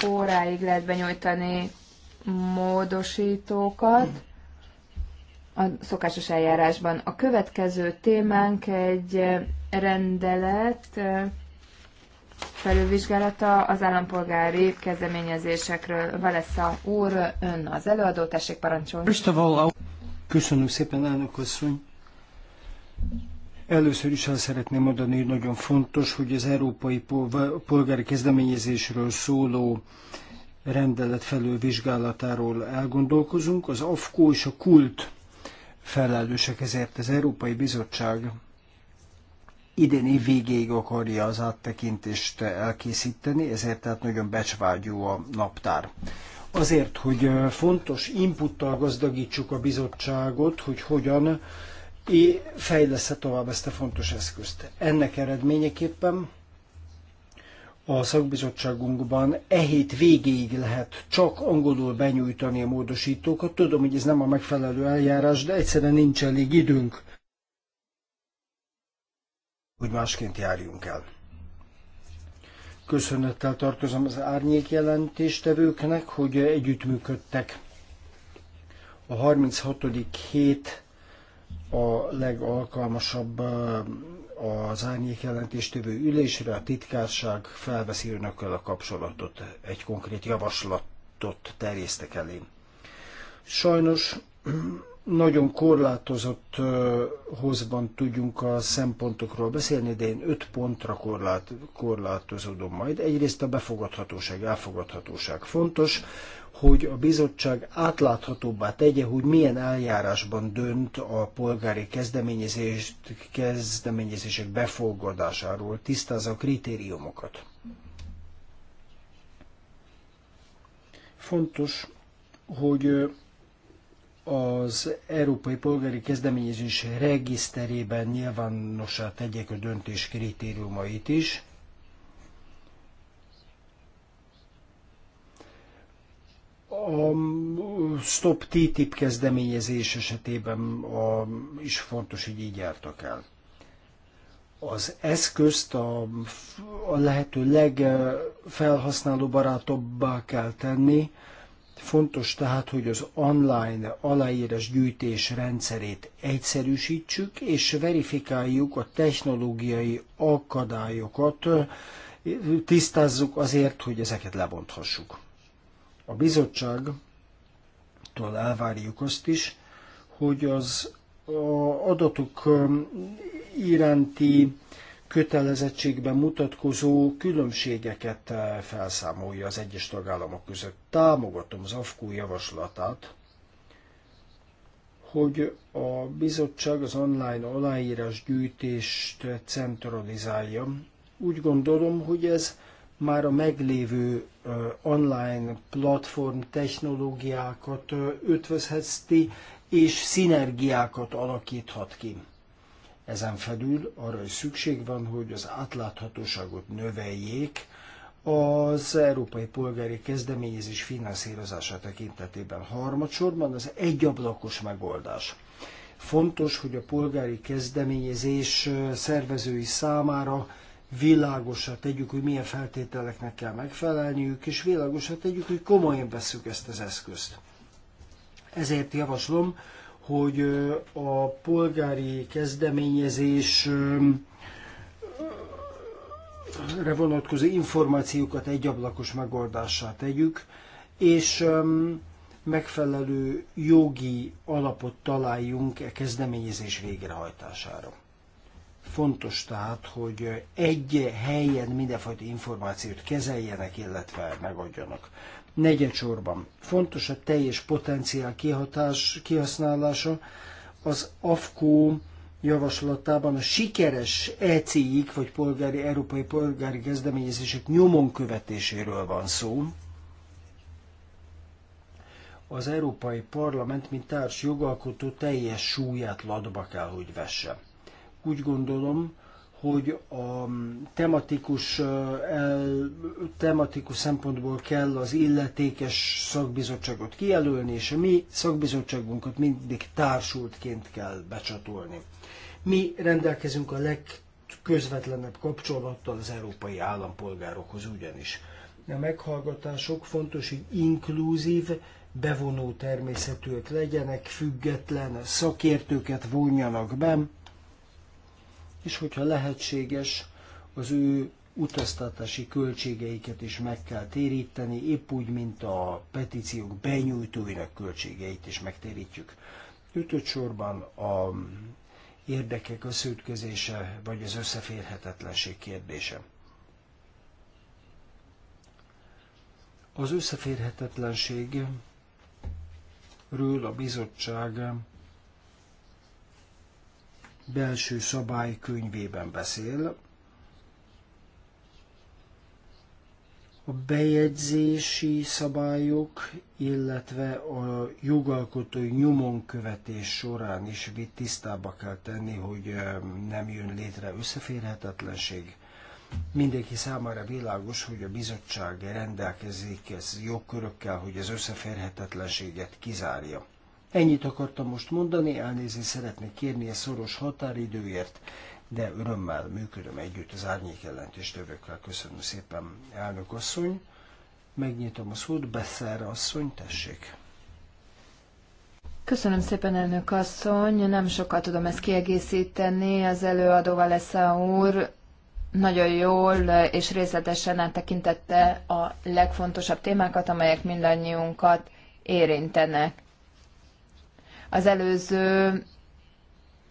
óráig lehet benyújtani módosítókat a szokásos eljárásban. A következő témánk egy rendelet, felülvizsgálata az állampolgári kezdeményezésekről. Valesza úr, ön az előadó, tessék parancsolni. Köszönöm szépen, elnök asszony. Először is el szeretném mondani, hogy nagyon fontos, hogy az európai polgári kezdeményezésről szóló rendelet felülvizsgálatáról elgondolkozunk. Az AFKO és a KULT felelősek ezért az Európai Bizottság idén év végéig akarja az áttekintést elkészíteni, ezért tehát nagyon becsvágyó a naptár. Azért, hogy fontos inputtal gazdagítsuk a bizottságot, hogy hogyan fejlesz tovább ezt a fontos eszközt. Ennek eredményeképpen a szakbizottságunkban e hét végéig lehet csak angolul benyújtani a módosítókat. Tudom, hogy ez nem a megfelelő eljárás, de egyszerűen nincs elég időnk hogy másként járjunk el. Köszönettel tartozom az árnyék jelentéstevőknek, hogy együttműködtek. A 36. hét a legalkalmasabb az árnyék jelentéstevő ülésre, a titkárság felveszi önökkel a kapcsolatot, egy konkrét javaslatot terjesztek elém. Sajnos nagyon korlátozott hozban tudjunk a szempontokról beszélni, de én öt pontra korlát, korlátozódom majd. Egyrészt a befogadhatóság, elfogadhatóság fontos, hogy a bizottság átláthatóbbá tegye, hogy milyen eljárásban dönt a polgári kezdeményezést, kezdeményezések befogadásáról, tisztázza a kritériumokat. Fontos, hogy az Európai Polgári Kezdeményezés regiszterében nyilvánossá tegyék a döntés kritériumait is. A Stop TTIP kezdeményezés esetében a, is fontos, hogy így jártak el. Az eszközt a, a lehető legfelhasználóbarátobbá kell tenni, Fontos tehát, hogy az online aláírás gyűjtés rendszerét egyszerűsítsük, és verifikáljuk a technológiai akadályokat, tisztázzuk azért, hogy ezeket lebonthassuk. A bizottságtól elvárjuk azt is, hogy az adatok um, iránti kötelezettségben mutatkozó különbségeket eh, felszámolja az egyes tagállamok között. Támogatom az AFKU javaslatát, hogy a bizottság az online aláírás gyűjtést centralizálja. Úgy gondolom, hogy ez már a meglévő eh, online platform technológiákat eh, ötvözheti, és szinergiákat alakíthat ki ezen felül arra is szükség van, hogy az átláthatóságot növeljék az európai polgári kezdeményezés finanszírozása tekintetében. Harmadsorban az egyablakos megoldás. Fontos, hogy a polgári kezdeményezés szervezői számára világosra tegyük, hogy milyen feltételeknek kell megfelelniük, és világosra tegyük, hogy komolyan veszük ezt az eszközt. Ezért javaslom, hogy a polgári kezdeményezés vonatkozó információkat egyablakos megoldássá tegyük, és megfelelő jogi alapot találjunk a e kezdeményezés végrehajtására. Fontos tehát, hogy egy helyen mindenfajta információt kezeljenek, illetve megadjanak. Negyedsorban fontos a teljes potenciál kihatás, kihasználása. Az AFKO javaslatában a sikeres eci ig vagy polgári, európai polgári kezdeményezések nyomon követéséről van szó. Az Európai Parlament, mint társ jogalkotó teljes súlyát ladba kell, hogy vesse. Úgy gondolom, hogy a tematikus, el, tematikus szempontból kell az illetékes szakbizottságot kijelölni, és a mi szakbizottságunkat mindig társultként kell becsatolni. Mi rendelkezünk a legközvetlenebb kapcsolattal az európai állampolgárokhoz ugyanis. A meghallgatások fontos, hogy inkluzív, bevonó természetűek legyenek, független szakértőket vonjanak be, és hogyha lehetséges, az ő utaztatási költségeiket is meg kell téríteni, épp úgy, mint a petíciók benyújtóinak költségeit is megtérítjük. Ötöt sorban a érdekek összeütközése, vagy az összeférhetetlenség kérdése. Az összeférhetetlenség ről a bizottság belső szabály könyvében beszél. A bejegyzési szabályok, illetve a jogalkotói nyomonkövetés során is tisztába kell tenni, hogy nem jön létre összeférhetetlenség. Mindenki számára világos, hogy a bizottság rendelkezik ez jogkörökkel, hogy az összeférhetetlenséget kizárja. Ennyit akartam most mondani, elnézést szeretnék kérni a szoros határidőért, de örömmel működöm együtt az árnyék jelentéstövőkkel. Köszönöm szépen, elnök asszony. Megnyitom a szót, Besszerre asszony, tessék. Köszönöm szépen, elnök asszony. Nem sokat tudom ezt kiegészíteni. Az előadóval lesz a úr nagyon jól és részletesen áttekintette a legfontosabb témákat, amelyek mindannyiunkat érintenek. Az előző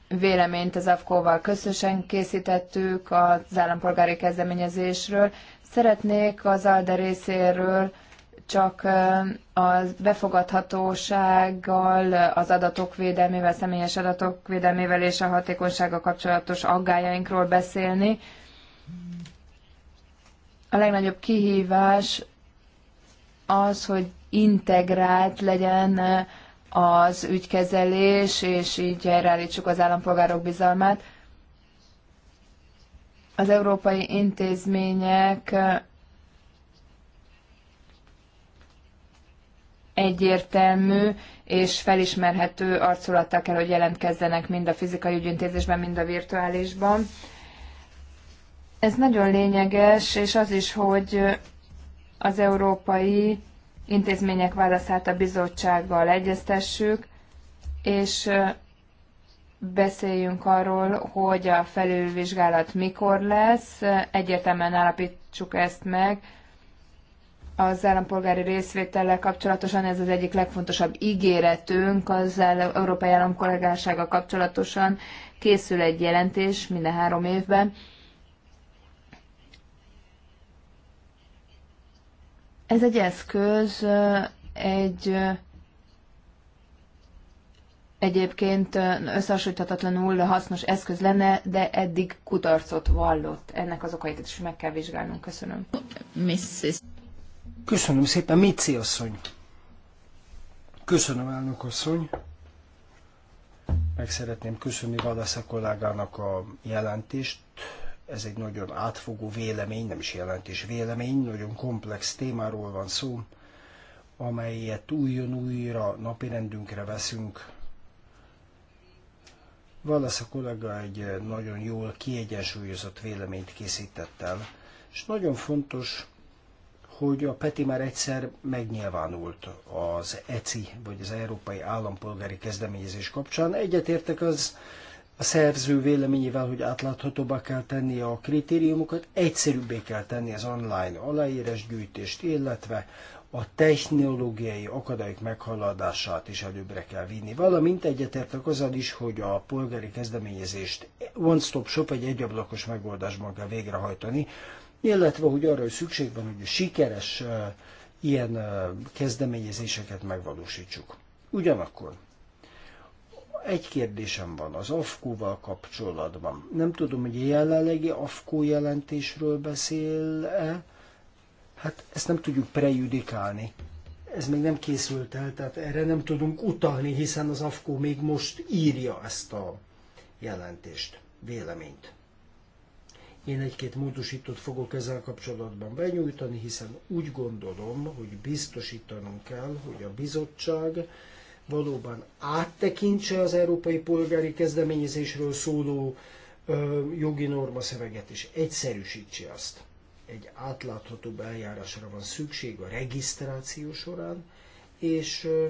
véleményt az AFKO-val közösen készítettük az állampolgári kezdeményezésről. Szeretnék az ALDE részéről csak a befogadhatósággal, az adatok védelmével, személyes adatok védelmével és a hatékonysága kapcsolatos aggájainkról beszélni. A legnagyobb kihívás az, hogy integrált legyen az ügykezelés, és így helyreállítsuk az állampolgárok bizalmát. Az európai intézmények egyértelmű és felismerhető arculattal kell, hogy jelentkezzenek mind a fizikai ügyintézésben, mind a virtuálisban. Ez nagyon lényeges, és az is, hogy az európai intézmények válaszát a bizottsággal egyeztessük, és beszéljünk arról, hogy a felülvizsgálat mikor lesz, egyértelműen állapítsuk ezt meg. Az állampolgári részvétellel kapcsolatosan ez az egyik legfontosabb ígéretünk, az Európai Államkollégársága kapcsolatosan készül egy jelentés minden három évben, Ez egy eszköz, egy egyébként összehasonlíthatatlanul hasznos eszköz lenne, de eddig kutarcot vallott. Ennek az okait is meg kell vizsgálnunk. Köszönöm. Mrs. Köszönöm szépen, Mici asszony. Köszönöm, elnök asszony. Meg szeretném köszönni Vadasza kollégának a jelentést, ez egy nagyon átfogó vélemény, nem is jelentés vélemény, nagyon komplex témáról van szó, amelyet újon újra napirendünkre veszünk. Valasz a kollega egy nagyon jól kiegyensúlyozott véleményt készített el, és nagyon fontos, hogy a Peti már egyszer megnyilvánult az ECI, vagy az Európai Állampolgári Kezdeményezés kapcsán. Egyetértek az a szerző véleményével, hogy átláthatóbbá kell tenni a kritériumokat, egyszerűbbé kell tenni az online gyűjtést, illetve a technológiai akadályok meghaladását is előbbre kell vinni. Valamint egyetértek azzal is, hogy a polgári kezdeményezést one-stop shop egy egyablakos megoldásban kell végrehajtani, illetve hogy arra is szükség van, hogy a sikeres uh, ilyen uh, kezdeményezéseket megvalósítsuk. Ugyanakkor egy kérdésem van az AFKU-val kapcsolatban. Nem tudom, hogy a jelenlegi AFKU jelentésről beszél-e. Hát ezt nem tudjuk prejudikálni. Ez még nem készült el, tehát erre nem tudunk utalni, hiszen az AFKU még most írja ezt a jelentést, véleményt. Én egy-két módosítót fogok ezzel kapcsolatban benyújtani, hiszen úgy gondolom, hogy biztosítanunk kell, hogy a bizottság valóban áttekintse az európai polgári kezdeményezésről szóló ö, jogi norma szöveget, és egyszerűsítse azt. Egy átláthatóbb eljárásra van szükség a regisztráció során, és ö,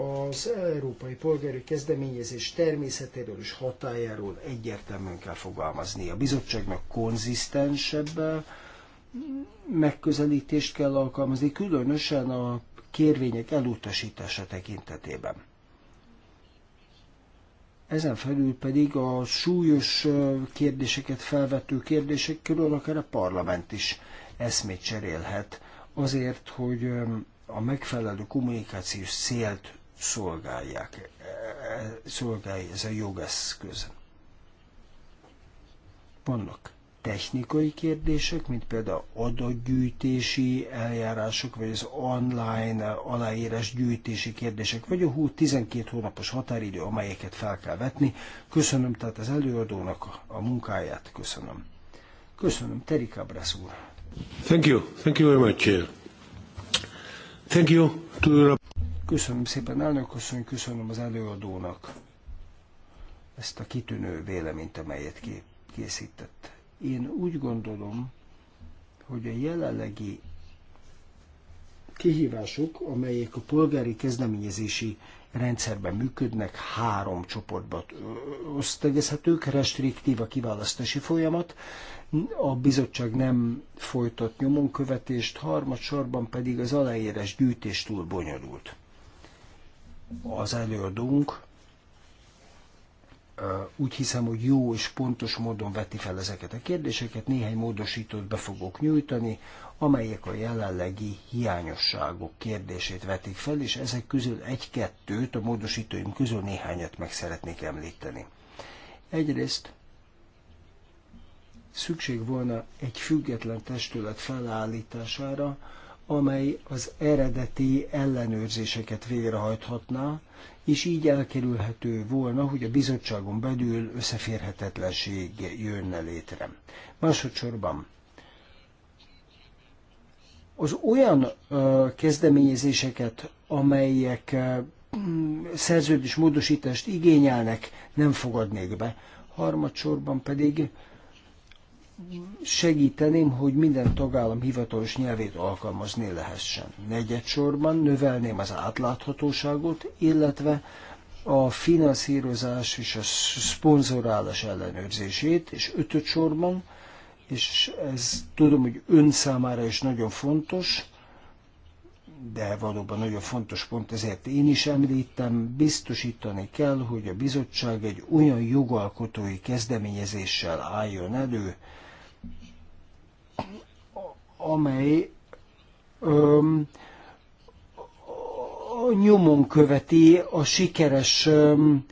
az európai polgári kezdeményezés természetéről és hatájáról egyértelműen kell fogalmazni. A bizottságnak konzisztensebb megközelítést kell alkalmazni, különösen a kérvények elutasítása tekintetében. Ezen felül pedig a súlyos kérdéseket felvető kérdések körül akár a parlament is eszmét cserélhet azért, hogy a megfelelő kommunikációs célt szolgálják, e, e, szolgálja ez a jogeszköz. Vannak technikai kérdések, mint például adatgyűjtési eljárások, vagy az online aláírás gyűjtési kérdések, vagy a 12 hónapos határidő, amelyeket fel kell vetni. Köszönöm tehát az előadónak a munkáját, köszönöm. Köszönöm, Teri Cabras úr. Thank you, thank you very much. Thank you to... Köszönöm szépen, elnök köszönöm, köszönöm az előadónak ezt a kitűnő véleményt, amelyet ki készített. Én úgy gondolom, hogy a jelenlegi kihívások, amelyek a polgári kezdeményezési rendszerben működnek, három csoportba osztegezhetők, restriktív a kiválasztási folyamat, a bizottság nem folytat nyomonkövetést, harmadsorban pedig az aláírás gyűjtés túl bonyolult. Az előadónk úgy hiszem, hogy jó és pontos módon veti fel ezeket a kérdéseket. Néhány módosítót be fogok nyújtani, amelyek a jelenlegi hiányosságok kérdését vetik fel, és ezek közül egy-kettőt, a módosítóim közül néhányat meg szeretnék említeni. Egyrészt szükség volna egy független testület felállítására, amely az eredeti ellenőrzéseket végrehajthatná, és így elkerülhető volna, hogy a bizottságon belül összeférhetetlenség jönne létre. Másodszorban az olyan ö, kezdeményezéseket, amelyek ö, szerződés módosítást igényelnek, nem fogadnék be. Harmadsorban pedig segíteném, hogy minden tagállam hivatalos nyelvét alkalmazni lehessen. Negyedsorban növelném az átláthatóságot, illetve a finanszírozás és a szponzorálás ellenőrzését, és ötödsorban, sorban, és ez tudom, hogy ön számára is nagyon fontos, de valóban nagyon fontos pont, ezért én is említem, biztosítani kell, hogy a bizottság egy olyan jogalkotói kezdeményezéssel álljon elő, amely öm, nyomon követi a sikeres öm,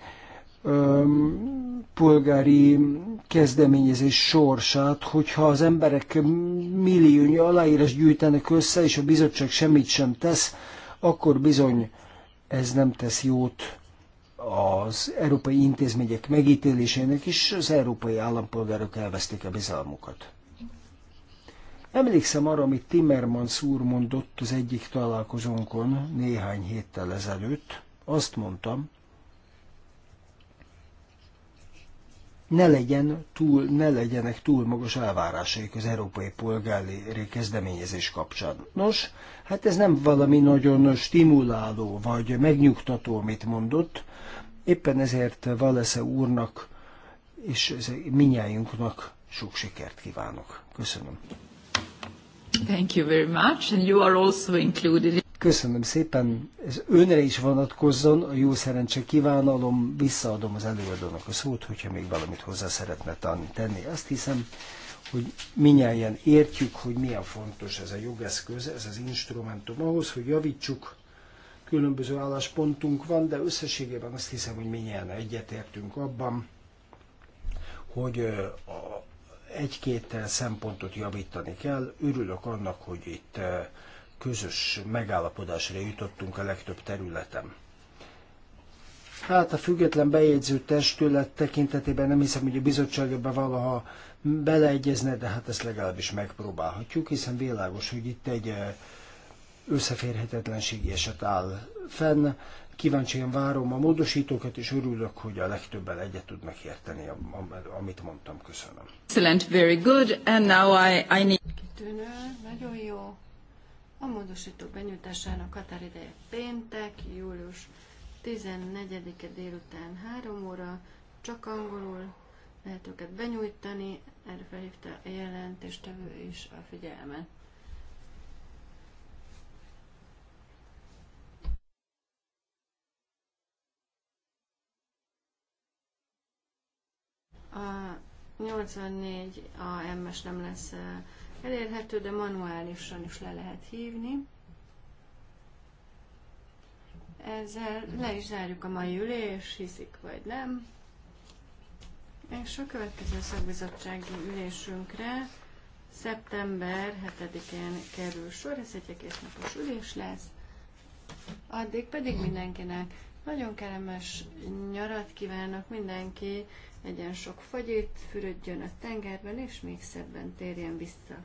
öm, polgári kezdeményezés sorsát, hogyha az emberek milliónyi aláírás gyűjtenek össze, és a bizottság semmit sem tesz, akkor bizony ez nem tesz jót az európai intézmények megítélésének és az európai állampolgárok elvesztik a bizalmukat. Emlékszem arra, amit Timmermans úr mondott az egyik találkozónkon néhány héttel ezelőtt. Azt mondtam, ne, legyen túl, ne legyenek túl magas elvárásaik az európai polgári kezdeményezés kapcsán. Nos, hát ez nem valami nagyon stimuláló vagy megnyugtató, amit mondott. Éppen ezért Valesze úrnak és minnyájunknak sok sikert kívánok. Köszönöm. Thank you very much, and you are also included. Köszönöm szépen, ez önre is vonatkozzon, a jó szerencse kívánalom, visszaadom az előadónak a szót, hogyha még valamit hozzá szeretne tenni. Azt hiszem, hogy minnyáján értjük, hogy milyen fontos ez a jogeszköz, ez az instrumentum ahhoz, hogy javítsuk, különböző álláspontunk van, de összességében azt hiszem, hogy minnyáján egyetértünk abban, hogy a egy-két eh, szempontot javítani kell. Örülök annak, hogy itt eh, közös megállapodásra jutottunk a legtöbb területen. Hát a független bejegyző testület tekintetében nem hiszem, hogy a bizottság ebbe valaha beleegyezne, de hát ezt legalábbis megpróbálhatjuk, hiszen világos, hogy itt egy eh, összeférhetetlenségi eset áll fenn. Kíváncsian várom a módosítókat, és örülök, hogy a legtöbben egyet tud megérteni, amit mondtam. Köszönöm. Excellent, very good, and now I, I need... Kitűnő, nagyon jó. A módosítók benyújtásának határideje péntek, július 14-e délután 3 óra, csak angolul lehet őket benyújtani, erre felhívta a jelentéstevő is a figyelmet. A 84 AMS nem lesz elérhető, de manuálisan is le lehet hívni. Ezzel le is zárjuk a mai ülés, hiszik vagy nem. És a következő szakbizottsági ülésünkre szeptember 7-én kerül sor, ez egy egész napos ülés lesz. Addig pedig mindenkinek nagyon kellemes nyarat kívánok mindenki, legyen sok fagyit, fürödjön a tengerben, és még szebben térjen vissza.